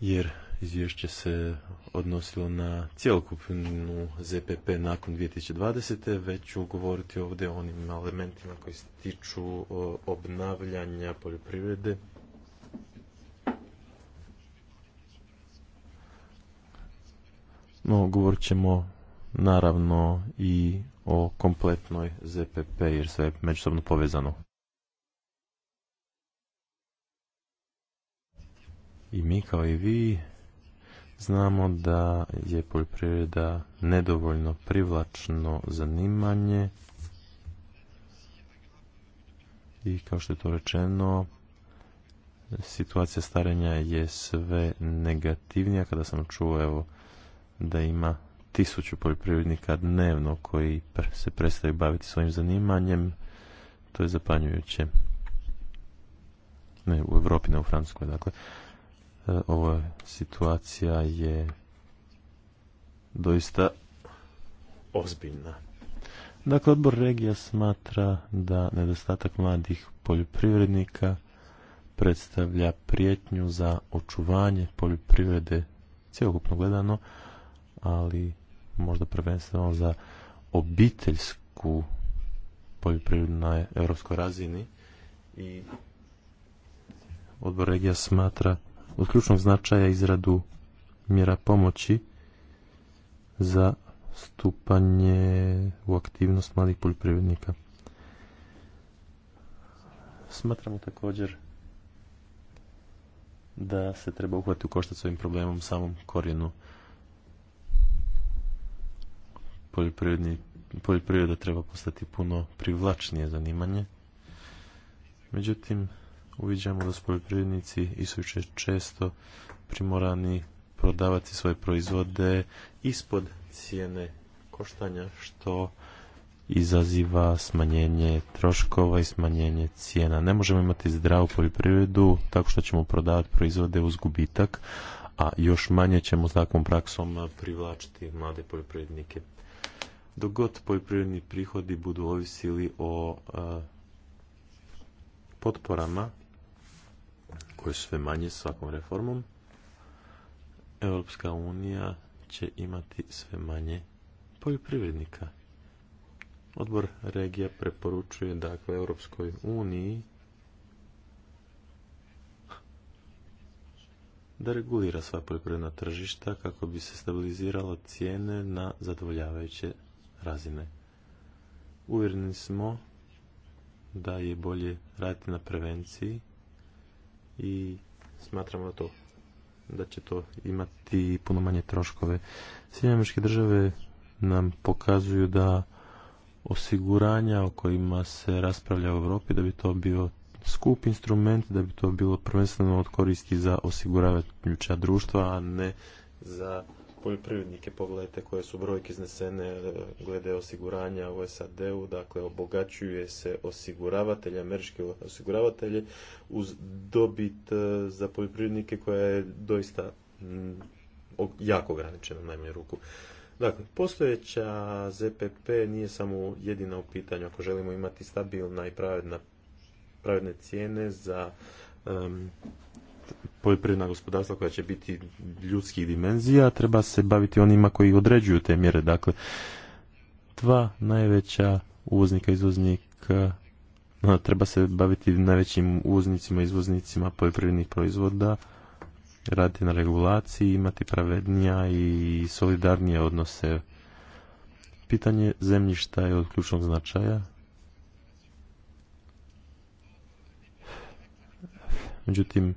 jer izvješće se odnosilo na cjelokupnu ZPP nakon 2020. već ću govoriti ovdje o onim elementima koji se tiču obnavljanja poljoprivrede. No, govorit ćemo naravno i o kompletnoj ZPP jer sve je međusobno povezano. I mi kao i vi Znamo da je poljoprivreda nedovoljno privlačno zanimanje i kao što je to rečeno, situacija starenja je sve negativnija. Kada sam čuo evo, da ima tisuću poljoprivrednika dnevno koji se prestaju baviti svojim zanimanjem, to je zapanjujuće. Ne, u Europi, ne u Francuskoj, dakle. E, ova situacija je doista ozbiljna. Dakle, odbor regija smatra da nedostatak mladih poljoprivrednika predstavlja prijetnju za očuvanje poljoprivrede cijelokupno gledano, ali možda prvenstveno za obiteljsku poljoprivredu na europskoj razini i odbor regija smatra od ključnog značaja izradu mjera pomoći za stupanje u aktivnost malih poljoprivrednika. Smatramo također da se treba uhvati u koštac s ovim problemom samom korijenu. Poljoprivreda treba postati puno privlačnije zanimanje. Međutim, uviđamo da su poljoprivrednici isuće često primorani prodavati svoje proizvode ispod cijene koštanja što izaziva smanjenje troškova i smanjenje cijena. Ne možemo imati zdravu poljoprivredu tako što ćemo prodavati proizvode uz gubitak, a još manje ćemo s takvom praksom privlačiti mlade poljoprivrednike. Dogod poljoprivredni prihodi budu ovisili o e, potporama koje sve manje svakom reformom, Europska unija će imati sve manje poljoprivrednika. Odbor regija preporučuje dakle Europskoj uniji da regulira sva poljoprivredna tržišta kako bi se stabiliziralo cijene na zadovoljavajuće razine. Uvjereni smo da je bolje raditi na prevenciji i smatramo to da će to imati puno manje troškove. SAD države nam pokazuju da osiguranja o kojima se raspravlja u Europi da bi to bio skup instrument, da bi to bilo prvenstveno od koristi za osiguravajuća društva, a ne za poljoprivrednike. Pogledajte koje su brojke iznesene e, glede osiguranja u SAD-u. Dakle, obogaćuje se osiguravatelje, američki osiguravatelje uz dobit e, za poljoprivrednike koja je doista jako ograničena u najmanju ruku. Dakle, postojeća ZPP nije samo jedina u pitanju. Ako želimo imati stabilna i pravedna, pravedne cijene za poljoprivredna gospodarstva koja će biti ljudskih dimenzija, treba se baviti onima koji određuju te mjere. Dakle, dva najveća uvoznika, izvoznika, treba se baviti najvećim uvoznicima, izvoznicima poljoprivrednih proizvoda, raditi na regulaciji, imati pravednija i solidarnije odnose. Pitanje zemljišta je od ključnog značaja. Međutim,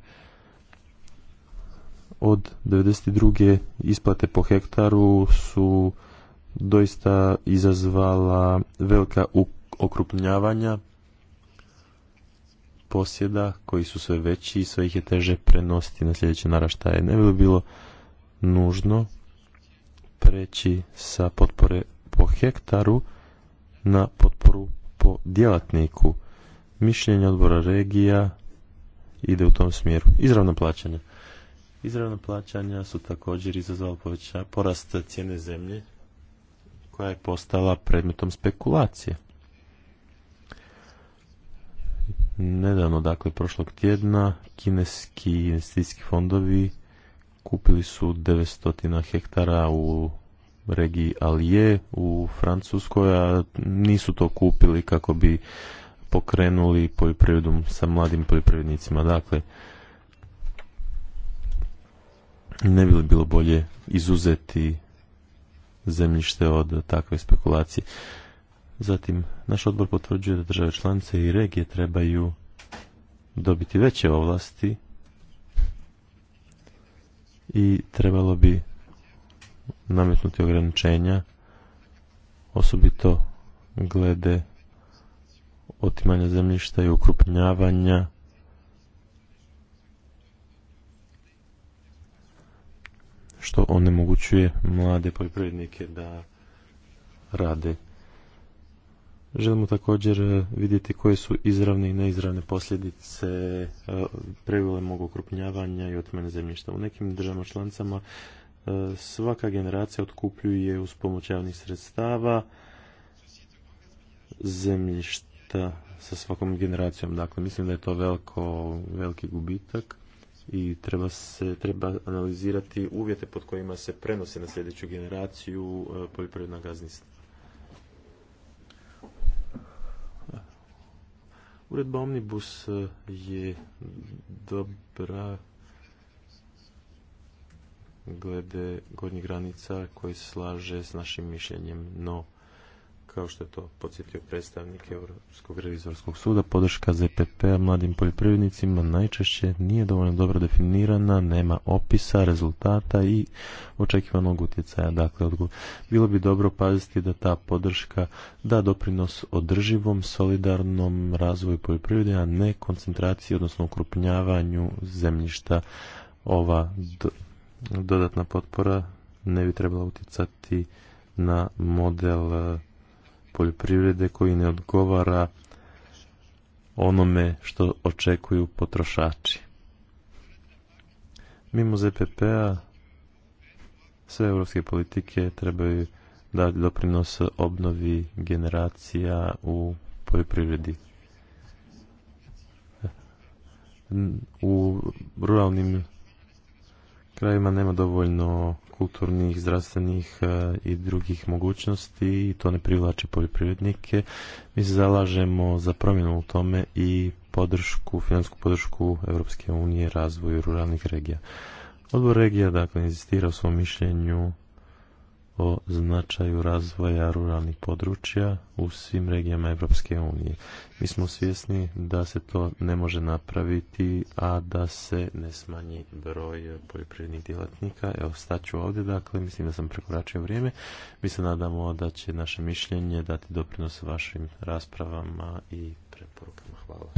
od 92. isplate po hektaru su doista izazvala velika okrupnjavanja posjeda koji su sve veći i sve ih je teže prenositi na sljedeće naraštaje. Ne bi bilo nužno preći sa potpore po hektaru na potporu po djelatniku. Mišljenje odbora regija ide u tom smjeru. Izravno plaćanje. Izravna plaćanja su također izazvala poveća porast cijene zemlje koja je postala predmetom spekulacije. Nedavno, dakle, prošlog tjedna, kineski investicijski fondovi kupili su 900 hektara u regiji Alije u Francuskoj, a nisu to kupili kako bi pokrenuli poljoprivredu sa mladim poljoprivrednicima. Dakle, ne bi li bilo bolje izuzeti zemljište od takve spekulacije? Zatim, naš odbor potvrđuje da države članice i regije trebaju dobiti veće ovlasti i trebalo bi nametnuti ograničenja, osobito glede otimanja zemljišta i ukrupnjavanja što onemogućuje mlade poljoprivrednike da rade. Želimo također e, vidjeti koje su izravne i neizravne posljedice e, mog okrupnjavanja i otmene zemljišta. U nekim državama člancama e, svaka generacija otkupljuje uz pomoć javnih sredstava zemljišta sa svakom generacijom. Dakle, mislim da je to veliko, veliki gubitak i treba se treba analizirati uvjete pod kojima se prenose na sljedeću generaciju e, poljoprivredna gazdinstva. Uredba Omnibus e, je dobra glede gornjih granica koji slaže s našim mišljenjem, no kao što je to podsjetio predstavnik Europskog revizorskog suda, podrška zpp p-a mladim poljoprivrednicima najčešće nije dovoljno dobro definirana, nema opisa, rezultata i očekivanog utjecaja. Dakle, bilo bi dobro paziti da ta podrška da doprinos održivom, solidarnom razvoju poljoprivrede, a ne koncentraciji, odnosno ukrupnjavanju zemljišta. Ova dodatna potpora ne bi trebala utjecati na model poljoprivrede koji ne odgovara onome što očekuju potrošači. Mimo ZPP-a sve europske politike trebaju dati doprinos obnovi generacija u poljoprivredi. U ruralnim krajima nema dovoljno kulturnih, zdravstvenih e, i drugih mogućnosti i to ne privlači poljoprivrednike. Mi se zalažemo za promjenu u tome i podršku, financijsku podršku Europske unije razvoju ruralnih regija. Odbor regija dakle inzistira u svom mišljenju o značaju razvoja ruralnih područja u svim regijama Europske unije. Mi smo svjesni da se to ne može napraviti, a da se ne smanji broj poljoprivrednih djelatnika. Evo, staću ovdje, dakle, mislim da sam prekoračio vrijeme. Mi se nadamo da će naše mišljenje dati doprinos vašim raspravama i preporukama. Hvala.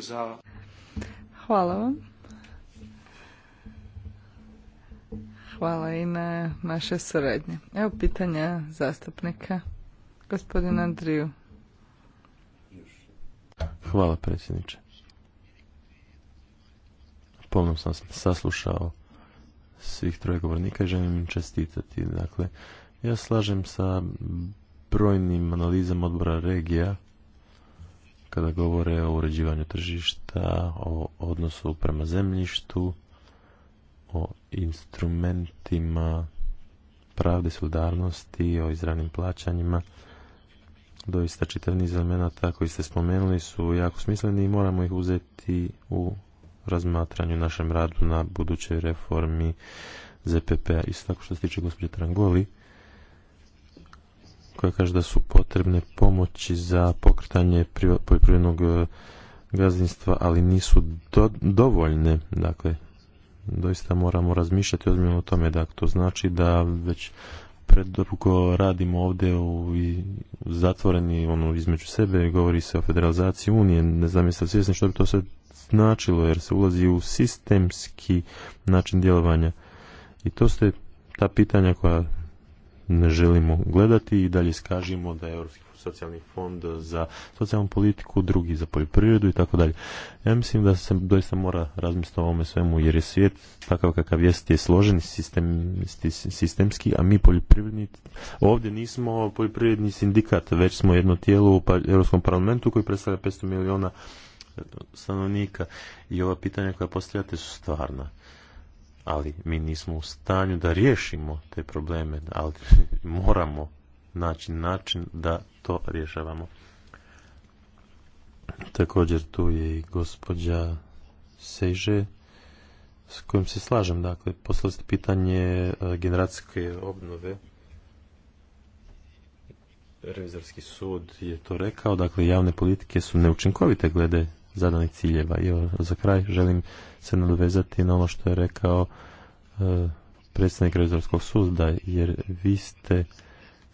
za... Hvala vam. hvala i na naše suradnje. Evo pitanja zastupnika. Gospodin Andriju. Hvala predsjedniče. Pomno sam saslušao svih troje govornika i želim im čestitati. Dakle, ja slažem sa brojnim analizama odbora regija kada govore o uređivanju tržišta, o odnosu prema zemljištu, o instrumentima pravde, solidarnosti, o izravnim plaćanjima. Doista čitav niz elemenata koji ste spomenuli su jako smisleni i moramo ih uzeti u razmatranju našem radu na budućoj reformi ZPP-a. Isto tako što se tiče gospođe Trangoli, koja kaže da su potrebne pomoći za pokretanje poljoprivrednog eh, gazdinstva, ali nisu dovoljne. Dakle, doista moramo razmišljati ozbiljno o tome da to znači da već predugo radimo ovdje u zatvoreni ono između sebe govori se o federalizaciji unije ne znam jeste svjesni što bi to sve značilo jer se ulazi u sistemski način djelovanja i to ste ta pitanja koja ne želimo gledati i dalje skažimo da je europski socijalni fond za socijalnu politiku, drugi za poljoprivredu i tako dalje. Ja mislim da se doista mora razmisliti o ovome svemu jer je svijet takav kakav jest je složen sistem, sistemski, a mi poljoprivredni ovdje nismo poljoprivredni sindikat, već smo jedno tijelo u pa, Europskom parlamentu koji predstavlja 500 miliona stanovnika i ova pitanja koja postavljate su stvarna ali mi nismo u stanju da riješimo te probleme, ali <laughs> moramo naći način da to rješavamo. Također tu je i gospođa Sejže s kojim se slažem. Dakle, poslali ste pitanje e, generacijske obnove. Revizorski sud je to rekao. Dakle, javne politike su neučinkovite glede zadanih ciljeva. I za kraj želim se nadovezati na ono što je rekao e, predsjednik Revizorskog suda, jer vi ste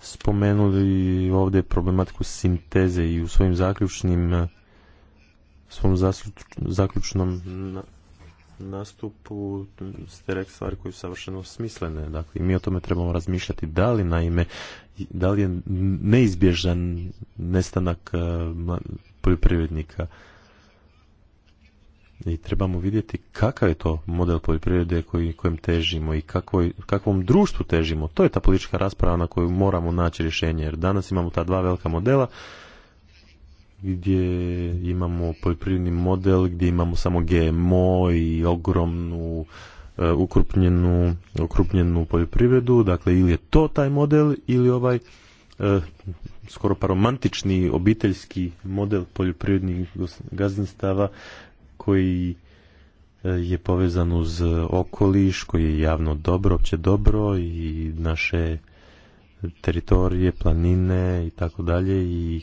spomenuli ovdje problematiku sinteze i u svojim zaključnim eh, svom zaključnom nastupu ste rekli stvari koje su savršeno smislene. Dakle, mi o tome trebamo razmišljati da li naime, da li je neizbježan nestanak eh, poljoprivrednika i trebamo vidjeti kakav je to model poljoprivrede koji, kojem težimo i kakvoj, kakvom društvu težimo. To je ta politička rasprava na koju moramo naći rješenje, jer danas imamo ta dva velika modela gdje imamo poljoprivredni model, gdje imamo samo GMO i ogromnu e, ukrupnjenu, poljoprivredu, dakle ili je to taj model ili ovaj e, skoro pa romantični obiteljski model poljoprivrednih gazdinstava koji e, je povezan uz e, okoliš koji je javno dobro, opće dobro i naše teritorije, planine i tako dalje i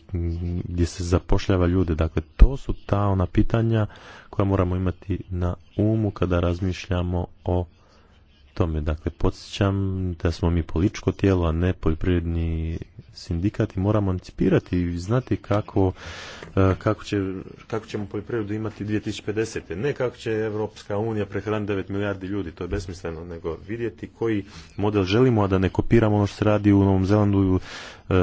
gdje se zapošljava ljude. Dakle, to su ta ona pitanja koja moramo imati na umu kada razmišljamo o tome. Dakle, podsjećam da smo mi političko tijelo, a ne poljoprivredni sindikat i moramo anticipirati i znati kako, e, kako, će, kako ćemo poljoprivredu imati 2050. Ne kako će Europska unija prehraniti 9 milijardi ljudi, to je besmisleno, nego vidjeti koji model želimo, a da ne kopiramo ono što se radi u Novom Zelandu, e,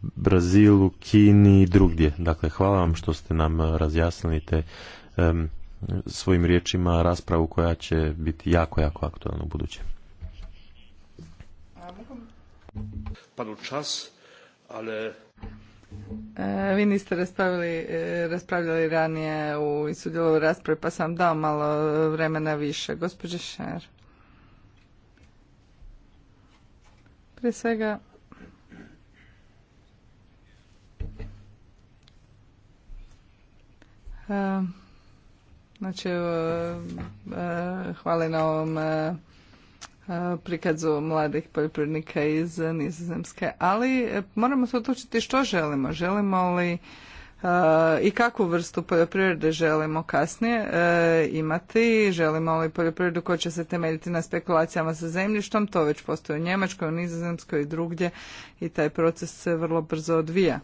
Brazilu, Kini i drugdje. Dakle, hvala vam što ste nam razjasnili te svojim riječima raspravu koja će biti jako, jako aktualna u budućem vi e, niste e, raspravljali ranije u sudjelovu raspravi, pa sam dao malo vremena više. Gospođe Šer. Prije svega, e, znači, hvala na ovom E, prikazu mladih poljoprivrednika iz Nizozemske, ali e, moramo se odlučiti što želimo. Želimo li e, i kakvu vrstu poljoprivrede želimo kasnije imati, želimo li poljoprivredu koja će se temeljiti na spekulacijama sa zemljištom, to već postoji u Njemačkoj, u Nizozemskoj i drugdje i taj proces se vrlo brzo odvija.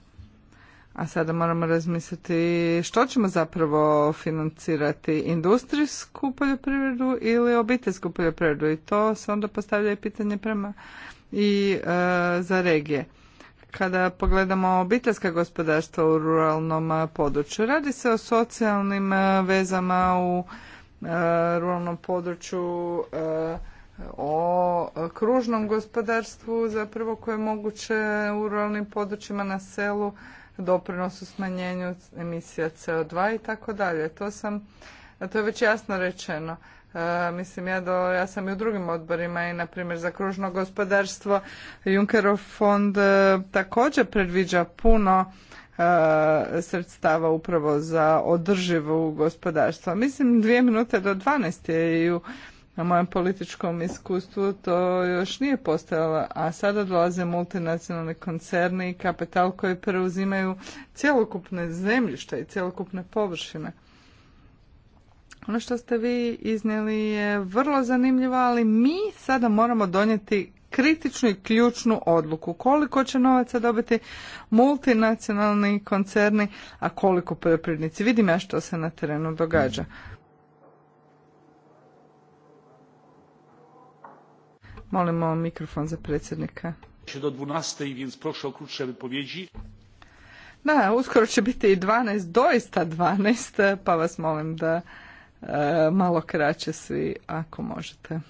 A sada moramo razmisliti što ćemo zapravo financirati, industrijsku poljoprivredu ili obiteljsku poljoprivredu i to se onda postavlja i pitanje prema i e, za regije. Kada pogledamo obiteljska gospodarstva u ruralnom e, području, radi se o socijalnim e, vezama u ruralnom području, o kružnom gospodarstvu zapravo koje je moguće u ruralnim područjima na selu, doprinos u smanjenju emisija CO2 i tako dalje. To sam, to je već jasno rečeno. E, mislim, ja, do, ja sam i u drugim odborima i, na primjer, za kružno gospodarstvo junckerov fond e, također predviđa puno e, sredstava upravo za održivo gospodarstvo. Mislim, dvije minute do 12 je i u na mojem političkom iskustvu to još nije postojalo, a sada dolaze multinacionalni koncerni i kapital koji preuzimaju cjelokupne zemljišta i cjelokupne površine. Ono što ste vi iznijeli je vrlo zanimljivo, ali mi sada moramo donijeti kritičnu i ključnu odluku. Koliko će novaca dobiti multinacionalni koncerni, a koliko poljoprivrednici. Vidim ja što se na terenu događa. Molimo mikrofon za predsjednika. Do 12, więc proszę o krótsze wypowiedzi. Da, uskoro će biti i 12, doista 12, pa vas molim da e, malo kraće svi, ako možete.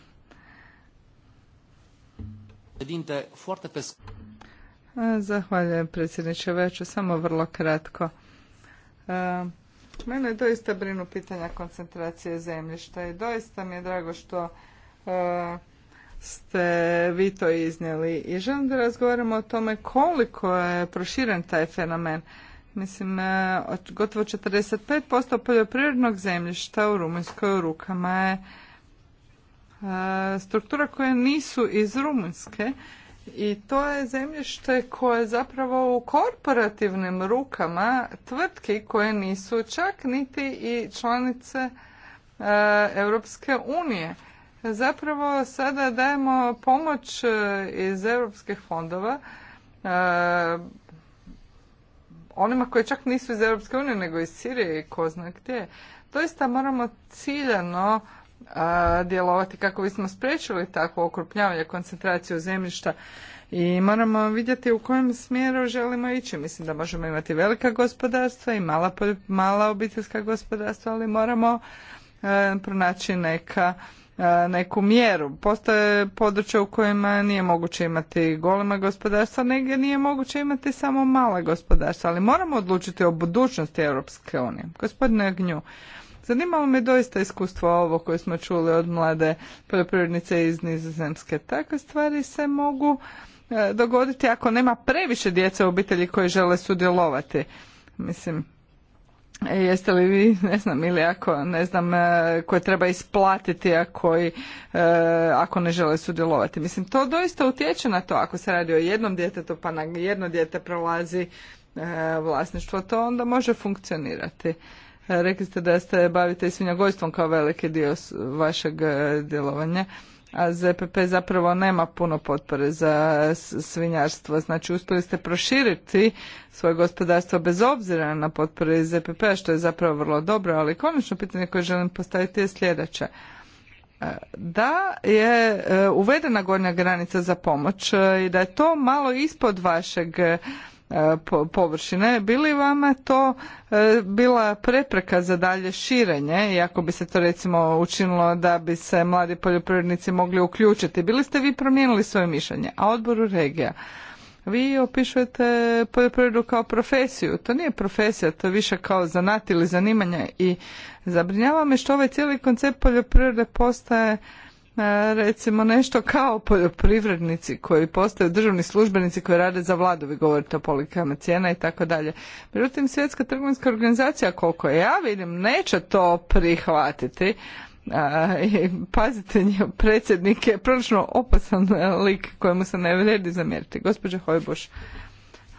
E, zahvaljujem predsjedniče, već samo vrlo kratko. E, Mene doista brinu pitanja koncentracije zemljišta i doista mi je drago što e, ste vi to iznijeli i želim da razgovaramo o tome koliko je proširen taj fenomen. Mislim, e, gotovo 45% poljoprivrednog zemljišta u Rumunjskoj rukama je e, struktura koje nisu iz Rumunjske i to je zemljište koje zapravo u korporativnim rukama tvrtki koje nisu čak niti i članice e, Europske unije zapravo sada dajemo pomoć e, iz europskih fondova e, onima koji čak nisu iz Europske unije, nego iz Sirije i ko zna gdje. Doista moramo ciljano e, djelovati kako bismo spriječili takvo okrupnjavanje, koncentraciju zemljišta i moramo vidjeti u kojem smjeru želimo ići. Mislim da možemo imati velika gospodarstva i mala, mala obiteljska gospodarstva, ali moramo pronaći neka E, neku mjeru. Postoje područja u kojima nije moguće imati golema gospodarstva, negdje nije moguće imati samo mala gospodarstva, ali moramo odlučiti o budućnosti Europske unije. Gospodine Gnju, zanimalo me doista iskustvo ovo koje smo čuli od mlade poljoprivrednice iz Nizozemske. Takve stvari se mogu e, dogoditi ako nema previše djece u obitelji koji žele sudjelovati. Mislim, E, jeste li vi, ne znam, ili ako, ne znam, e, koje treba isplatiti, a koji, e, ako ne žele sudjelovati. Mislim, to doista utječe na to. Ako se radi o jednom djetetu, pa na jedno dijete prolazi vlasništvo, to onda može funkcionirati. Rekli ste da ste bavite i svinjogojstvom kao veliki dio vašeg djelovanja a ZPP zapravo nema puno potpore za svinjarstvo. Znači uspjeli ste proširiti svoje gospodarstvo bez obzira na potpore iz ZPP, p-a, što je zapravo vrlo dobro, ali konačno pitanje koje želim postaviti je sljedeće. E, da je e, uvedena gornja granica za pomoć e, i da je to malo ispod vašeg E, površine. Bi li vama to e, bila prepreka za dalje širenje i ako bi se to recimo učinilo da bi se mladi poljoprivrednici mogli uključiti? Bili ste vi promijenili svoje mišljenje? A odboru regija? Vi opišujete poljoprivredu kao profesiju. To nije profesija, to je više kao zanat ili zanimanje. I zabrinjava me što ovaj cijeli koncept poljoprivrede postaje E, recimo nešto kao poljoprivrednici koji postaju državni službenici koji rade za vladu, vi govorite o polikama cijena i tako dalje. Međutim, svjetska trgovinska organizacija, koliko je ja vidim, neće to prihvatiti. E, i pazite, predsjednik je prilično opasan lik kojemu se ne vredi zamjeriti. Gospođa Hojboš,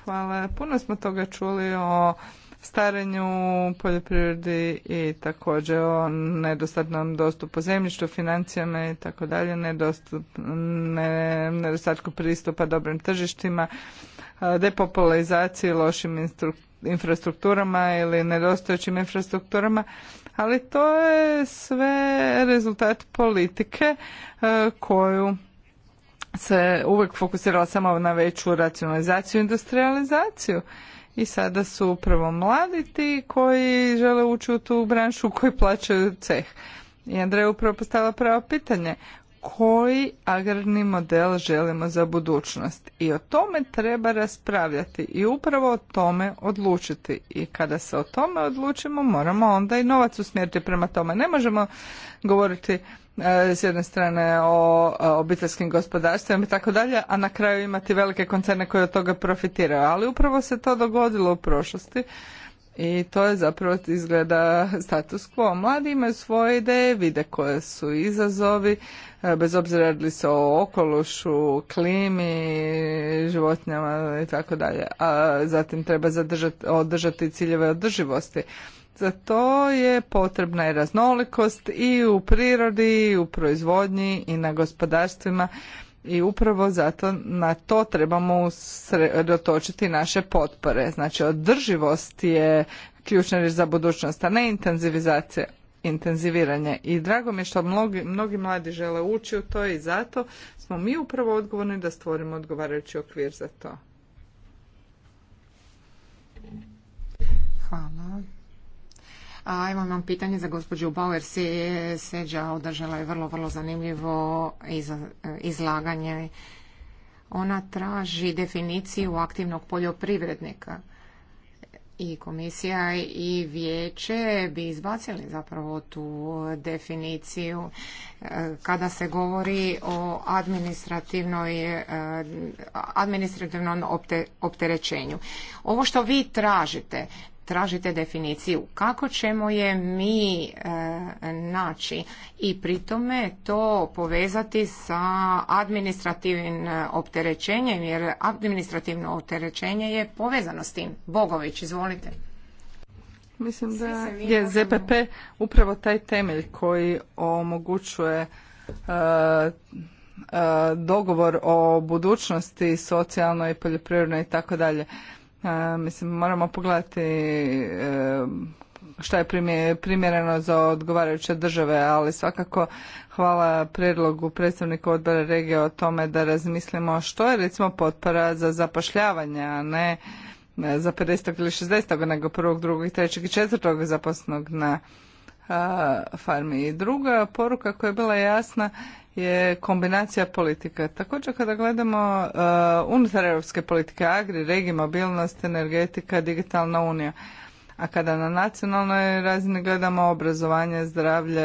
hvala. Puno smo toga čuli o starenju poljoprivredi i također o nedostatnom dostupu zemljištu, financijama i tako dalje, nedostatku pristupa dobrim tržištima, depopularizaciji, lošim infrastrukturama ili nedostajućim infrastrukturama, ali to je sve rezultat politike koju se uvijek fokusirala samo na veću racionalizaciju i industrializaciju i sada su upravo mladi ti koji žele ući u tu branšu koji plaćaju ceh. I je upravo postavila pravo pitanje koji agrarni model želimo za budućnost i o tome treba raspravljati i upravo o tome odlučiti i kada se o tome odlučimo moramo onda i novac usmjeriti prema tome ne možemo govoriti E, s jedne strane o e, obiteljskim gospodarstvima i tako dalje, a na kraju imati velike koncerne koje od toga profitiraju. Ali upravo se to dogodilo u prošlosti i to je zapravo izgleda status quo. Mladi imaju svoje ideje, vide koje su izazovi, e, bez obzira li se o okolušu, klimi, životinjama i tako dalje. A zatim treba održati ciljeve održivosti. Za to je potrebna i raznolikost i u prirodi, i u proizvodnji, i na gospodarstvima i upravo zato na to trebamo usredotočiti naše potpore. Znači održivost je ključna riječ za budućnost, a ne intenzivizacija intenziviranje. I drago mi je što mnogi, mnogi mladi žele ući u to i zato smo mi upravo odgovorni da stvorimo odgovarajući okvir za to. Hvala. A imam vam pitanje za gospođu Bauer. Seđa održala je vrlo, vrlo zanimljivo izlaganje. Ona traži definiciju aktivnog poljoprivrednika. I komisija i vijeće bi izbacili zapravo tu definiciju e, kada se govori o administrativnoj, e, administrativnom opterećenju. Ovo što vi tražite tražite definiciju kako ćemo je mi e, naći i pritome to povezati sa administrativnim opterećenjem jer administrativno opterećenje je povezano s tim. Bogović, izvolite. Mislim da je ZPP upravo taj temelj koji omogućuje e, e, dogovor o budućnosti socijalnoj, poljoprivrednoj i tako dalje. E, mislim, moramo pogledati e, što je primjereno za odgovarajuće države, ali svakako hvala predlogu predstavnika odbora regije o tome da razmislimo što je recimo potpora za zapošljavanje, a ne e, za 50. ili 60. nego prvog, drugog, trećeg i četvrtog zaposlenog na farmi. I druga poruka koja je bila jasna je kombinacija politika. Također kada gledamo uh, unutar europske politike, agri, regi, mobilnost, energetika, digitalna unija, a kada na nacionalnoj razini gledamo obrazovanje, zdravlje,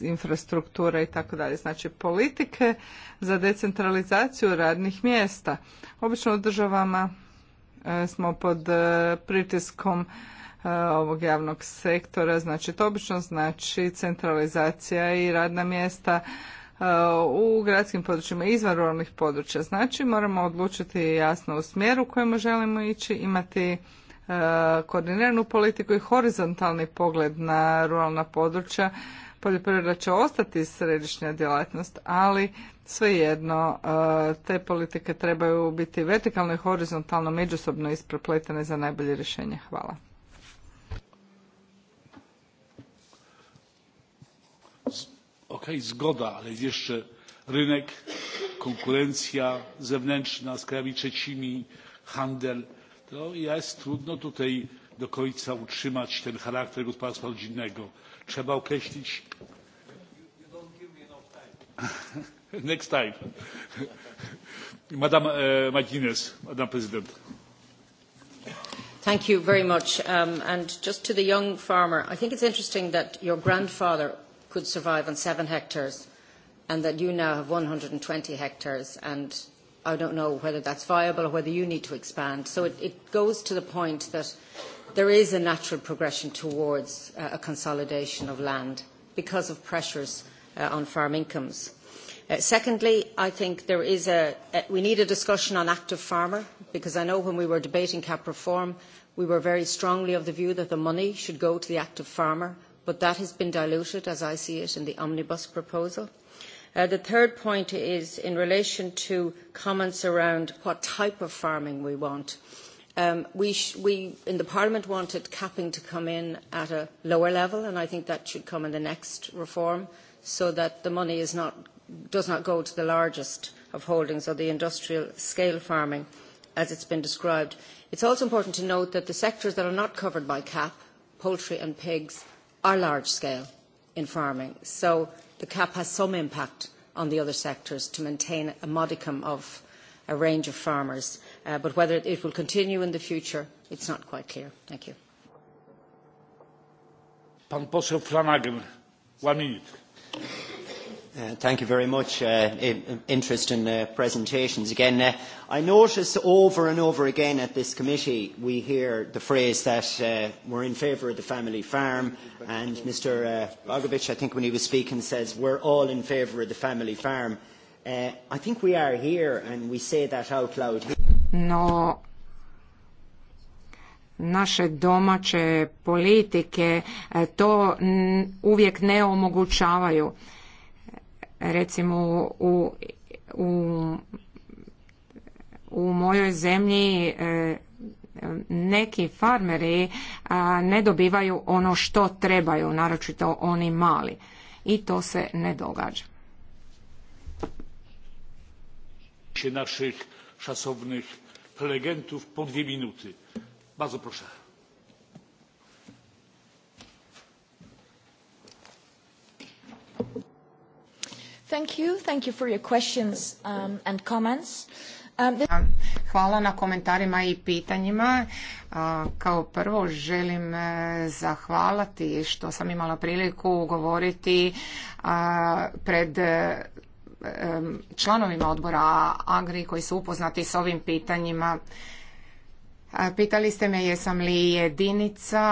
infrastruktura i tako dalje. Znači politike za decentralizaciju radnih mjesta. Obično u državama uh, smo pod uh, pritiskom ovog javnog sektora, znači to obično znači centralizacija i radna mjesta E, u gradskim područjima izvan ruralnih područja. Znači moramo odlučiti jasno u smjeru u kojem želimo ići, imati e, koordiniranu politiku i horizontalni pogled na ruralna područja. Poljoprivreda će ostati središnja djelatnost, ali svejedno e, te politike trebaju biti vertikalno i horizontalno međusobno isprepletene za najbolje rješenje. Hvala. ok zgoda ale jest jeszcze rynek konkurencja zewnętrzna z krajami trzecimi handel to jest trudno tutaj do końca utrzymać ten charakter gospodarstwa rodzinnego. trzeba określić <laughs> next time. Madam uh, Madam prezydent Thank you very much. Um, and just to the young farmer, I think it's interesting that your grandfather could survive on seven hectares and that you now have 120 hectares and I don't know whether that's viable or whether you need to expand. So it, it goes to the point that there is a natural progression towards uh, a consolidation of land because of pressures uh, on farm incomes. Uh, secondly, I think there is a, we need a discussion on active farmer because I know when we were debating cap reform, we were very strongly of the view that the money should go to the active farmer but that has been diluted as i see it in the omnibus proposal. Uh, the third point is in relation to comments around what type of farming we want. Um, we, we in the parliament wanted capping to come in at a lower level and i think that should come in the next reform so that the money is not, does not go to the largest of holdings or the industrial scale farming as it's been described. It's also important to note that the sectors that are not covered by cap, poultry and pigs, are large scale in farming. So the cap has some impact on the other sectors to maintain a modicum of a range of farmers. Uh, but whether it will continue in the future, it's not quite clear. Thank you. Pan Uh, thank you very much. Uh, interesting uh, presentations again. Uh, I notice over and over again at this committee we hear the phrase that uh, we're in favour of the family farm and Mr Bogovic, I think when he was speaking, says we're all in favour of the family farm. I think we are here and we say that out loud. No, naše domaće politike to uvijek ne omogućavaju recimo u, u, u mojoj zemlji e, neki farmeri ne dobivaju ono što trebaju, naročito oni mali. I to se ne događa. naših šasovnih prelegentov po dvije minuty. Bardzo proszę. Hvala na komentarima i pitanjima. Kao prvo želim e, zahvaliti što sam imala priliku govoriti pred e, članovima odbora Agri koji su upoznati s ovim pitanjima. Pitali ste me jesam li jedinica,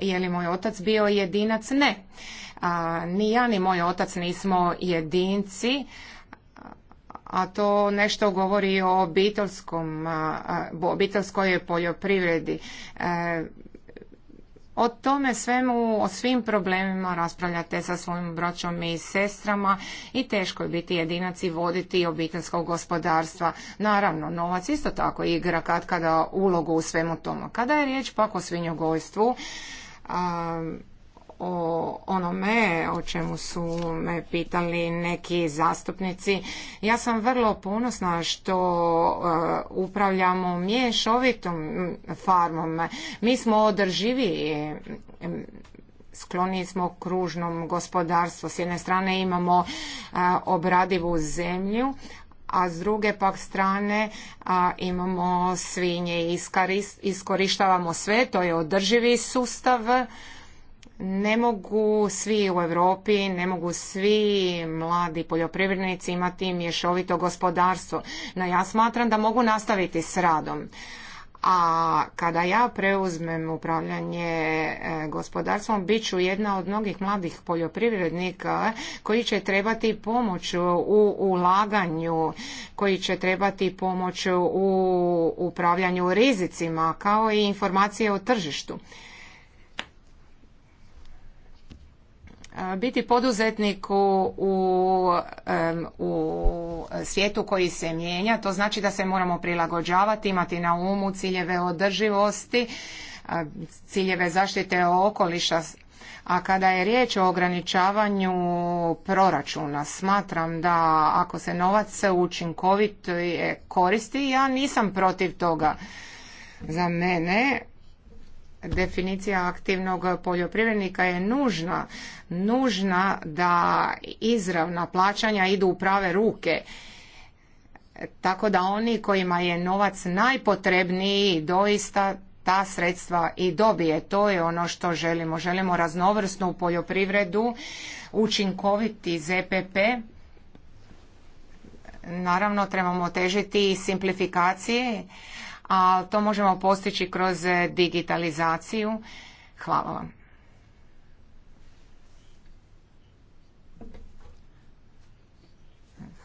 je li moj otac bio jedinac? Ne. Ni ja ni moj otac nismo jedinci, a to nešto govori o obiteljskom, obiteljskoj poljoprivredi. E, o tome svemu, o svim problemima raspravljate sa svojim braćom i sestrama i teško je biti jedinac i voditi obiteljskog gospodarstva. Naravno, novac isto tako igra kad kada ulogu u svemu tomu. Kada je riječ pak o svinjogojstvu, a, o onome o čemu su me pitali neki zastupnici. Ja sam vrlo ponosna što e, upravljamo mješovitom farmom. Mi smo održivi skloni smo kružnom gospodarstvu. S jedne strane imamo e, obradivu zemlju, a s druge pak strane imamo svinje i iskorištavamo sve, to je održivi sustav ne mogu svi u Europi, ne mogu svi mladi poljoprivrednici imati mješovito gospodarstvo. No ja smatram da mogu nastaviti s radom. A kada ja preuzmem upravljanje e, gospodarstvom, bit ću jedna od mnogih mladih poljoprivrednika koji će trebati pomoć u ulaganju, koji će trebati pomoć u upravljanju rizicima, kao i informacije o tržištu. E, biti poduzetnik u, u svijetu koji se mijenja to znači da se moramo prilagođavati imati na umu ciljeve održivosti e, ciljeve zaštite okoliša a kada je riječ o ograničavanju proračuna, smatram da ako se novac učinkovito koristi, ja nisam protiv toga. Za mene definicija aktivnog poljoprivrednika je nužna, nužna da izravna plaćanja idu u prave ruke. Tako da oni kojima je novac najpotrebniji doista ta sredstva i dobije. To je ono što želimo. Želimo raznovrsnu poljoprivredu, učinkoviti ZPP. Naravno, trebamo težiti i simplifikacije a to možemo postići kroz digitalizaciju. Hvala vam.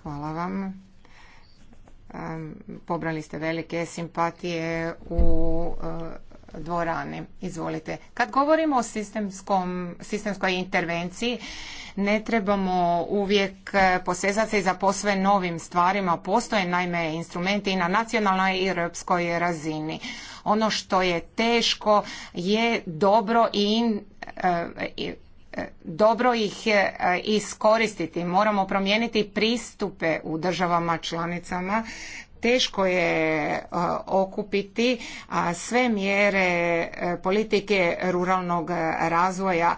Hvala vam. Pobrali ste velike simpatije u e, dvorani. Izvolite. Kad govorimo o sistemskoj intervenciji, ne trebamo uvijek e, posezati se za posve novim stvarima. Postoje naime instrumenti i na nacionalnoj i europskoj razini. Ono što je teško je dobro i e, e, dobro ih iskoristiti. Moramo promijeniti pristupe u državama članicama teško je okupiti sve mjere politike ruralnog razvoja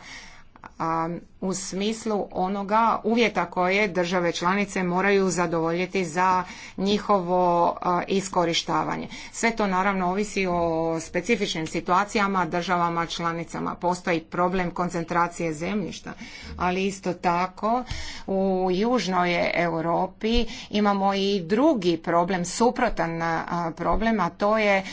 u smislu onoga uvjeta koje države članice moraju zadovoljiti za njihovo iskorištavanje. Sve to naravno ovisi o specifičnim situacijama, državama članicama. Postoji problem koncentracije zemljišta, ali isto tako u južnoj Europi imamo i drugi problem, suprotan problem, a to je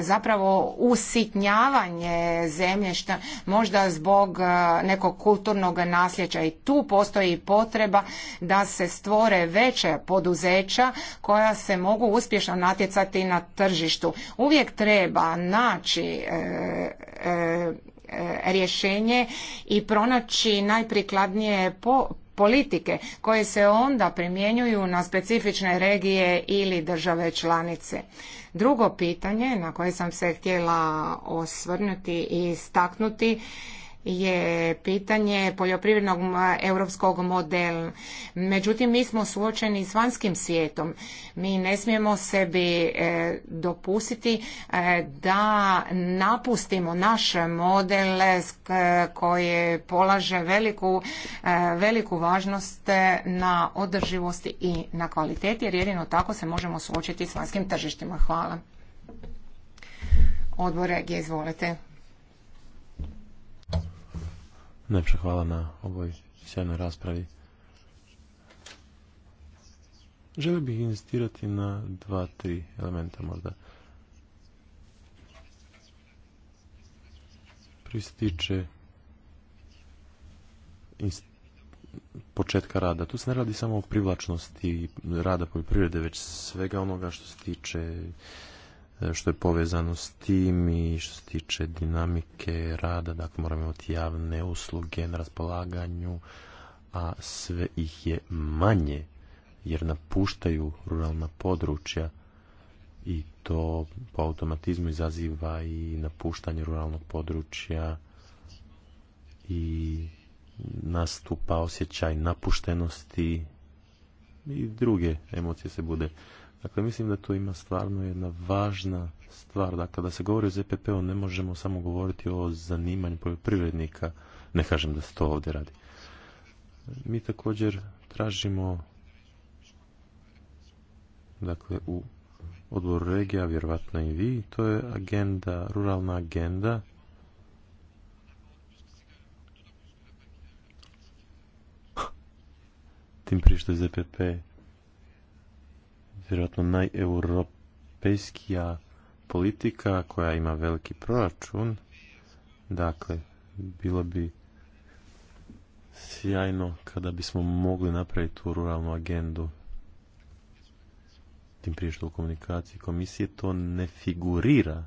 zapravo usitnjavanje zemljišta, možda zbog nekog kulturnog nasljeđa i tu postoji potreba da se stvore veće poduzeća koja se mogu uspješno natjecati na tržištu. Uvijek treba naći e, e, e, rješenje i pronaći najprikladnije politike koje se onda primjenjuju na specifične regije ili države članice. Drugo pitanje na koje sam se htjela osvrnuti i istaknuti je pitanje poljoprivrednog europskog modela. Međutim, mi smo suočeni s vanjskim svijetom. Mi ne smijemo sebi e, dopustiti e, da napustimo naš model e, koje polaže veliku, veliku važnost na održivosti i na kvaliteti, jer jedino tako se možemo suočiti s vanjskim tržištima. Hvala. Odbor regije, izvolite. Najpša hvala na ovoj sjajnoj raspravi. Želio bih investirati na dva, tri elementa možda. Prvi se tiče početka rada. Tu se ne radi samo o privlačnosti rada poljoprivrede, već svega onoga što se tiče E, što je povezano s tim i što se tiče dinamike rada, dakle moramo imati javne usluge na raspolaganju, a sve ih je manje jer napuštaju ruralna područja i to po automatizmu izaziva i napuštanje ruralnog područja i nastupa osjećaj napuštenosti i druge emocije se bude Dakle, mislim da tu ima stvarno jedna važna stvar. Dakle, kada se govori o ZPP-u, ne možemo samo govoriti o zanimanju poljoprivrednika. Ne kažem da se to ovdje radi. Mi također tražimo dakle, u odboru regija, vjerovatno i vi, to je agenda, ruralna agenda, tim prije što je ZPP vjerojatno najeuropejskija politika koja ima veliki proračun. Dakle, bilo bi sjajno kada bismo mogli napraviti tu ruralnu agendu. Tim prije što u komunikaciji komisije to ne figurira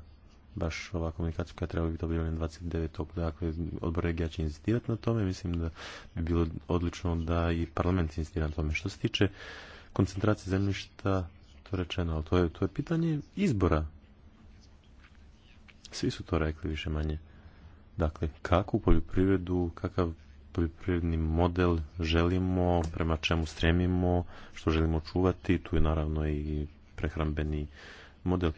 baš ova komunikacija koja treba biti objavljena 29. Dakle, odbor regija će inzistirati na tome. Mislim da bi bilo odlično da i parlament inzistira na tome. Što se tiče koncentracije zemljišta to rečeno, ali to je, to je pitanje izbora. Svi su to rekli više manje. Dakle, kakvu poljoprivredu, kakav poljoprivredni model želimo, prema čemu stremimo, što želimo čuvati, tu je naravno i prehrambeni model.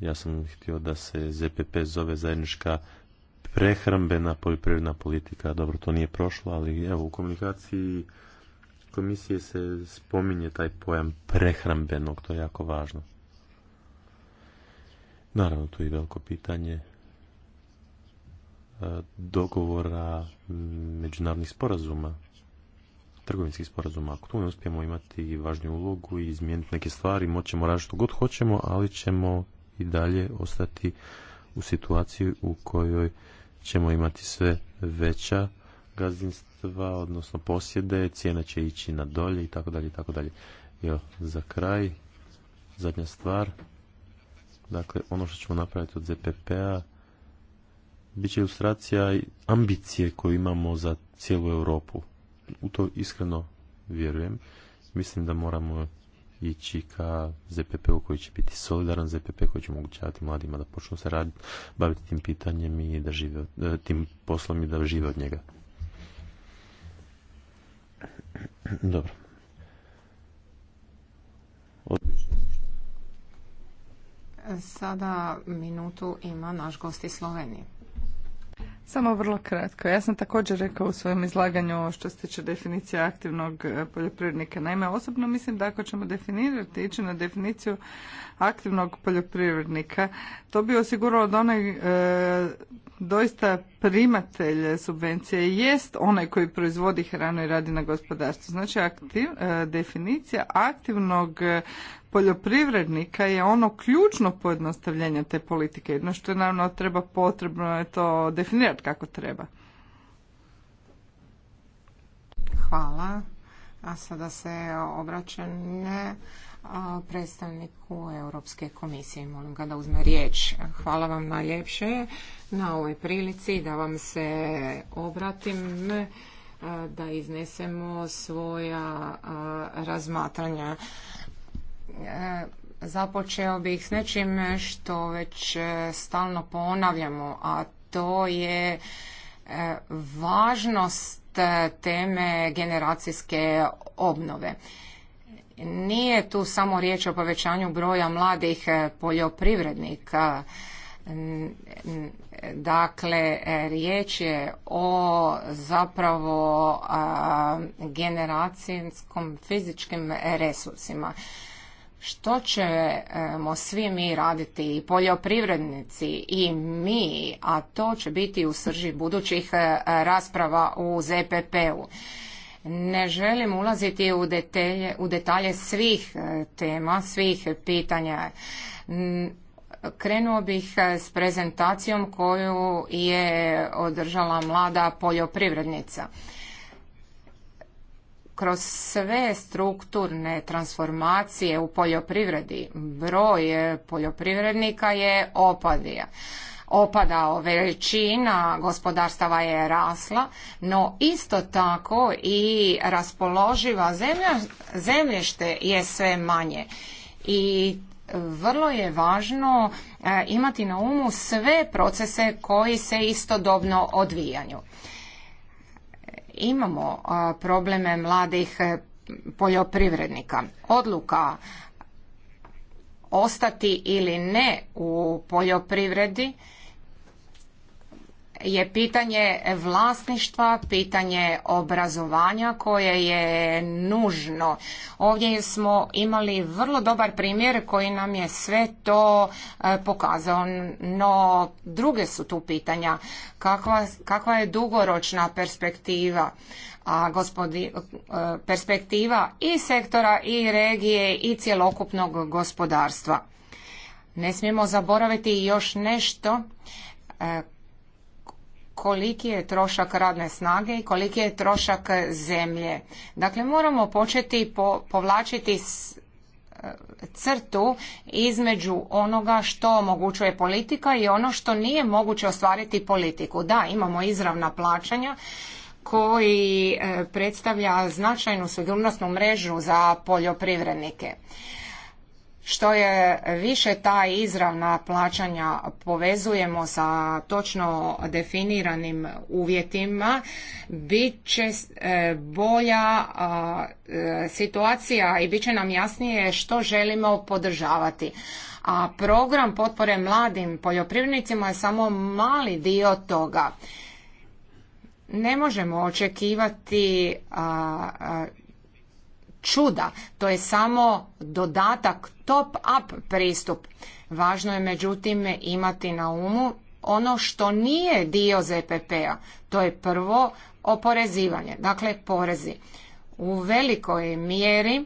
Ja sam htio da se ZPP zove zajednička prehrambena poljoprivredna politika. Dobro, to nije prošlo, ali evo u komunikaciji komisije se spominje taj pojam prehrambenog, to je jako važno. Naravno, tu je veliko pitanje e, dogovora međunarodnih sporazuma, trgovinskih sporazuma. Ako tu ne uspijemo imati važnju ulogu i izmijeniti neke stvari, moćemo raditi što god hoćemo, ali ćemo i dalje ostati u situaciji u kojoj ćemo imati sve veća gazdinstva, odnosno posjede, cijena će ići na dolje i tako dalje i tako dalje. Jo, za kraj, zadnja stvar, dakle ono što ćemo napraviti od ZPP-a bit će ilustracija ambicije koju imamo za cijelu Europu. U to iskreno vjerujem. Mislim da moramo ići ka ZPP-u koji će biti solidaran, ZPP koji će omogućavati mladima da počnu se raditi, baviti tim pitanjem i da žive, e, tim poslom i da žive od njega. Dobro. Sada minutu ima naš gost iz Slovenije. Samo vrlo kratko. Ja sam također rekao u svojem izlaganju što se tiče definicije aktivnog e, poljoprivrednika. Naime, osobno mislim da ako ćemo definirati, ići na definiciju aktivnog poljoprivrednika, to bi osiguralo da onaj e, doista primatelj subvencije jest onaj koji proizvodi hranu i radi na gospodarstvu. Znači, aktiv, e, definicija aktivnog poljoprivrednika je ono ključno pojednostavljenje te politike. Jedno što je naravno treba potrebno je to definirati kako treba. Hvala. A sada se obraćam predstavniku Europske komisije. Molim ga da uzme riječ. Hvala vam najljepše na ovoj prilici da vam se obratim da iznesemo svoja razmatranja. Započeo bih s nečim što već stalno ponavljamo, a to je e, važnost e, teme generacijske obnove. Nije tu samo riječ o povećanju broja mladih e, poljoprivrednika, Dakle, riječ je o zapravo generacijskom fizičkim resursima što ćemo svi mi raditi i poljoprivrednici i mi, a to će biti u srži budućih e, rasprava u ZPP-u. Ne želim ulaziti u detalje, u detalje svih e, tema, svih pitanja. Krenuo bih e, s prezentacijom koju je održala mlada poljoprivrednica kroz sve strukturne transformacije u poljoprivredi broj e, poljoprivrednika je opadio opadao, veličina gospodarstava je rasla, no isto tako i raspoloživa zemlja, zemljište je sve manje. I vrlo je važno e, imati na umu sve procese koji se istodobno odvijanju imamo probleme mladih e, poljoprivrednika. Odluka ostati ili ne u poljoprivredi je pitanje vlasništva, pitanje obrazovanja koje je nužno. Ovdje smo imali vrlo dobar primjer koji nam je sve to e, pokazao, no druge su tu pitanja. Kakva, kakva je dugoročna perspektiva? a gospodi, e, perspektiva i sektora i regije i cjelokupnog gospodarstva. Ne smijemo zaboraviti još nešto e, koliki je trošak radne snage i koliki je trošak zemlje. Dakle, moramo početi povlačiti e, crtu između onoga što omogućuje politika i ono što nije moguće ostvariti politiku. Da, imamo izravna plaćanja koji e, predstavlja značajnu sigurnosnu mrežu za poljoprivrednike. Što je više ta izravna plaćanja povezujemo sa točno definiranim uvjetima, bit će e, bolja e, situacija i bit će nam jasnije što želimo podržavati. A program potpore mladim poljoprivrednicima je samo mali dio toga ne možemo očekivati čuda. To je samo dodatak top up pristup. Važno je međutim imati na umu ono što nije dio ZPP-a. To je prvo oporezivanje, dakle porezi. U velikoj mjeri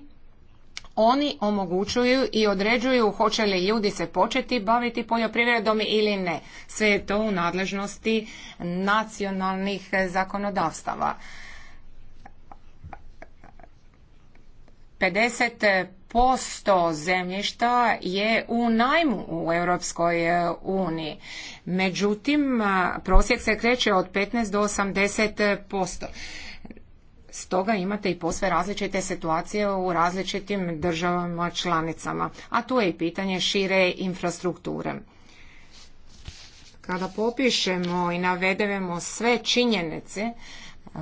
oni omogućuju i određuju hoće li ljudi se početi baviti poljoprivredom ili ne. Sve je to u nadležnosti nacionalnih zakonodavstava. 50% zemljišta je u najmu u Europskoj e, uniji. Međutim, prosjek se kreće od 15 do 80%. Stoga imate i posve različite situacije u različitim državama članicama, a tu je i pitanje šire infrastrukture. Kada popišemo i navedemo sve činjenice,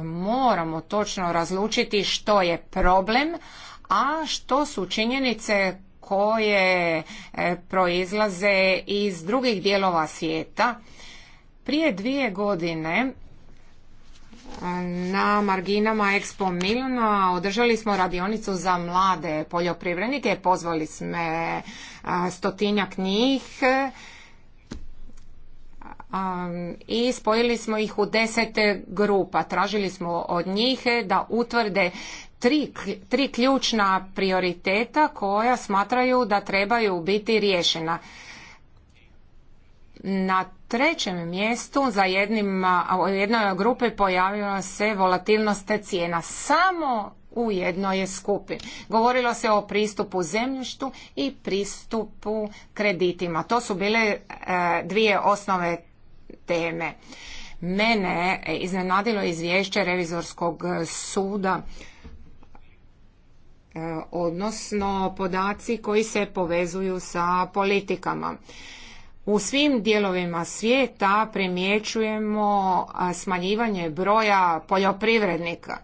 moramo točno razlučiti što je problem, a što su činjenice koje e, proizlaze iz drugih dijelova svijeta. Prije dvije godine e, na marginama Expo milna održali smo radionicu za mlade poljoprivrednike, pozvali smo stotinjak njih e, i spojili smo ih u deset grupa. Tražili smo od njih da utvrde tri, tri ključna prioriteta koja smatraju da trebaju biti riješena. Na trećem mjestu za jednim, u jednoj grupi pojavila se volatilnost cijena. Samo u jednoj je skupi. Govorilo se o pristupu zemljištu i pristupu kreditima. To su bile e, dvije osnove teme. Mene iznenadilo izvješće revizorskog suda E, odnosno podaci koji se povezuju sa politikama. U svim dijelovima svijeta primjećujemo smanjivanje broja poljoprivrednika.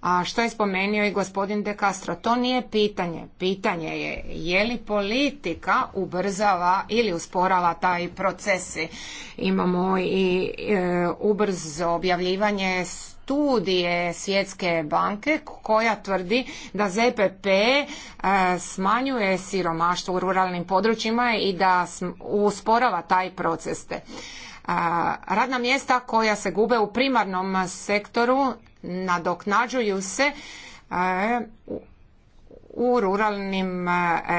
A što je spomenio i gospodin De Castro, to nije pitanje. Pitanje je je li politika ubrzava ili usporava taj proces. Imamo i e, ubrzo objavljivanje studije Svjetske banke koja tvrdi da ZPP e, smanjuje siromaštvo u ruralnim područjima i da usporava taj proces. Radna mjesta koja se gube u primarnom sektoru nadoknađuju se e, u ruralnim e,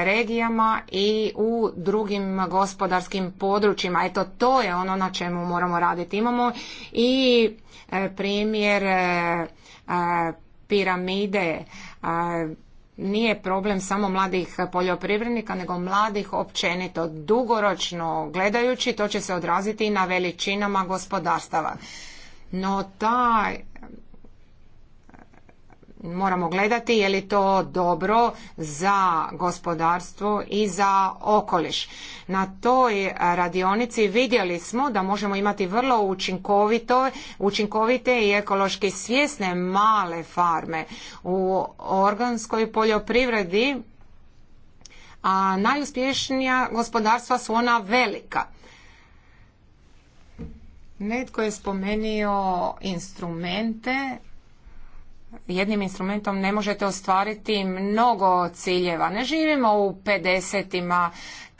regijama i u drugim gospodarskim područjima. Eto, to je ono na čemu moramo raditi. Imamo i e, primjer e, piramide. Nije problem samo mladih poljoprivrednika, nego mladih općenito. Dugoročno gledajući, to će se odraziti i na veličinama gospodarstava. No, taj moramo gledati je li to dobro za gospodarstvo i za okoliš. Na toj radionici vidjeli smo da možemo imati vrlo učinkovito, učinkovite i ekološki svjesne male farme. U organskoj poljoprivredi a najuspješnija gospodarstva su ona velika. Netko je spomenio instrumente jednim instrumentom ne možete ostvariti mnogo ciljeva. Ne živimo u 50-ima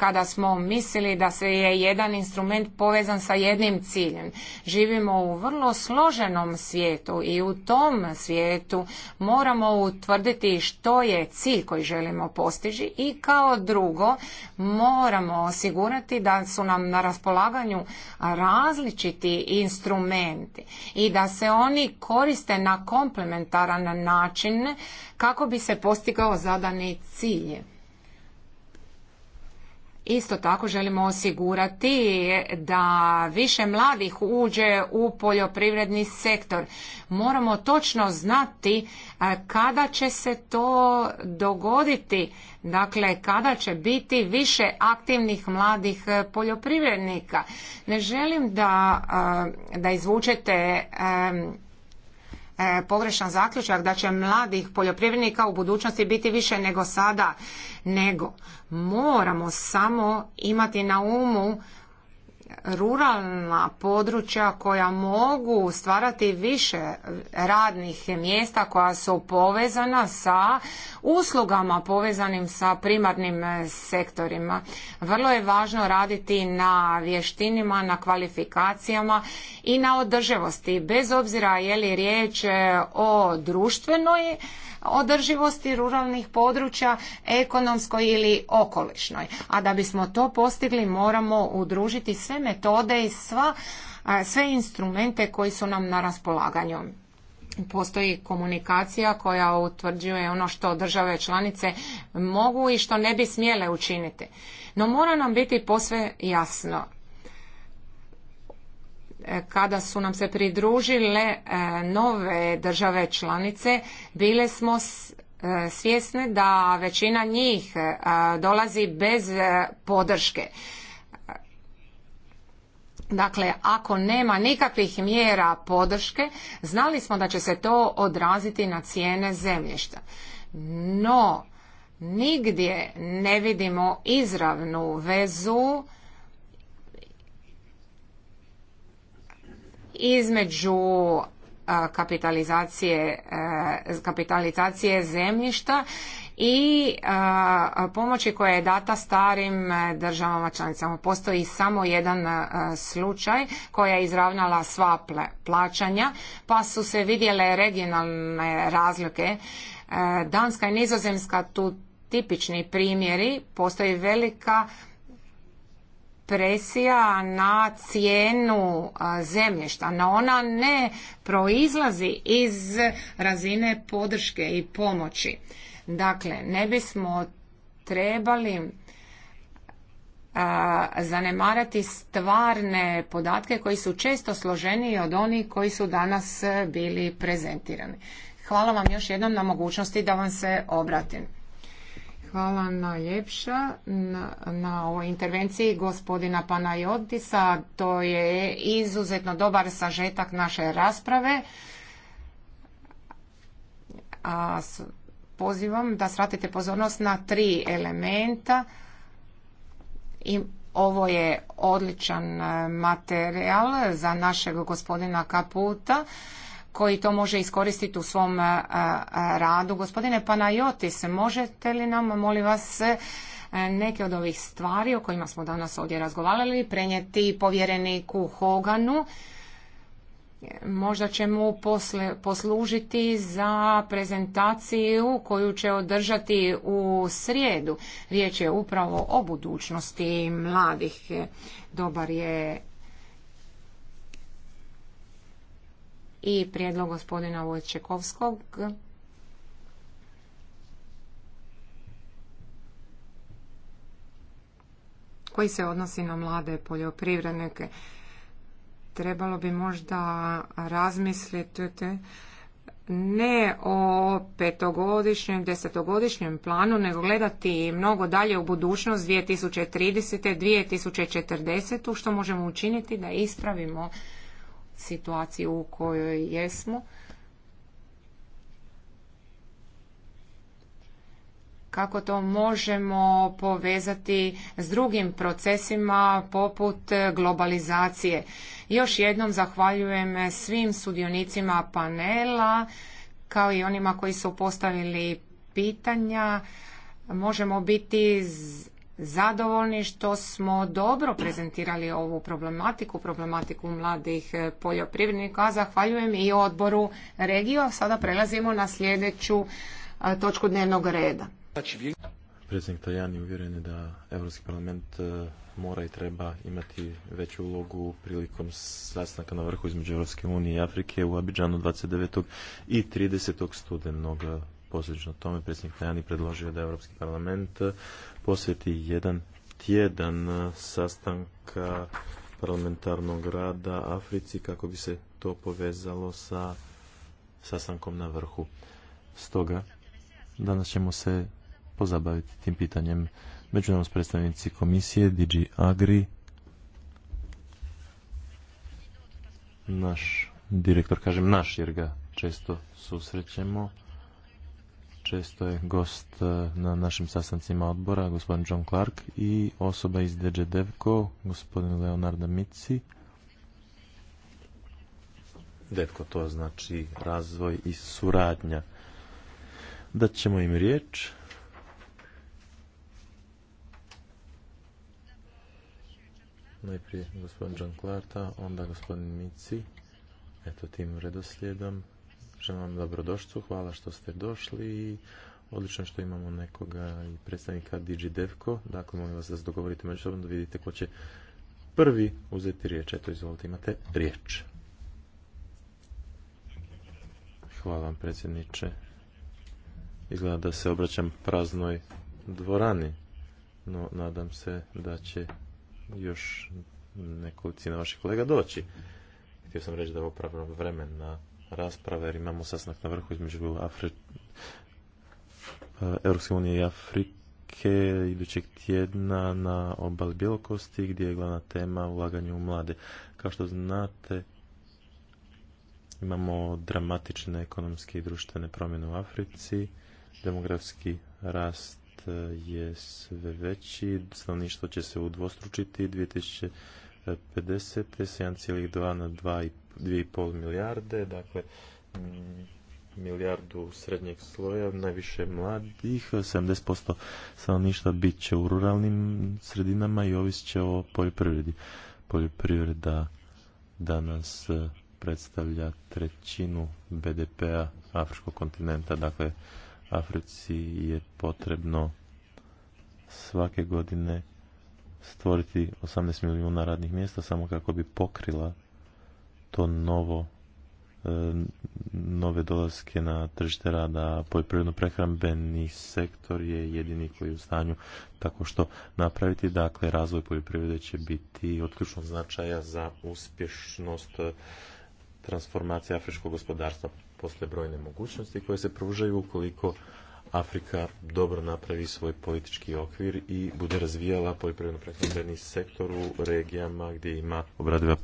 kada smo mislili da se je jedan instrument povezan sa jednim ciljem. Živimo u vrlo složenom svijetu i u tom svijetu moramo utvrditi što je cilj koji želimo postići i kao drugo moramo osigurati da su nam na raspolaganju različiti instrumenti i da se oni koriste na komplementaran način kako bi se postigao zadani cilj. Isto tako želimo osigurati da više mladih uđe u poljoprivredni sektor. Moramo točno znati e, kada će se to dogoditi, dakle kada će biti više aktivnih mladih e, poljoprivrednika. Ne želim da, e, da izvučete E, pogrešan zaključak da će mladih poljoprivrednika u budućnosti biti više nego sada, nego moramo samo imati na umu ruralna područja koja mogu stvarati više radnih mjesta koja su povezana sa uslugama povezanim sa primarnim e, sektorima. Vrlo je važno raditi na vještinima, na kvalifikacijama i na održivosti, bez obzira je li riječ e, o društvenoj održivosti ruralnih područja, ekonomskoj ili okolišnoj. A da bismo to postigli moramo udružiti sve metode i sva, sve instrumente koji su nam na raspolaganju postoji komunikacija koja utvrđuje ono što države članice mogu i što ne bi smjele učiniti. No mora nam biti posve jasno e, kada su nam se pridružile e, nove države članice, bile smo e, svjesne da većina njih dolazi bez podrške. Dakle, ako nema nikakvih mjera podrške, znali smo da će se to odraziti na cijene zemljišta. No, nigdje ne vidimo izravnu vezu između kapitalizacije, kapitalizacije zemljišta i pomoći koja je data starim e, državama članicama. Postoji samo jedan e, slučaj koja je izravnala sva plaćanja, pa su se vidjele regionalne razlike. E, Danska i Nizozemska tu tipični primjeri, postoji velika presija na cijenu zemljišta, no ona ne proizlazi iz razine podrške i pomoći. Dakle, ne bismo trebali a, zanemarati stvarne podatke koji su često složeniji od onih koji su danas e, bili prezentirani. Hvala vam još jednom na mogućnosti da vam se obratim. Hvala najljepša na, na ovoj intervenciji gospodina Pana Panajotisa. To je izuzetno dobar sažetak naše rasprave. A, pozivam da sratite pozornost na tri elementa i ovo je odličan e, materijal za našeg gospodina Kaputa koji to može iskoristiti u svom e, e, radu. Gospodine Panajotis, možete li nam, molim vas, neke od ovih stvari o kojima smo danas ovdje razgovarali prenijeti povjereniku Hoganu? možda će mu poslužiti za prezentaciju koju će održati u srijedu. Riječ je upravo o budućnosti mladih. Dobar je i prijedlog gospodina Vojčekovskog. koji se odnosi na mlade poljoprivrednike trebalo bi možda razmisliti ne o petogodišnjem, desetogodišnjem planu, nego gledati mnogo dalje u budućnost 2030. 2040. što možemo učiniti da ispravimo situaciju u kojoj jesmo. kako to možemo povezati s drugim procesima poput globalizacije još jednom zahvaljujem svim sudionicima panela kao i onima koji su postavili pitanja. Možemo biti zadovoljni što smo dobro prezentirali ovu problematiku, problematiku mladih poljoprivrednika. Zahvaljujem i odboru regio. Sada prelazimo na sljedeću točku dnevnog reda. Znači, Predsjednik Tajani uvjeren da Europski parlament e, mora i treba imati veću ulogu prilikom sastanka na vrhu između Europske unije i Afrike u Abidžanu 29. i 30. studenog. Posljedično tome predsjednik Tajani predložio da Europski parlament posjeti jedan tjedan sastanka parlamentarnog rada Africi kako bi se to povezalo sa sastankom na vrhu. Stoga, danas ćemo se pozabaviti tim pitanjem. Među nam predstavnici komisije DG Agri, naš direktor, kažem naš jer ga često susrećemo, često je gost e, na našim sastancima odbora, gospodin John Clark i osoba iz DG Devco, gospodin Leonardo Mici. Devko to znači razvoj i suradnja. Dat ćemo im riječ najprije gospodin John clarta onda gospodin Mici. Eto tim redoslijedom. Želim vam dobrodošću, hvala što ste došli i odlično što imamo nekoga i predstavnika DigiDevco. Dakle, molim vas da se dogovorite međusobno da vidite ko će prvi uzeti riječ. Eto, izvolite, imate riječ. Hvala vam, predsjedniče. Izgleda da se obraćam praznoj dvorani, no nadam se da će još nekolicina vaših kolega doći. Htio sam reći da je opravno vremen na rasprave jer imamo sasnak na vrhu između Afri... Europske unije i Afrike idućeg tjedna na obal Bjelokosti gdje je glavna tema ulaganje u mlade. Kao što znate imamo dramatične ekonomske i društvene promjene u Africi, demografski rast E, je sve veći, stanovništvo će se udvostručiti 2050. 7,2 na 2,5 milijarde, dakle mm, milijardu srednjeg sloja, najviše mladih, 70% stanovništva bit će u ruralnim sredinama i ovis će o poljoprivredi. Poljoprivreda danas e, predstavlja trećinu BDP-a Afričkog kontinenta, dakle Africi je potrebno svake godine stvoriti 18 milijuna radnih mjesta samo kako bi pokrila to novo e, nove dolaske na tržište rada, poljoprivredno prehrambeni sektor je jedini koji je u stanju tako što napraviti. Dakle, razvoj poljoprivrede će biti od značaja za uspješnost e, transformacije afričkog gospodarstva postoje brojne mogućnosti koje se pružaju ukoliko Afrika dobro napravi svoj politički okvir i bude razvijala poljoprivredno prehrambeni sektor u regijama gdje ima obradiva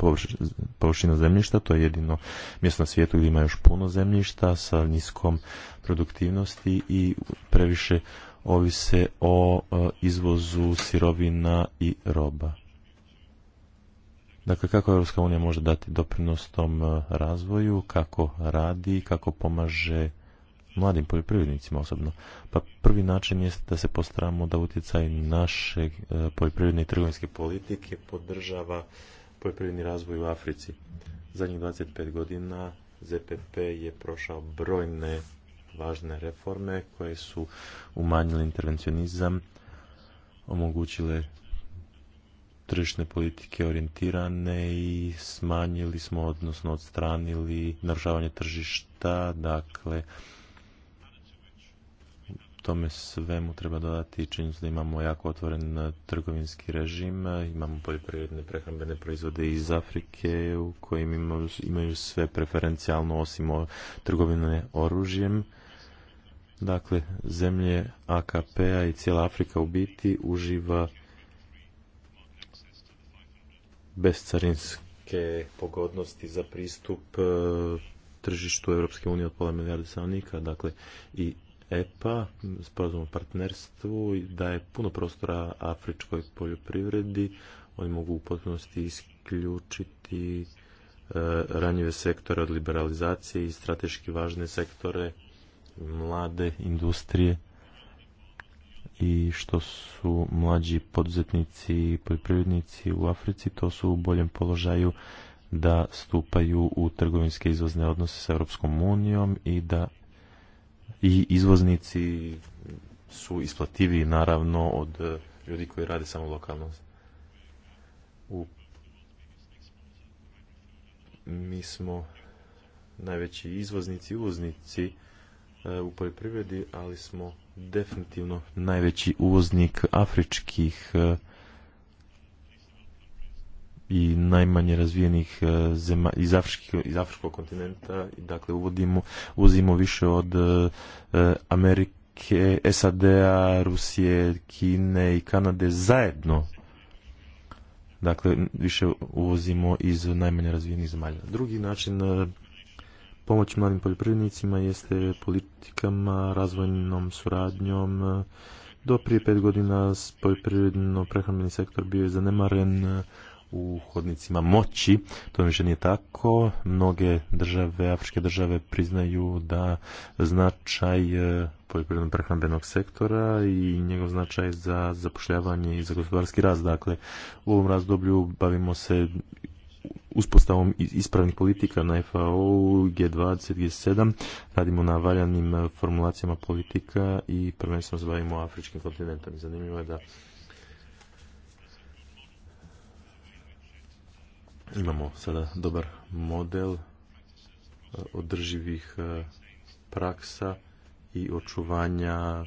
površina zemljišta. To je jedino mjesto na svijetu gdje ima još puno zemljišta sa niskom produktivnosti i previše ovise o e, izvozu sirovina i roba. Dakle, kako Europska unija može dati doprinos tom e, razvoju, kako radi, kako pomaže mladim poljoprivrednicima osobno. Pa prvi način jest da se postaramo da utjecaj naše e, poljoprivredne i trgovinske politike podržava poljoprivredni razvoj u Africi. Zadnjih 25 godina ZPP je prošao brojne važne reforme koje su umanjile intervencionizam, omogućile tržišne politike orijentirane i smanjili smo, odnosno odstranili narušavanje tržišta, dakle tome svemu treba dodati činjenicu da imamo jako otvoren trgovinski režim, imamo poljoprivredne prehrambene proizvode iz Afrike u kojim imaju, sve preferencijalno osim trgovine oružjem. Dakle, zemlje AKP-a i cijela Afrika u biti uživa bescarinske pogodnosti za pristup e, tržištu Europske unije od pola milijarde stanovnika, dakle i EPA, sporazum o partnerstvu, daje puno prostora afričkoj poljoprivredi, oni mogu u potpunosti isključiti e, ranjive sektore od liberalizacije i strateški važne sektore mlade industrije i što su mlađi poduzetnici i poljoprivrednici u Africi, to su u boljem položaju da stupaju u trgovinske izvozne odnose sa Europskom unijom i da i izvoznici su isplativiji naravno od ljudi koji rade samo lokalno. U... Mi smo najveći izvoznici i uvoznici E, u poljoprivredi, ali smo definitivno najveći uvoznik afričkih e, i najmanje razvijenih e, zema, iz, Afričkog, iz Afričkog kontinenta dakle uvodimo, uvozimo više od Amerike, SAD-a, Rusije, Kine i Kanade zajedno. Dakle, više uvozimo iz najmanje razvijenih zemalja. Drugi način pomoć mladim poljoprivrednicima jeste politikama, razvojnom suradnjom. Do prije pet godina poljoprivredno-prehrambeni sektor bio je zanemaren u hodnicima moći. To više nije tako. Mnoge države, afričke države priznaju da značaj e, poljoprivredno prehrambenog sektora i njegov značaj za zapošljavanje i za gospodarski rast. Dakle, u ovom razdoblju bavimo se uspostavom ispravnih politika na FAO, G20, G7, radimo na valjanim e, formulacijama politika i prvenstveno zbavimo afričkim kontinentom. zanimljivo je da imamo sada dobar model e, održivih e, praksa i očuvanja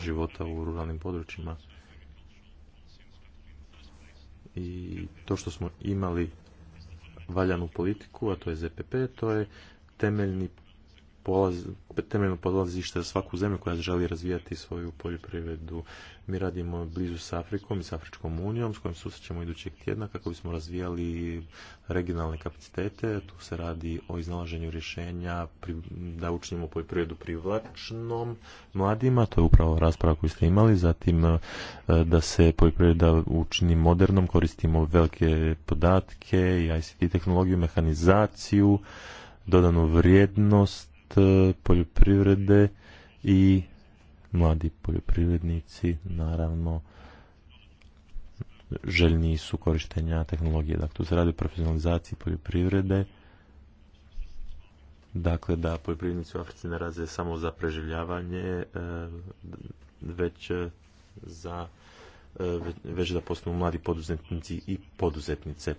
života u ruralnim područjima. I to što smo imali valjanu politiku, a to je ZPP, to je temeljni polaz, temeljno podlazište za svaku zemlju koja želi razvijati svoju poljoprivredu. Mi radimo blizu s Afrikom i s Afričkom unijom s kojom susrećemo idućeg tjedna kako bismo razvijali regionalne kapacitete. Tu se radi o iznalaženju rješenja da učinimo poljoprivredu privlačnom mladima. To je upravo rasprava koju ste imali. Zatim e, da se poljoprivreda učini modernom. Koristimo velike podatke i ICT tehnologiju, mehanizaciju dodanu vrijednost E, poljoprivrede i mladi poljoprivrednici naravno željni su korištenja tehnologije. Dakle, tu se radi o profesionalizaciji poljoprivrede, dakle da poljoprivrednici u Africi ne raze samo za preživljavanje, e, već e, za već da postanu mladi poduzetnici i poduzetnice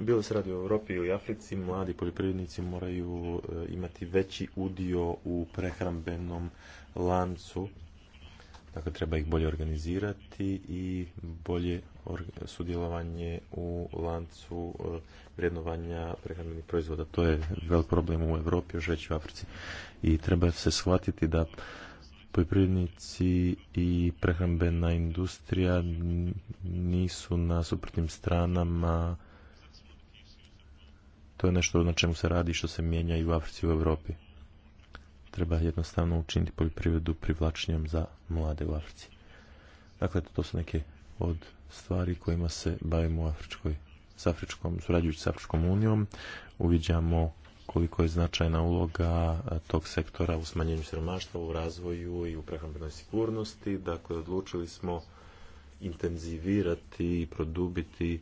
bilo se radi o Europi ili Africi, mladi poljoprivrednici moraju e, imati veći udio u prehrambenom lancu. Dakle, treba ih bolje organizirati i bolje sudjelovanje u lancu e, vrednovanja prehrambenih proizvoda. To je velik problem u Europi, još već u Africi. I treba se shvatiti da poljoprivrednici i prehrambena industrija nisu na suprotnim stranama to je nešto na čemu se radi što se mijenja i u Africi i u Europi. Treba jednostavno učiniti poljoprivredu privlačnijom za mlade u Africi. Dakle, to su neke od stvari kojima se bavimo u Afričkoj, s Afričkom, surađujući s Afričkom unijom. Uviđamo koliko je značajna uloga tog sektora u smanjenju siromaštva, u razvoju i u prehrambenoj sigurnosti. Dakle, odlučili smo intenzivirati i produbiti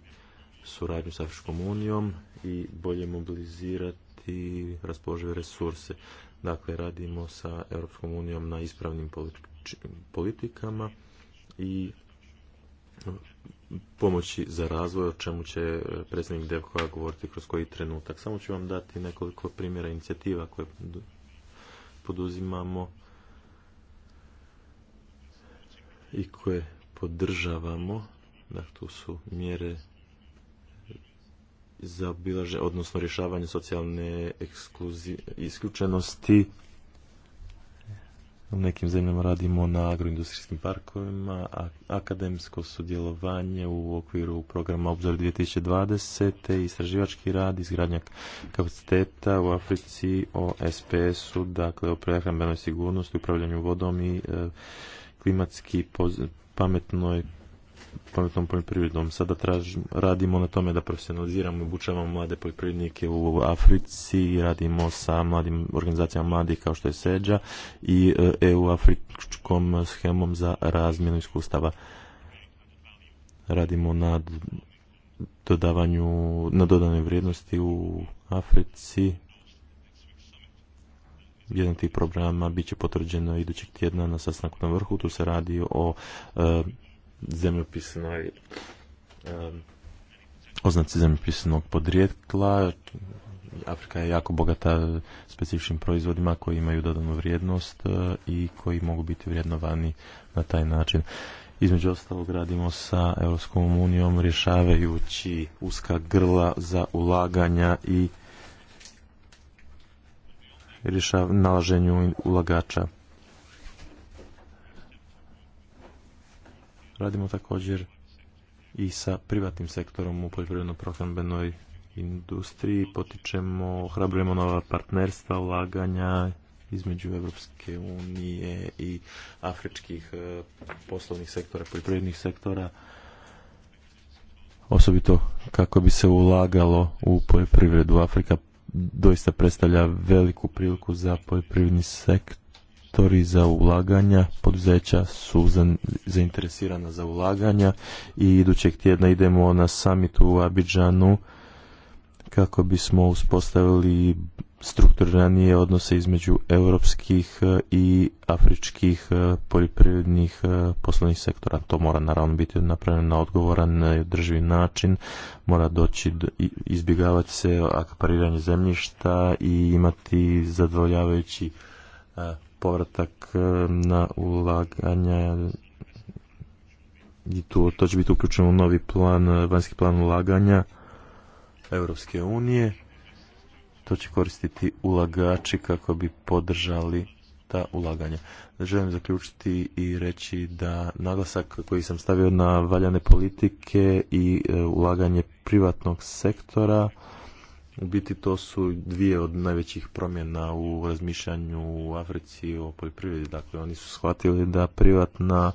suradnju s Afričkom unijom i bolje mobilizirati raspoložive resurse. Dakle, radimo sa Europskom unijom na ispravnim politikama i pomoći za razvoj, o čemu će predsjednik Devkova govoriti kroz koji trenutak. Samo ću vam dati nekoliko primjera inicijativa koje poduzimamo i koje podržavamo. Dakle, tu su mjere zaobilaže, odnosno rješavanje socijalne ekskluzi, isključenosti. U nekim zemljama radimo na agroindustrijskim parkovima, a akademsko sudjelovanje u okviru programa Obzor 2020. istraživački rad, izgradnja kapaciteta u Africi o SPS-u, dakle o prehrambenoj sigurnosti, upravljanju vodom i e, klimatski pametnoj pametnom poljoprivredom. Sada tražim, radimo na tome da profesionaliziramo i obučavamo mlade poljoprivrednike u Africi, radimo sa mladim organizacijama mladih kao što je Seđa i e, EU afričkom schemom za razmjenu iskustava. Radimo na dodavanju, na dodanoj vrijednosti u Africi. Jedan tih programa bit će potvrđeno idućeg tjedna na sastanku na vrhu. Tu se radi o e, zemljopisnoj oznaci zemljopisnog podrijetla. Afrika je jako bogata specifičnim proizvodima koji imaju dodanu vrijednost e, i koji mogu biti vrijednovani na taj način. Između ostalog radimo sa Europskom unijom rješavajući uska grla za ulaganja i rješav, nalaženju ulagača. Radimo također i sa privatnim sektorom u poljoprivredno prohranbenoj industriji. Potičemo, ohrabrujemo nova partnerstva, ulaganja između Europske unije i afričkih e, poslovnih sektora, poljoprivrednih sektora osobito kako bi se ulagalo u poljoprivredu. Afrika doista predstavlja veliku priliku za poljoprivredni sektor investitori za ulaganja, poduzeća su zainteresirana za ulaganja i idućeg tjedna idemo na summit u Abidžanu kako bismo uspostavili strukturiranije odnose između europskih e, i afričkih e, poljoprivrednih e, poslovnih sektora. To mora naravno biti napravljeno na odgovoran i održivi način, mora doći izbjegavati se akapariranje zemljišta i imati zadovoljavajući povratak e, na ulaganja i tu, to će biti uključeno u novi plan, e, vanjski plan ulaganja Europske unije. To će koristiti ulagači kako bi podržali ta ulaganja. Želim zaključiti i reći da naglasak koji sam stavio na valjane politike i e, ulaganje privatnog sektora u biti to su dvije od najvećih promjena u razmišljanju u Africi o poljoprivredi. Dakle, oni su shvatili da privatna,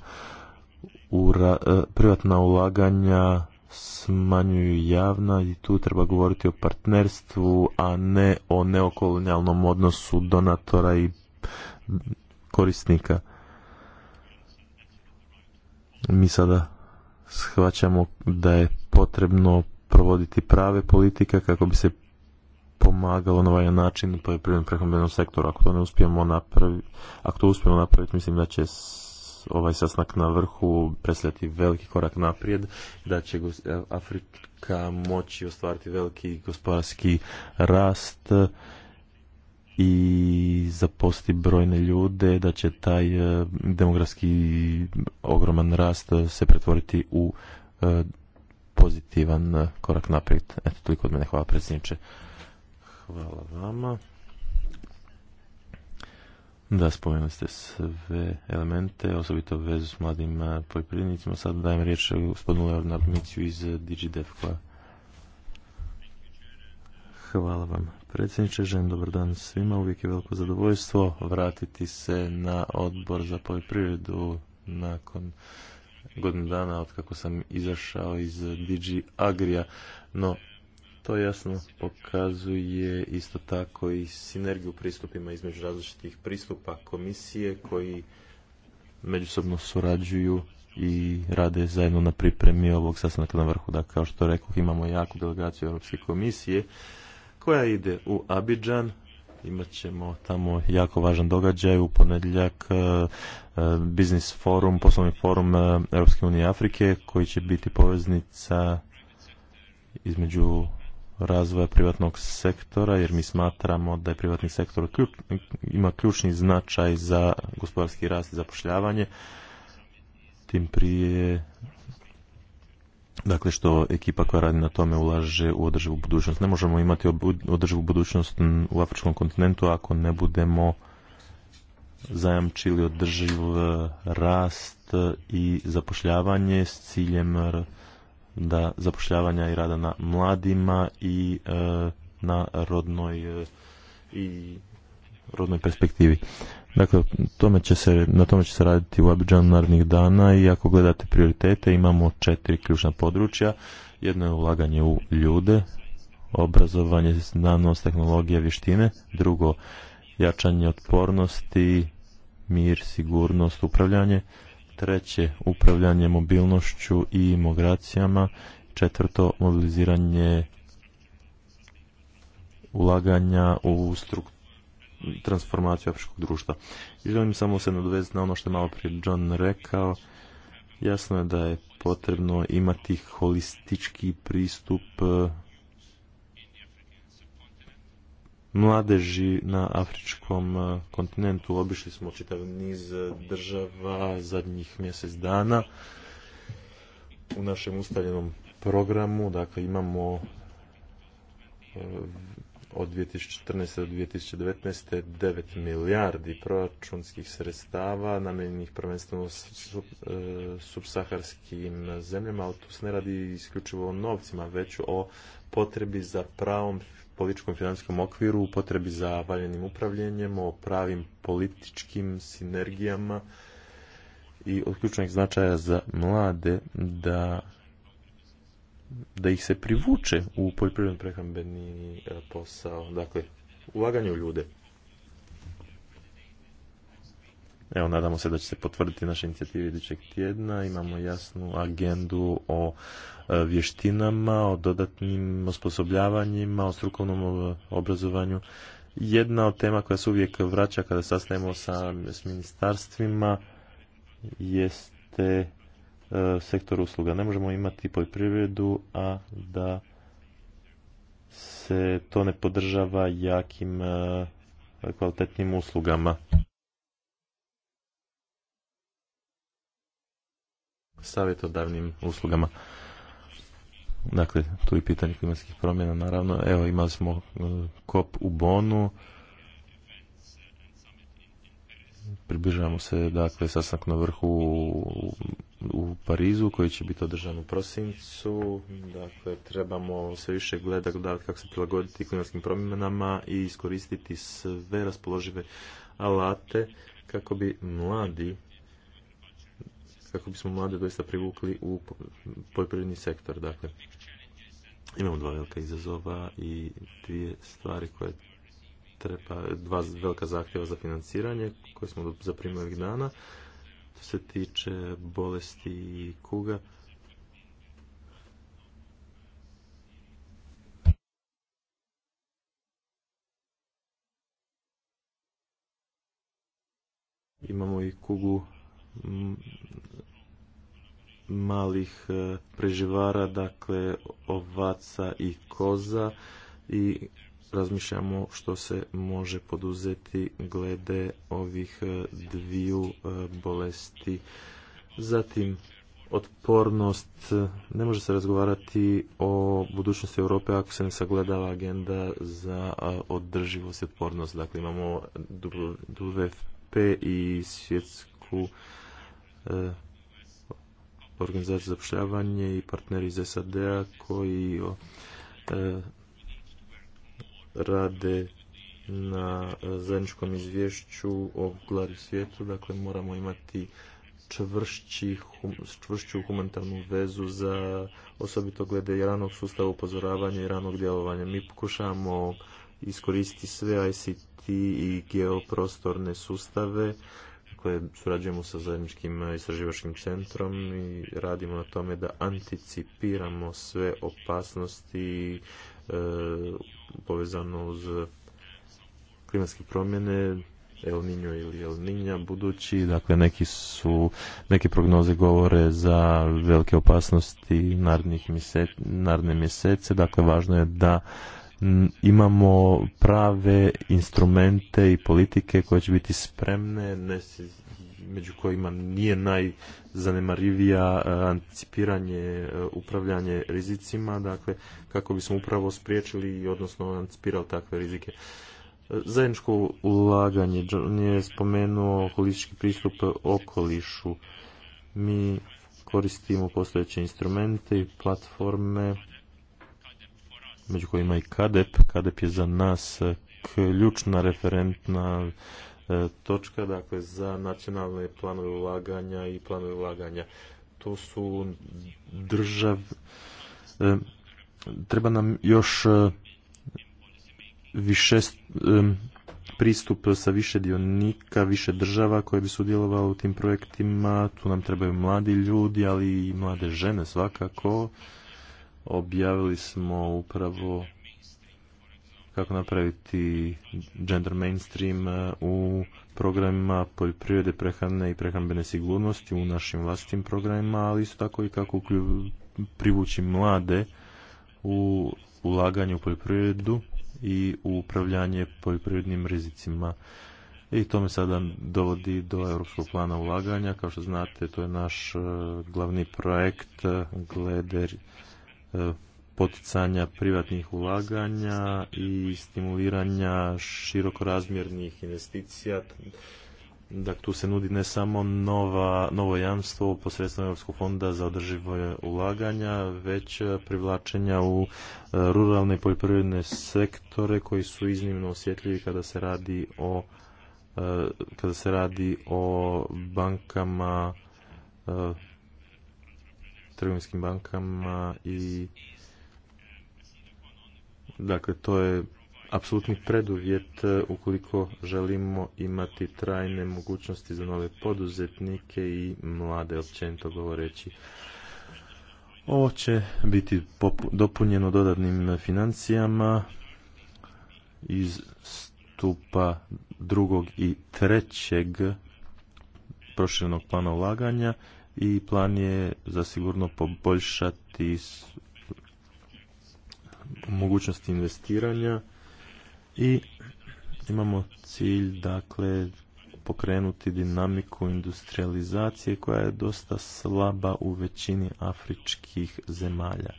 e, privatna ulaganja smanjuju javna i tu treba govoriti o partnerstvu, a ne o neokolonijalnom odnosu donatora i korisnika. Mi sada shvaćamo da je potrebno provoditi prave politike kako bi se pomagalo na ovaj način poljoprivrednom prehrambenom sektoru. Ako to ne uspijemo napraviti, ako to uspijemo napraviti, mislim da će ovaj sasnak na vrhu predstavljati veliki korak naprijed, da će e, Afrika moći ostvariti veliki gospodarski rast i zaposliti brojne ljude, da će taj e, demografski ogroman rast e, se pretvoriti u pozitivan korak naprijed. Eto, toliko od mene. Hvala predsjedniče. Hvala vama. Da, spomenuli ste sve elemente, osobito vezu s mladim poljoprivrednicima. Sad dajem riječ gospodinu Leonardu Miciju iz DigiDevCo. Hvala vam predsjedniče, želim dobar dan svima. Uvijek je veliko zadovoljstvo vratiti se na odbor za poljoprivredu nakon godinu dana od kako sam izašao iz DG Agrija. No, to jasno pokazuje isto tako i sinergiju pristupima između različitih pristupa komisije koji međusobno surađuju i rade zajedno na pripremi ovog sastanka na vrhu. Da, dakle, kao što rekoh imamo jaku delegaciju Europske komisije koja ide u Abidžan. Imat ćemo tamo jako važan događaj u ponedjeljak e, e, biznis forum, poslovni forum e, Europske unije i Afrike koji će biti poveznica između razvoja privatnog sektora, jer mi smatramo da je privatni sektor ima ključni značaj za gospodarski rast i zapošljavanje, tim prije Dakle, što ekipa koja radi na tome ulaže u održivu budućnost. Ne možemo imati održivu budućnost u afričkom kontinentu ako ne budemo zajamčili održiv eh, rast i zapošljavanje s ciljem eh, da zapošljavanja i rada na mladima i e, na rodnoj e, i rodnoj perspektivi. Dakle, tome će se, na tome će se raditi u Abidžanu narednih dana i ako gledate prioritete imamo četiri ključna područja. Jedno je ulaganje u ljude, obrazovanje, znanost, tehnologija, vještine. Drugo, jačanje otpornosti, mir, sigurnost, upravljanje treće upravljanje mobilnošću i migracijama, četvrto mobiliziranje ulaganja u strukturu transformaciju afričkog društva. I želim samo se nadovezati na ono što je malo prije John rekao. Jasno je da je potrebno imati holistički pristup mladeži na afričkom e, kontinentu. Obišli smo čitav niz e, država zadnjih mjesec dana u našem ustavljenom programu. Dakle, imamo e, od 2014. do 2019. 9 milijardi proračunskih sredstava namijenjenih prvenstveno subsaharskim zemljama, ali tu se ne radi isključivo o novcima, već o potrebi za pravom političkom i financijskom okviru, u potrebi za valjenim upravljanjem, o pravim političkim sinergijama i od ključnog značaja za mlade da da ih se privuče u poljoprivredno prehrambeni e, posao. Dakle, ulaganje u ljude. Evo, nadamo se da će se potvrditi naše inicijativa idućeg tjedna. Imamo jasnu agendu o e, vještinama, o dodatnim osposobljavanjima, o strukovnom e, obrazovanju. Jedna od tema koja se uvijek vraća kada sastanemo sa, s ministarstvima jeste e, sektor usluga. Ne možemo imati poljoprivredu, a da se to ne podržava jakim kvalitetnim uslugama. savjetodavnim uslugama. Dakle, tu i pitanje klimatskih promjena, naravno. Evo, imali smo e, kop u Bonu. Približavamo se, dakle, sastanak na vrhu u, Parizu, koji će biti održan u prosincu. Dakle, trebamo sve više gledati kako se prilagoditi klimatskim promjenama i iskoristiti sve raspoložive alate kako bi mladi kako bismo mlade doista privukli u poljoprivredni sektor. Dakle, imamo dva velika izazova i dvije stvari koje treba, dva velika zahtjeva za financiranje koje smo zaprimili ovih dana. To se tiče bolesti i kuga. Imamo i kugu malih e, preživara, dakle ovaca i koza i razmišljamo što se može poduzeti glede ovih e, dviju e, bolesti. Zatim, otpornost, ne može se razgovarati o budućnosti Europe ako se ne sagledava agenda za održivost i otpornost. Dakle, imamo WFP i svjetsku organizacije zapošljavanje i partneri iz SAD-a koji e, rade na e, zajedničkom izvješću o glavi svijetu, dakle moramo imati čvršću humanitarnu vezu za osobito glede ranog sustava upozoravanja i ranog djelovanja. Mi pokušavamo iskoristiti sve ICT i geoprostorne sustave Dakle, surađujemo sa zajedničkim istraživačkim centrom i radimo na tome da anticipiramo sve opasnosti e, povezano uz klimatske promjene, El Niño ili El Niña, budući, dakle, neki su, neke prognoze govore za velike opasnosti narednih naredne mjesece, dakle, važno je da Mm, imamo prave instrumente i politike koje će biti spremne, ne, među kojima nije najzanemarivija e, anticipiranje, e, upravljanje rizicima, dakle kako bismo upravo spriječili i odnosno anticipirali takve rizike. E, zajedničko ulaganje, John je spomenuo holistički pristup okolišu. Mi koristimo postojeće instrumente i platforme među kojima i KADEP. KADEP je za nas e, ključna referentna e, točka, dakle za nacionalne planove ulaganja i planove ulaganja. To su države. Treba nam još e, više pristup sa više dionika, više država koje bi sudjelovale u tim projektima. Tu nam trebaju mladi ljudi, ali i mlade žene svakako objavili smo upravo kako napraviti gender mainstream uh, u programima poljoprivrede, prehrane i prehrambene sigurnosti u našim vlastitim programima, ali isto tako i kako privući mlade u ulaganje u poljoprivredu i u upravljanje poljoprivrednim rizicima. I to me sada dovodi do Europskog plana ulaganja. Kao što znate, to je naš uh, glavni projekt uh, glede E, poticanja privatnih ulaganja i stimuliranja širokorazmjernih investicija. Dakle, tu se nudi ne samo nova, novo jamstvo posredstvom Europskog fonda za održivo ulaganja, već privlačenja u e, ruralne i poljoprivredne sektore koji su iznimno osjetljivi kada se radi o e, kada se radi o bankama trgovinskim bankama i dakle to je apsolutni preduvjet e, ukoliko želimo imati trajne mogućnosti za nove poduzetnike i mlade općenito govoreći. Ovo će biti dopunjeno dodatnim financijama iz stupa drugog i trećeg proširenog plana ulaganja i plan je zasigurno poboljšati mogućnosti investiranja i imamo cilj dakle pokrenuti dinamiku industrializacije koja je dosta slaba u većini afričkih zemalja.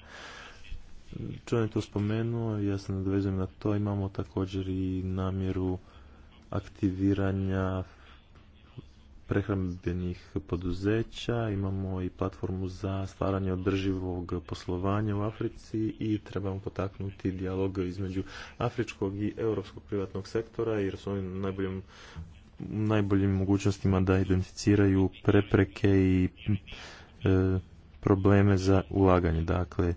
Čovjek je to spomenuo, ja se nadvezujem na to, imamo također i namjeru aktiviranja prehrambenih poduzeća, imamo i platformu za stvaranje održivog poslovanja u Africi i trebamo potaknuti dijalog između afričkog i europskog privatnog sektora jer su oni najboljim najboljim mogućnostima da identificiraju prepreke i e, probleme za ulaganje. Dakle,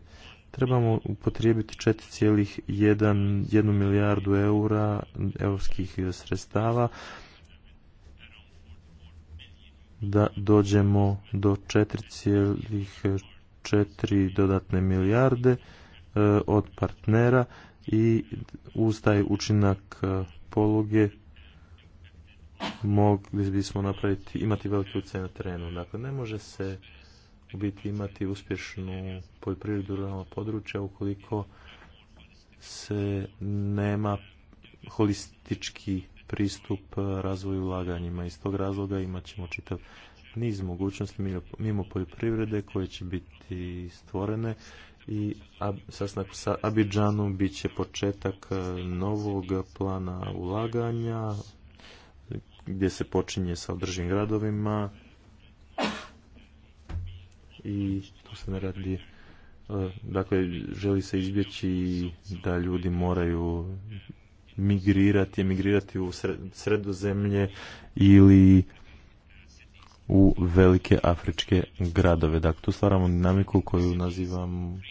trebamo upotrijebiti 4,1 milijardu eura europskih sredstava da dođemo do 4,4 dodatne milijarde e, od partnera i uz taj učinak e, poluge mogli bismo napraviti, imati veliki utjecaj na terenu. Dakle, ne može se u biti imati uspješnu poljoprivredu ruralna područja ukoliko se nema holistički pristup e, razvoju ulaganjima. Iz tog razloga imat ćemo čitav niz mogućnosti mimo poljoprivrede koje će biti stvorene i sastanak sa Abidžanom bit će početak e, novog plana ulaganja gdje se počinje sa održivim gradovima i tu se ne radi e, dakle želi se izbjeći da ljudi moraju migrirati, emigrirati u sredozemlje ili u velike afričke gradove. Dakle, tu stvaramo dinamiku koju nazivam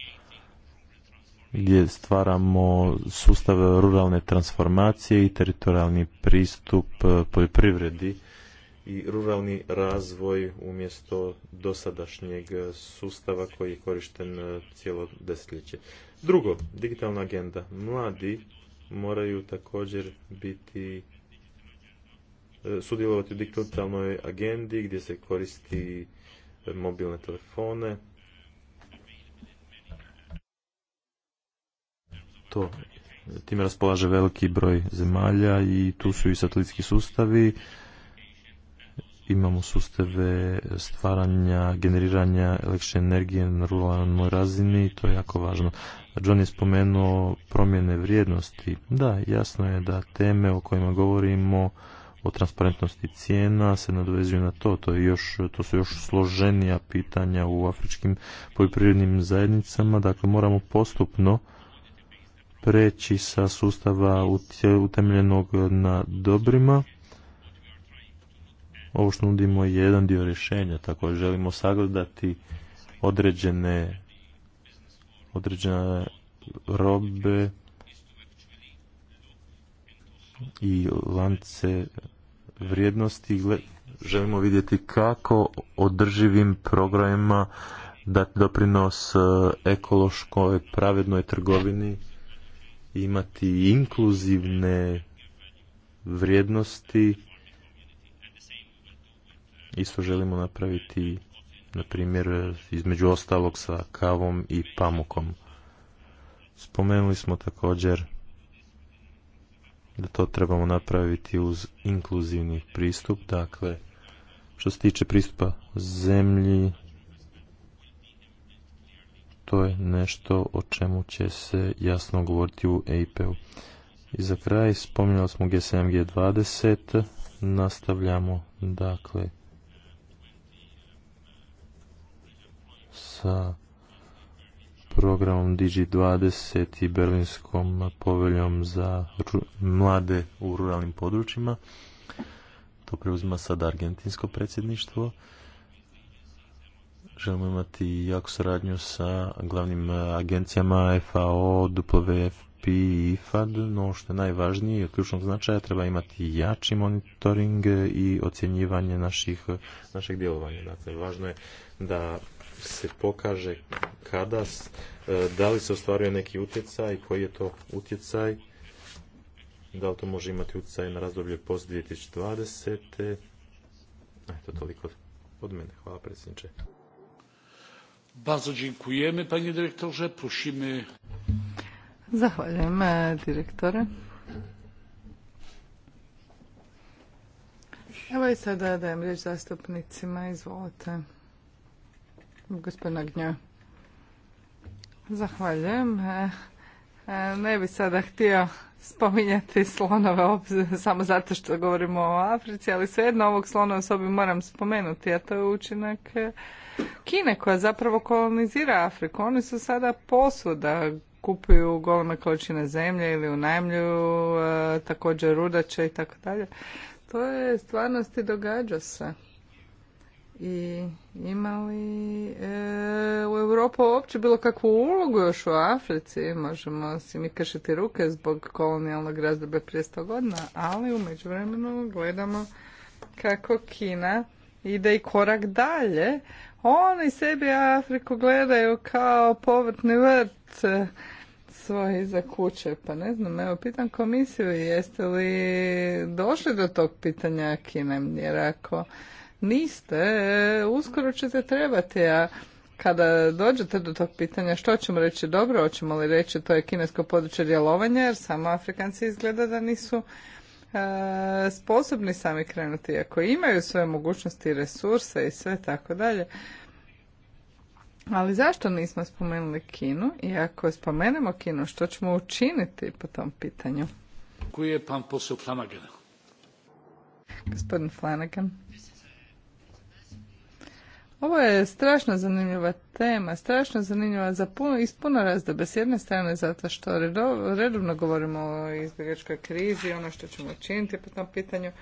gdje stvaramo sustav ruralne transformacije i teritorijalni pristup e, poljoprivredi i ruralni razvoj umjesto dosadašnjeg sustava koji je korišten e, cijelo desetljeće. Drugo, digitalna agenda. Mladi moraju također biti e, sudjelovati u digitalnoj agendi gdje se koristi e, mobilne telefone. To time raspolaže veliki broj zemalja i tu su i satelitski sustavi. Imamo sustave stvaranja, generiranja električne energije na ruralnoj razini to je jako važno. John je spomenuo promjene vrijednosti. Da, jasno je da teme o kojima govorimo o transparentnosti cijena se nadovezuju na to. To, je još, to su još složenija pitanja u afričkim poljoprivrednim zajednicama. Dakle, moramo postupno preći sa sustava utemljenog na dobrima. Ovo što nudimo je jedan dio rješenja, tako želimo sagledati određene određene robe i lance vrijednosti. Želimo vidjeti kako održivim programima dati doprinos e, ekološkoj pravednoj trgovini imati inkluzivne vrijednosti. Isto želimo napraviti na primjer između ostalog sa kavom i pamukom. Spomenuli smo također da to trebamo napraviti uz inkluzivni pristup, dakle što se tiče pristupa zemlji, to je nešto o čemu će se jasno govoriti u EIP-u. I za kraj spominjali smo G7G20, nastavljamo dakle sa programom Digi20 i Berlinskom poveljom za mlade u ruralnim područjima. To preuzima sad argentinsko predsjedništvo. Želimo imati jaku saradnju sa glavnim agencijama FAO, WFP i IFAD, no što je najvažnije i od ključnog značaja treba imati jači monitoring i ocjenjivanje naših, našeg djelovanja. Dakle, važno je da se pokaže kada, e, da li se ostvaruje neki utjecaj, koji je to utjecaj, da li to može imati utjecaj na razdoblje post 2020. Eto, toliko od mene. Hvala predsjedniče. Bardzo dziękujemy, panie dyrektorze. Prosimy. Zahvaljujem, e, direktore. Evo i sada dajem riječ zastupnicima. Izvolite. Gospodina Gnja, Zahvaljujem. E, e, ne bih sada htio spominjati slonove samo zato što govorimo o Africi, ali svejedno ovog slona u sobi moram spomenuti, a to je učinak e, Kine koja zapravo kolonizira Afriku. Oni su sada posuda, kupuju goleme količine zemlje ili unajmljuju također rudače i tako dalje. To je stvarnosti događa se i imali e, u Europu uopće bilo kakvu ulogu još u Africi, možemo si mi kršiti ruke zbog kolonijalnog razdoblja prije 100 godina, ali u međuvremenu gledamo kako Kina ide i korak dalje. Oni sebi Afriku gledaju kao povrtni vrt e, svoj iza kuće. Pa ne znam, evo pitam komisiju jeste li došli do tog pitanja Kine, jer ako niste, uskoro ćete trebati, a kada dođete do tog pitanja što ćemo reći dobro, hoćemo li reći to je kinesko područje djelovanja, jer samo Afrikanci izgleda da nisu e, sposobni sami krenuti, ako imaju svoje mogućnosti i resurse i sve tako dalje. Ali zašto nismo spomenuli Kinu i ako spomenemo Kinu, što ćemo učiniti po tom pitanju? Koji je pan posao Flanagan? Gospodin Flanagan. Ovo je strašno zanimljiva tema, strašno zanimljiva za puno, iz puno razdobe. S jedne strane zato što redovno govorimo o izbjegačkoj krizi, ono što ćemo učiniti po tom pitanju.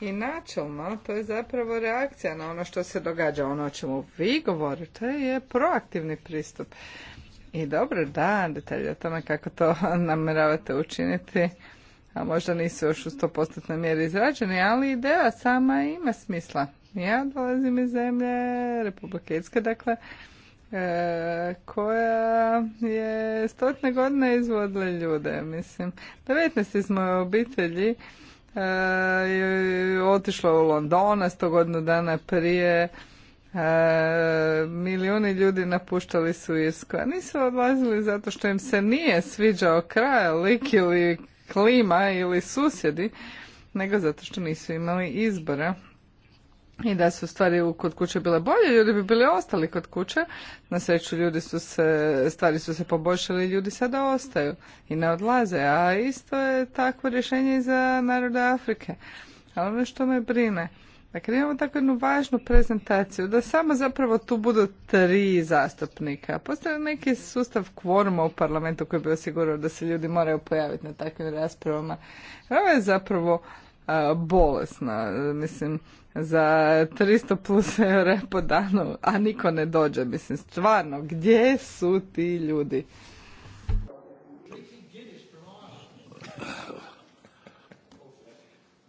I načelno to je zapravo reakcija na ono što se događa, ono o čemu vi govorite je proaktivni pristup. I dobro, da, detalje o tome kako to <laughs> namjeravate učiniti, a možda nisu još u 100% mjeri izrađeni, ali ideja sama ima smisla. Ja dolazim iz zemlje Republike dakle, dakle, koja je stotne godine izvodila ljude, mislim. 19 smo obitelji e, otišla u Londona, sto godinu dana prije. E, milijuni ljudi napuštali su Irsku, a nisu odlazili zato što im se nije sviđao kraj, lik ili klima ili susjedi, nego zato što nisu imali izbora i da su stvari kod kuće bile bolje, ljudi bi bili ostali kod kuće. Na sreću ljudi su se, stvari su se poboljšali i ljudi sada ostaju i ne odlaze. A isto je takvo rješenje i za narode Afrike. Ali ono što me brine, dakle imamo takvu jednu važnu prezentaciju, da samo zapravo tu budu tri zastupnika. Postoji neki sustav kvoruma u parlamentu koji bi osigurao da se ljudi moraju pojaviti na takvim raspravama. Ovo je zapravo bolesna. Mislim, za 300 plus eura po danu, a niko ne dođe. Mislim, stvarno, gdje su ti ljudi?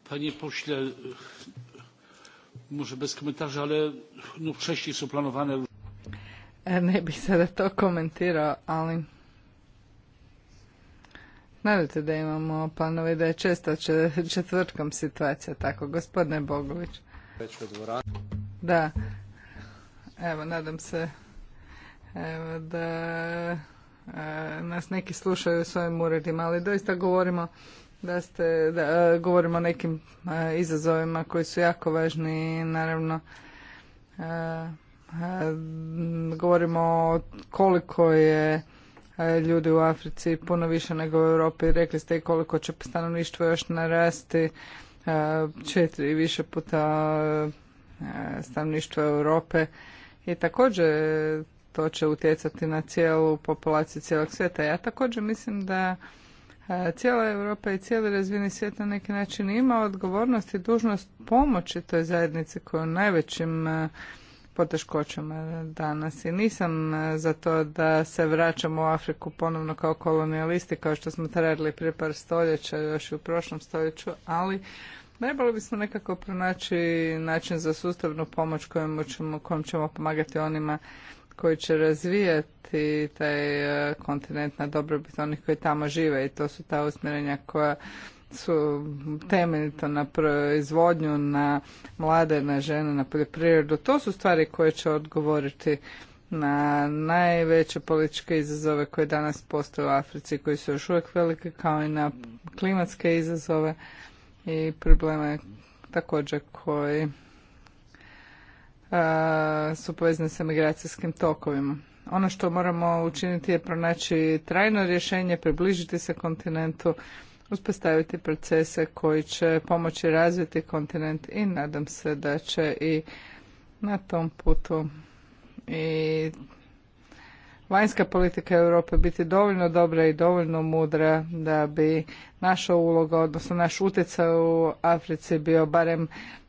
Panie pośle, może bez komentarza, ale no wcześniej są planowane... E, ne bih sada to komentirao, ali... Nadajte da imamo planove da je često četvrtkom situacija tako, gospodine Bogović. Da, evo, nadam se evo, da e, nas neki slušaju u svojim uredima, ali doista govorimo da ste, da, e, govorimo o nekim e, izazovima koji su jako važni i naravno govorimo koliko je ljudi u Africi puno više nego u Europi. Rekli ste i koliko će stanovništvo još narasti E, četiri i više puta e, stanovništvo Europe i također to će utjecati na cijelu populaciju cijelog svijeta. Ja također mislim da e, cijela Europa i cijeli razvijeni svijet na neki način ima odgovornost i dužnost pomoći toj zajednici koja u najvećim poteškoćama danas i nisam e, za to da se vraćamo u Afriku ponovno kao kolonijalisti kao što smo trebali prije par stoljeća još i u prošlom stoljeću, ali trebali bismo nekako pronaći način za sustavnu pomoć kojom ćemo, kojom ćemo pomagati onima koji će razvijati taj e, kontinent na dobrobit onih koji tamo žive i to su ta usmjerenja koja su temeljito na proizvodnju, na mlade, na žene, na poljoprivredu. To su stvari koje će odgovoriti na najveće političke izazove koje danas postoje u Africi, koji su još uvijek velike, kao i na klimatske izazove i probleme također koji su povezani sa migracijskim tokovima. Ono što moramo učiniti je pronaći trajno rješenje, približiti se kontinentu, uspostaviti procese koji će pomoći razviti kontinent i nadam se da će i na tom putu i vanjska politika Europe biti dovoljno dobra i dovoljno mudra da bi naša uloga, odnosno naš utjecaj u Africi bio barem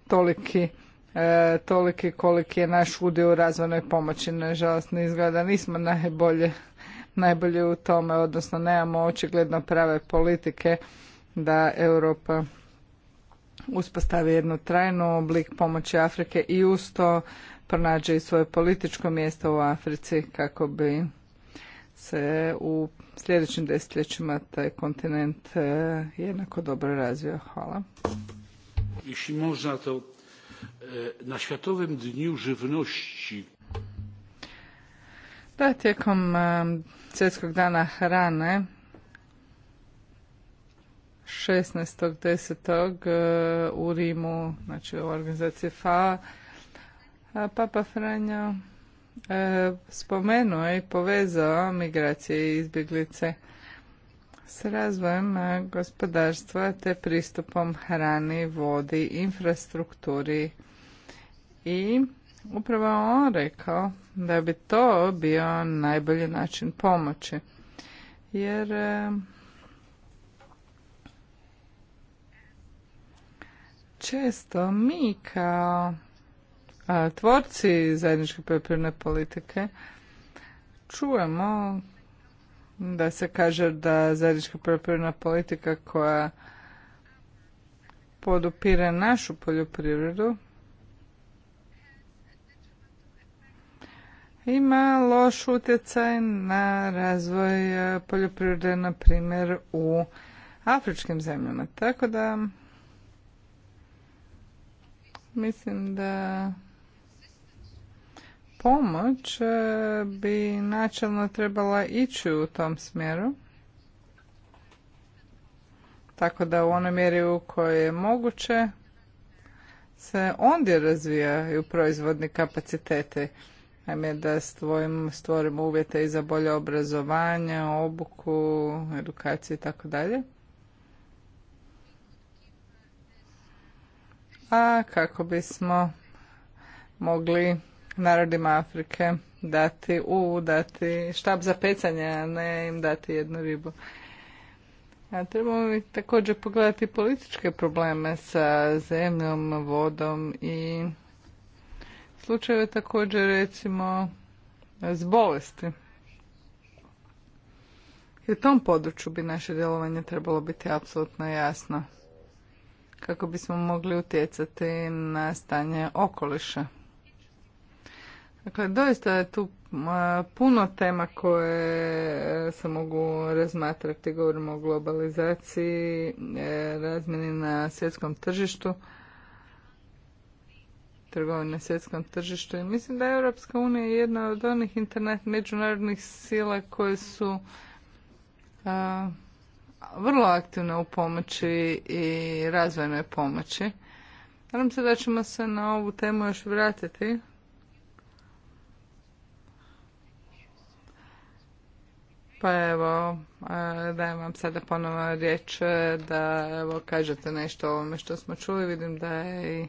toliki e, toliki koliki je naš udio u razvojnoj pomoći. Nažalost, ne izgleda nismo najbolje najbolje u tome, odnosno nemamo očigledno prave politike da Europa uspostavi jednu trajnu oblik pomoći Afrike i uz to pronađe i svoje političko mjesto u Africi kako bi se u sljedećim desetljećima taj kontinent e, jednako dobro razvio. Hvala. Jeśli można, to e, na Światowym Dniu Żywności da, tijekom um, svjetskog dana hrane 16.10. Uh, u Rimu, znači u organizaciji FA, uh, Papa Franjo uh, spomenuo i povezao migracije i izbjeglice s razvojem gospodarstva te pristupom hrani, vodi, infrastrukturi i upravo on rekao da bi to bio najbolji način pomoći. Jer e, često mi kao e, tvorci zajedničke poljoprivredne politike čujemo da se kaže da zajednička poljoprivredna politika koja podupire našu poljoprivredu ima loš utjecaj na razvoj e, poljoprivrede, na primjer, u afričkim zemljama. Tako da mislim da pomoć e, bi načelno trebala ići u tom smjeru. Tako da u onoj mjeri u kojoj je moguće se ondje razvijaju proizvodni kapacitete Naime, da stvorimo uvjete i za bolje obrazovanje, obuku, edukaciju i tako dalje. A kako bismo mogli narodima Afrike dati u, dati štab za pecanje, a ne im dati jednu ribu. A trebamo i također pogledati političke probleme sa zemljom, vodom i slučajeve također recimo s bolesti. I u tom području bi naše djelovanje trebalo biti apsolutno jasno kako bismo mogli utjecati na stanje okoliša. Dakle, doista je tu puno tema koje se mogu razmatrati. Govorimo o globalizaciji, e, razmjeni na svjetskom tržištu trgovine na svjetskom tržištu i mislim da je Europska unija jedna od onih internet međunarodnih sila koje su a, vrlo aktivne u pomoći i razvojnoj pomoći. Nadam se da ćemo se na ovu temu još vratiti. Pa evo, dajem vam sada ponovno riječ e, da evo kažete nešto o ovome što smo čuli. Vidim da je i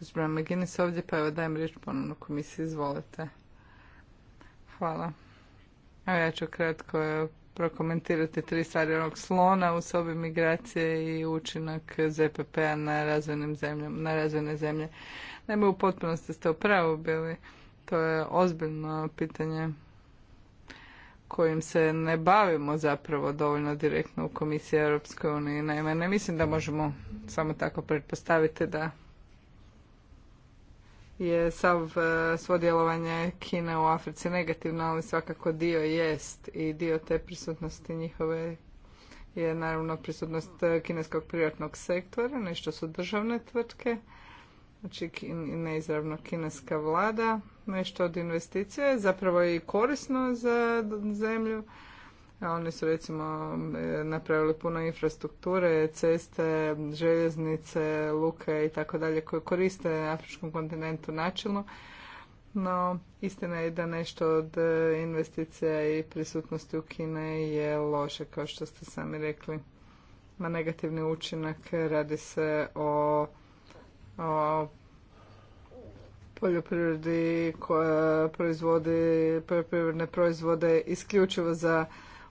Gospodina McGinnis ovdje, pa evo dajem riječ ponovno komisiji, izvolite. Hvala. Evo ja ću kratko prokomentirati tri stvari onog slona u sobi migracije i učinak ZPP-a na, na razvojne zemlje. Naime, u potpunosti ste upravo bili. To je ozbiljno pitanje kojim se ne bavimo zapravo dovoljno direktno u Komisiji Europske unije. Naime, ne mislim da možemo samo tako pretpostaviti da je sav e, svo djelovanje Kine u Africi negativno, ali svakako dio jest i dio te prisutnosti njihove je naravno prisutnost e, kineskog privatnog sektora, nešto su državne tvrtke, znači neizravno kineska vlada, nešto od investicija zapravo i korisno za zemlju oni su recimo e, napravili puno infrastrukture, ceste, željeznice, luke i tako dalje koje koriste afričkom kontinentu načelno. No, istina je da nešto od e, investicija i prisutnosti u Kine je loše, kao što ste sami rekli. Ma negativni učinak radi se o, o poljoprivredi koja proizvodi poljoprivredne proizvode isključivo za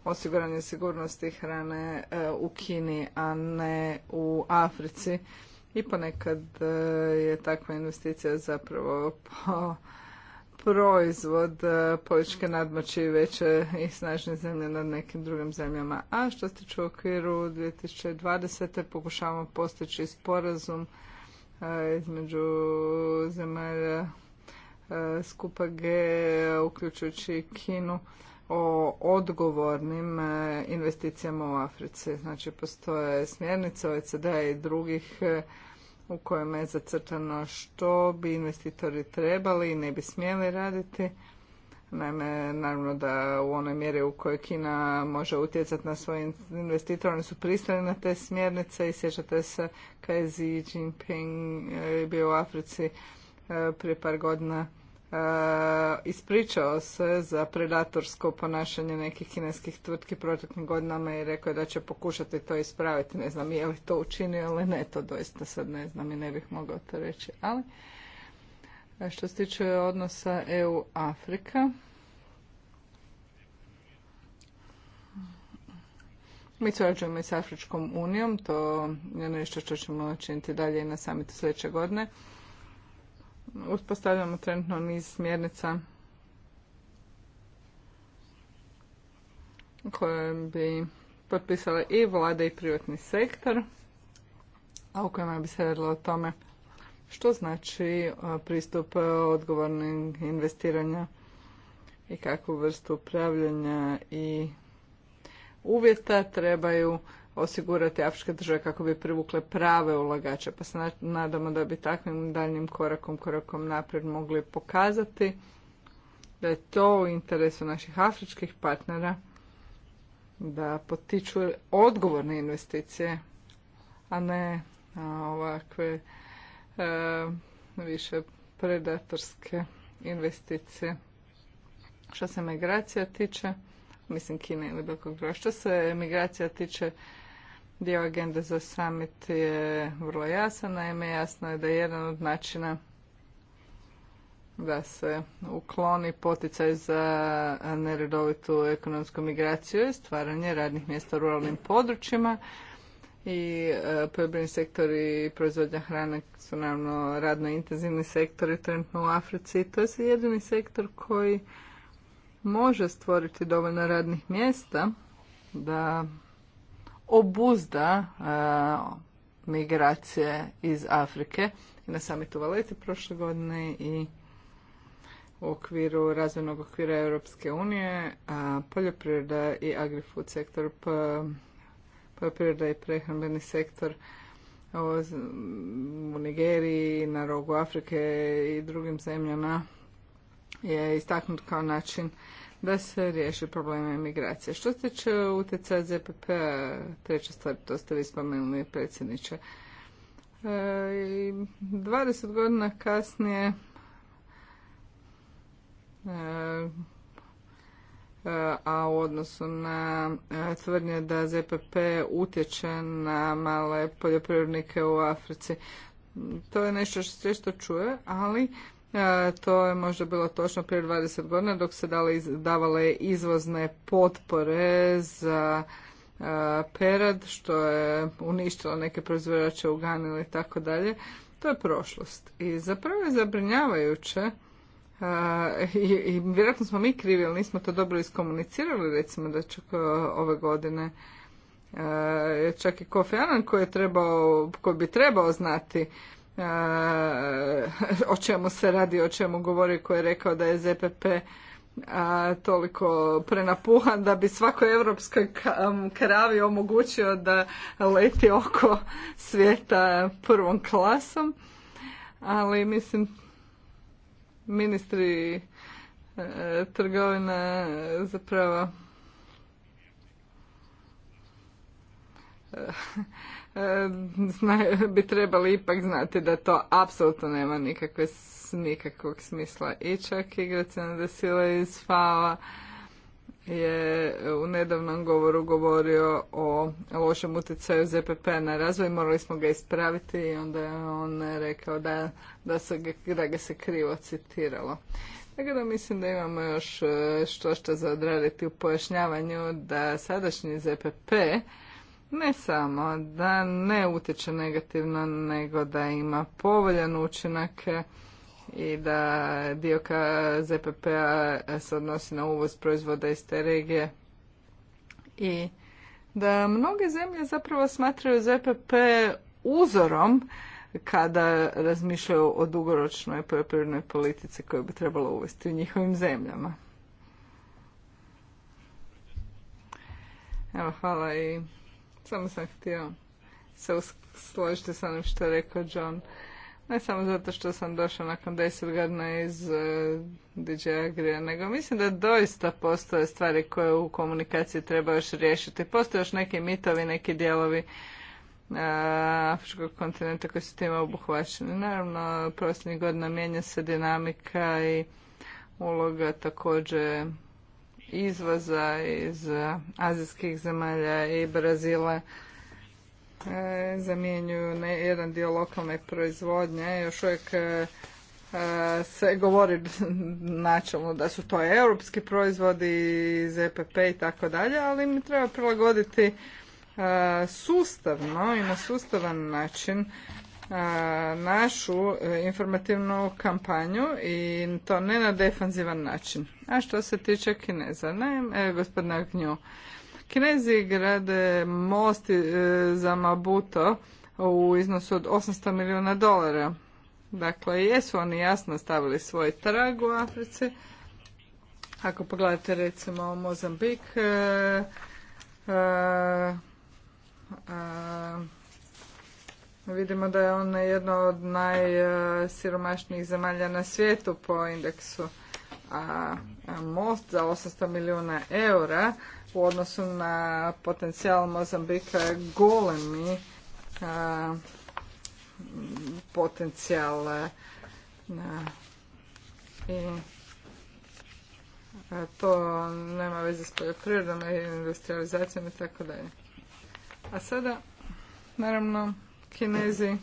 osiguranje sigurnosti hrane e, u Kini, a ne u Africi. I ponekad e, je takva investicija zapravo proizvod e, političke nadmoći veće i snažne zemlje nad nekim drugim zemljama. A što se tiče u okviru 2020. pokušavamo postići sporazum između zemalja skupa G, uključujući Kinu, o odgovornim e, investicijama u Africi. Znači, postoje smjernice oecd i drugih e, u kojima je zacrtano što bi investitori trebali i ne bi smjeli raditi. Naime, naravno da u onoj mjeri u kojoj Kina može utjecati na svoje investitore, oni su pristali na te smjernice i sjećate se kaj je Xi Jinping e, bio u Africi prije par godina E, ispričao se za predatorsko ponašanje nekih kineskih tvrtki proteklim godinama i rekao je da će pokušati to ispraviti. Ne znam je li to učinio ili ne, to doista sad ne znam i ne bih mogao to reći. Ali e, što se tiče odnosa EU-Afrika, Mi surađujemo i s Afričkom unijom, to je nešto što ćemo činiti dalje i na samitu sljedeće godine uspostavljamo trenutno niz smjernica koje bi potpisale i vlade i privatni sektor, a u kojima bi se radilo o tome što znači e, pristup e, odgovornog investiranja i kakvu vrstu upravljanja i uvjeta trebaju osigurati afričke države kako bi privukle prave ulagače. Pa se nadamo da bi takvim daljnim korakom, korakom naprijed mogli pokazati da je to u interesu naših afričkih partnera da potiču odgovorne investicije, a ne ovakve e, više predatorske investicije. Što se migracija tiče, mislim Kine ili bilo Što se migracija tiče, Dio agende za summit je vrlo jasan, naime jasno je da je jedan od načina da se ukloni poticaj za neredovitu ekonomsku migraciju i stvaranje radnih mjesta u ruralnim područjima i e, poljoprivredni sektori i proizvodnja hrane su naravno radno intenzivni sektori trenutno u Africi i to je jedini sektor koji može stvoriti dovoljno radnih mjesta da obuzda e, migracije iz Afrike na samitu Valeti prošle godine i u okviru razvojnog okvira Europske unije, e, poljoprivreda i agrifood sektor, poljoprivreda i prehrambeni sektor u Nigeriji, na rogu Afrike i drugim zemljama je istaknut kao način da se riješi problema imigracije. Što se tiče utjecaja ZPP, treća stvar, to ste vi spomenuli predsjedniče. E, 20 godina kasnije e, e, a u odnosu na e, tvrdnje da ZPP utječe na male poljoprivrednike u Africi. To je nešto što se često čuje, ali to je možda bilo točno prije 20 godina dok se davale izvozne potpore za perad što je uništilo neke proizvođače u Gani ili tako dalje. To je prošlost. I zapravo je zabrinjavajuće i, vjerojatno smo mi krivi, ali nismo to dobro iskomunicirali recimo da ove godine čak i Kofi koji, je trebao, koji bi trebao znati <laughs> o čemu se radi, o čemu govori koji je rekao da je ZPP toliko prenapuhan da bi svakoj evropskoj kravi omogućio da leti oko svijeta prvom klasom. Ali mislim, ministri e, trgovina zapravo e, bi trebali ipak znati da to apsolutno nema nikakve, nikakvog smisla. I čak i na desile iz fava, je u nedavnom govoru govorio o lošem utjecaju ZPP na razvoj, morali smo ga ispraviti i onda je on rekao da, da, se, da ga se krivo citiralo. Tako da mislim da imamo još e, što što za odraditi u pojašnjavanju da sadašnji ZPP ne samo da ne utječe negativno, nego da ima povoljan učinak i da dio ZPP-a se odnosi na uvoz proizvoda iz te regije i da mnoge zemlje zapravo smatraju ZPP uzorom kada razmišljaju o dugoročnoj poljoprivrednoj politici koju bi trebalo uvesti u njihovim zemljama. Evo, hvala i samo sam htio se složiti sa onim što je rekao John. Ne samo zato što sam došao nakon deset godina iz uh, e, DJ Agrija, nego mislim da doista postoje stvari koje u komunikaciji treba još riješiti. Postoje još neki mitovi, neki dijelovi e, Afričkog kontinenta koji su time obuhvaćeni. Naravno, posljednjih godina mijenja se dinamika i uloga također izvoza iz azijskih zemalja i Brazila e, zamjenjuju jedan dio lokalne proizvodnje. Još uvijek e, se govori načelno da su to europski proizvodi iz EPP i tako dalje, ali mi treba prilagoditi e, sustavno i na sustavan način našu e, informativnu kampanju i to ne na defanzivan način. A što se tiče Kineza, e gospodina Gnju, Kinezi grade most e, za Mabuto u iznosu od 800 milijuna dolara. Dakle, jesu oni jasno stavili svoj trag u Africi. Ako pogledate recimo Mozambik, e, e Vidimo da je on jedno od najsiromašnijih zemalja na svijetu po indeksu a most za 800 milijuna eura u odnosu na potencijal Mozambika je golemi potencijal i to nema veze s poljoprivredom i industrializacijom i tako dalje. A sada, naravno, Kinezi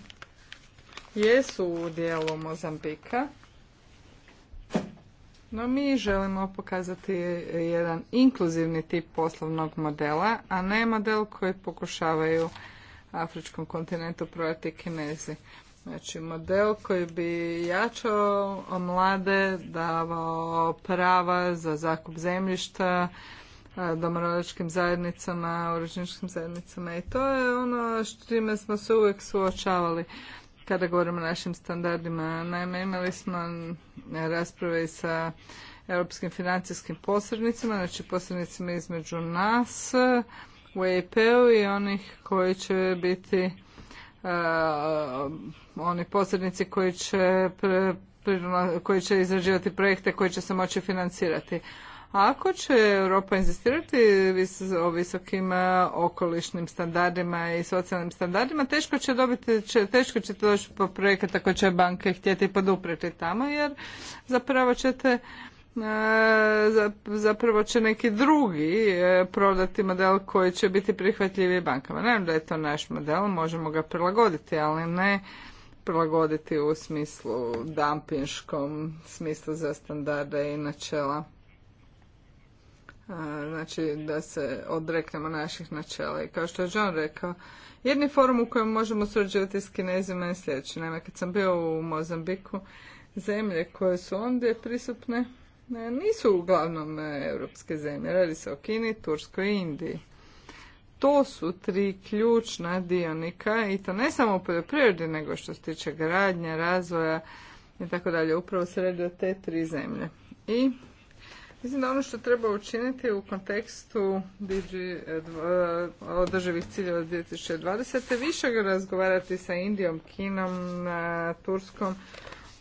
jesu u dijelu Mozambika, no mi želimo pokazati jedan inkluzivni tip poslovnog modela, a ne model koji pokušavaju afričkom kontinentu prodati Kinezi. Znači model koji bi jačao mlade, davao prava za zakup zemljišta, domorodačkim zajednicama, oružničkim zajednicama i to je ono s čime smo se uvijek suočavali kada govorimo o našim standardima. Naime, imali smo rasprave i sa europskim financijskim posrednicima, znači posrednicima između nas u EIP-u i onih koji će biti oni posrednici koji će, koji će izrađivati projekte koji će se moći financirati ako će Europa inzistirati o visokim e, okolišnim standardima i socijalnim standardima, teško će dobiti, teško ćete doći po projekata koje će banke htjeti poduprijeti tamo, jer zapravo ćete e, zapravo će neki drugi e, prodati model koji će biti prihvatljiviji bankama. Naravno da je to naš model, možemo ga prilagoditi, ali ne prilagoditi u smislu dampinškom, smislu za standarde i načela znači da se odreknemo naših načela. I kao što je John rekao, jedni forum u kojem možemo surađivati s kinezima je sljedeći. Naime, kad sam bio u Mozambiku, zemlje koje su ondje prisutne e, nisu uglavnom e, europske zemlje. Radi se o Kini, Turskoj i Indiji. To su tri ključna dionika i to ne samo u poljoprivredi, nego što se tiče gradnje, razvoja i tako dalje. Upravo se radi o te tri zemlje. I Mislim da ono što treba učiniti u kontekstu Digi, eh, održivih ciljeva 2020. više razgovarati sa Indijom, Kinom, Turskom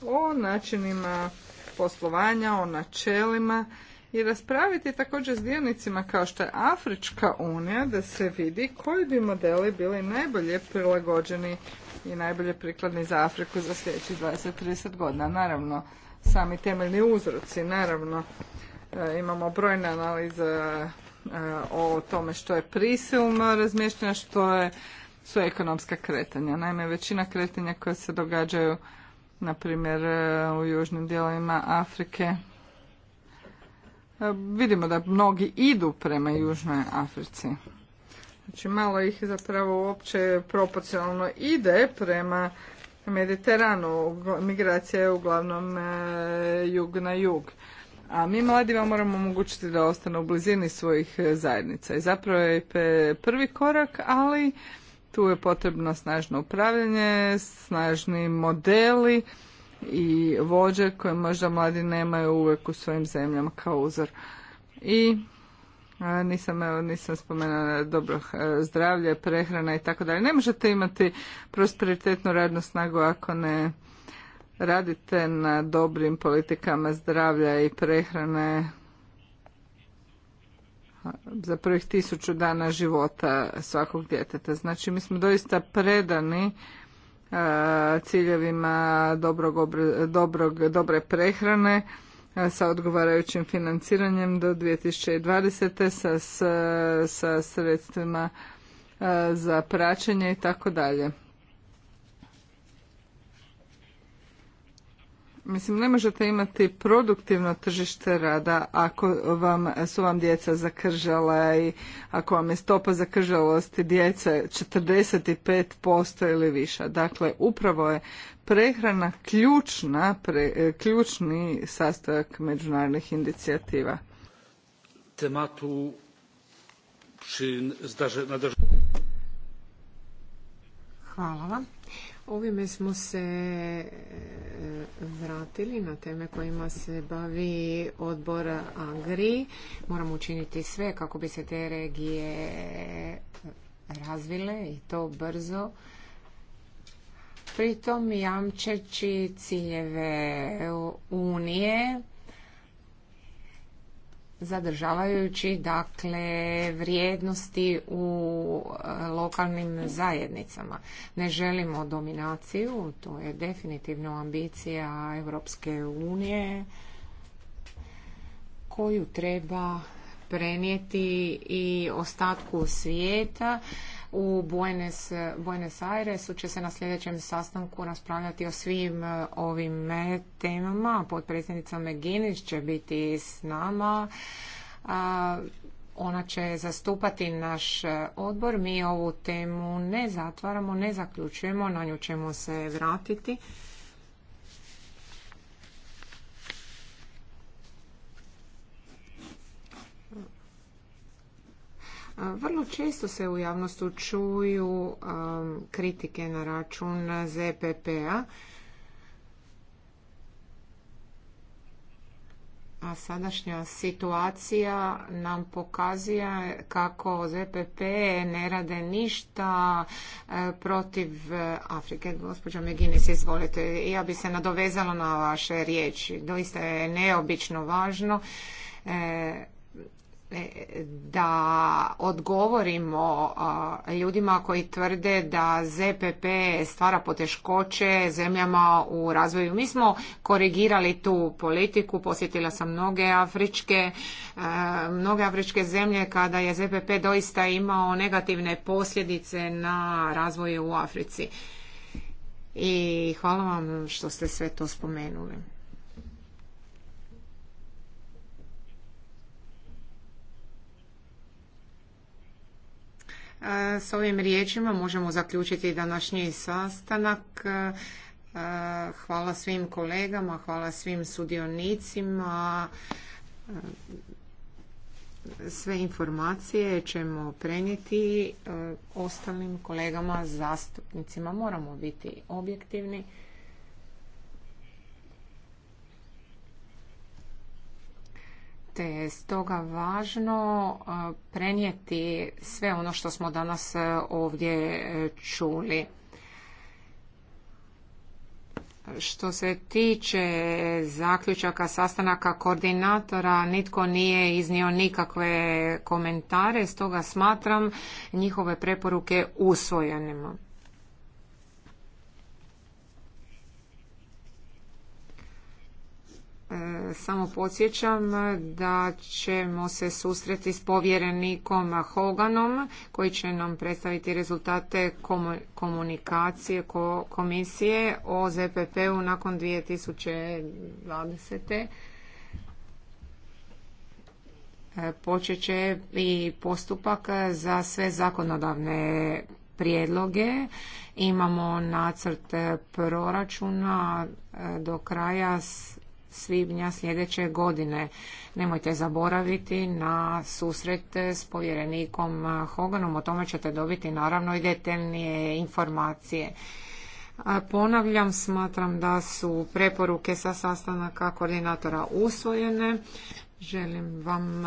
o načinima poslovanja, o načelima i raspraviti također s dionicima kao što je Afrička unija da se vidi koji bi modeli bili najbolje prilagođeni i najbolje prikladni za Afriku za sljedećih 20-30 godina. Naravno, sami temeljni uzroci, naravno E, imamo brojne analize e, o tome što je prisilno razmještanje, što je, su ekonomska kretanja. Naime, većina kretanja koja se događaju na primjer e, u južnim dijelovima Afrike vidimo da mnogi idu prema južnoj Africi. Znači malo ih zapravo uopće proporcionalno ide prema Mediteranu. Migracija je uglavnom jug na jug. A mi mladima moramo omogućiti da ostanu u blizini svojih e, zajednica. I zapravo je prvi korak, ali tu je potrebno snažno upravljanje, snažni modeli i vođe koje možda mladi nemaju uvijek u svojim zemljama kao uzor. I nisam, nisam spomenula dobro e, zdravlje, prehrana i tako dalje. Ne možete imati prosperitetnu radnu snagu ako ne radite na dobrim politikama zdravlja i prehrane za prvih tisuću dana života svakog djeteta. Znači mi smo doista predani e, ciljevima dobrog, dobrog, dobre prehrane e, sa odgovarajućim financiranjem do 2020. sa, sa, sa sredstvima e, za praćenje i tako dalje. Mislim, ne možete imati produktivno tržište rada ako vam, su vam djeca zakržala i ako vam je stopa zakržalosti djece 45% ili više. Dakle, upravo je prehrana ključna, pre, ključni sastojak međunarodnih inicijativa. Tematu Hvala vam. Ovime smo se e, vratili na teme kojima se bavi odbor Agri. Moramo učiniti sve kako bi se te regije e, razvile i to brzo. Pritom jamčeći ciljeve Unije zadržavajući dakle vrijednosti u e, lokalnim zajednicama. Ne želimo dominaciju, to je definitivno ambicija Europske unije koju treba prenijeti i ostatku svijeta u Buenos, Buenos Airesu će se na sljedećem sastanku raspravljati o svim e, ovim temama. Potpredsjednica Meginić će biti s nama. Ona će zastupati naš e, odbor. Mi ovu temu ne zatvaramo, ne zaključujemo, na nju ćemo se vratiti. Vrlo često se u javnosti čuju um, kritike na račun ZPP-a. A sadašnja situacija nam pokazuje kako ZPP ne rade ništa e, protiv e, Afrike. gospođa Meginis, izvolite. Ja bi se nadovezala na vaše riječi. Doista je neobično važno e, da odgovorimo ljudima koji tvrde da ZPP stvara poteškoće zemljama u razvoju. Mi smo korigirali tu politiku, posjetila sam mnoge afričke, mnoge afričke zemlje kada je ZPP doista imao negativne posljedice na razvoju u Africi. I hvala vam što ste sve to spomenuli. E, s ovim riječima možemo zaključiti današnji sastanak. E, hvala svim kolegama, hvala svim sudionicima. E, sve informacije ćemo prenijeti ostalim kolegama zastupnicima. Moramo biti objektivni. te je stoga važno e, prenijeti sve ono što smo danas e, ovdje e, čuli. Što se tiče zaključaka sastanaka koordinatora, nitko nije iznio nikakve komentare, stoga smatram njihove preporuke usvojenima. E, samo podsjećam da ćemo se susreti s povjerenikom Hoganom koji će nam predstaviti rezultate komunikacije komisije o ZPP-u nakon 2020. E, počet će i postupak za sve zakonodavne prijedloge. Imamo nacrt proračuna e, do kraja s svibnja sljedeće godine. Nemojte zaboraviti na susret s povjerenikom Hoganom, o tome ćete dobiti naravno i detaljnije informacije. Ponavljam, smatram da su preporuke sa sastanaka koordinatora usvojene. Želim vam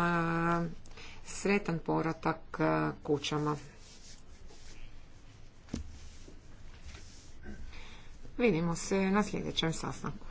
sretan povratak kućama. Vidimo se na sljedećem sastanku.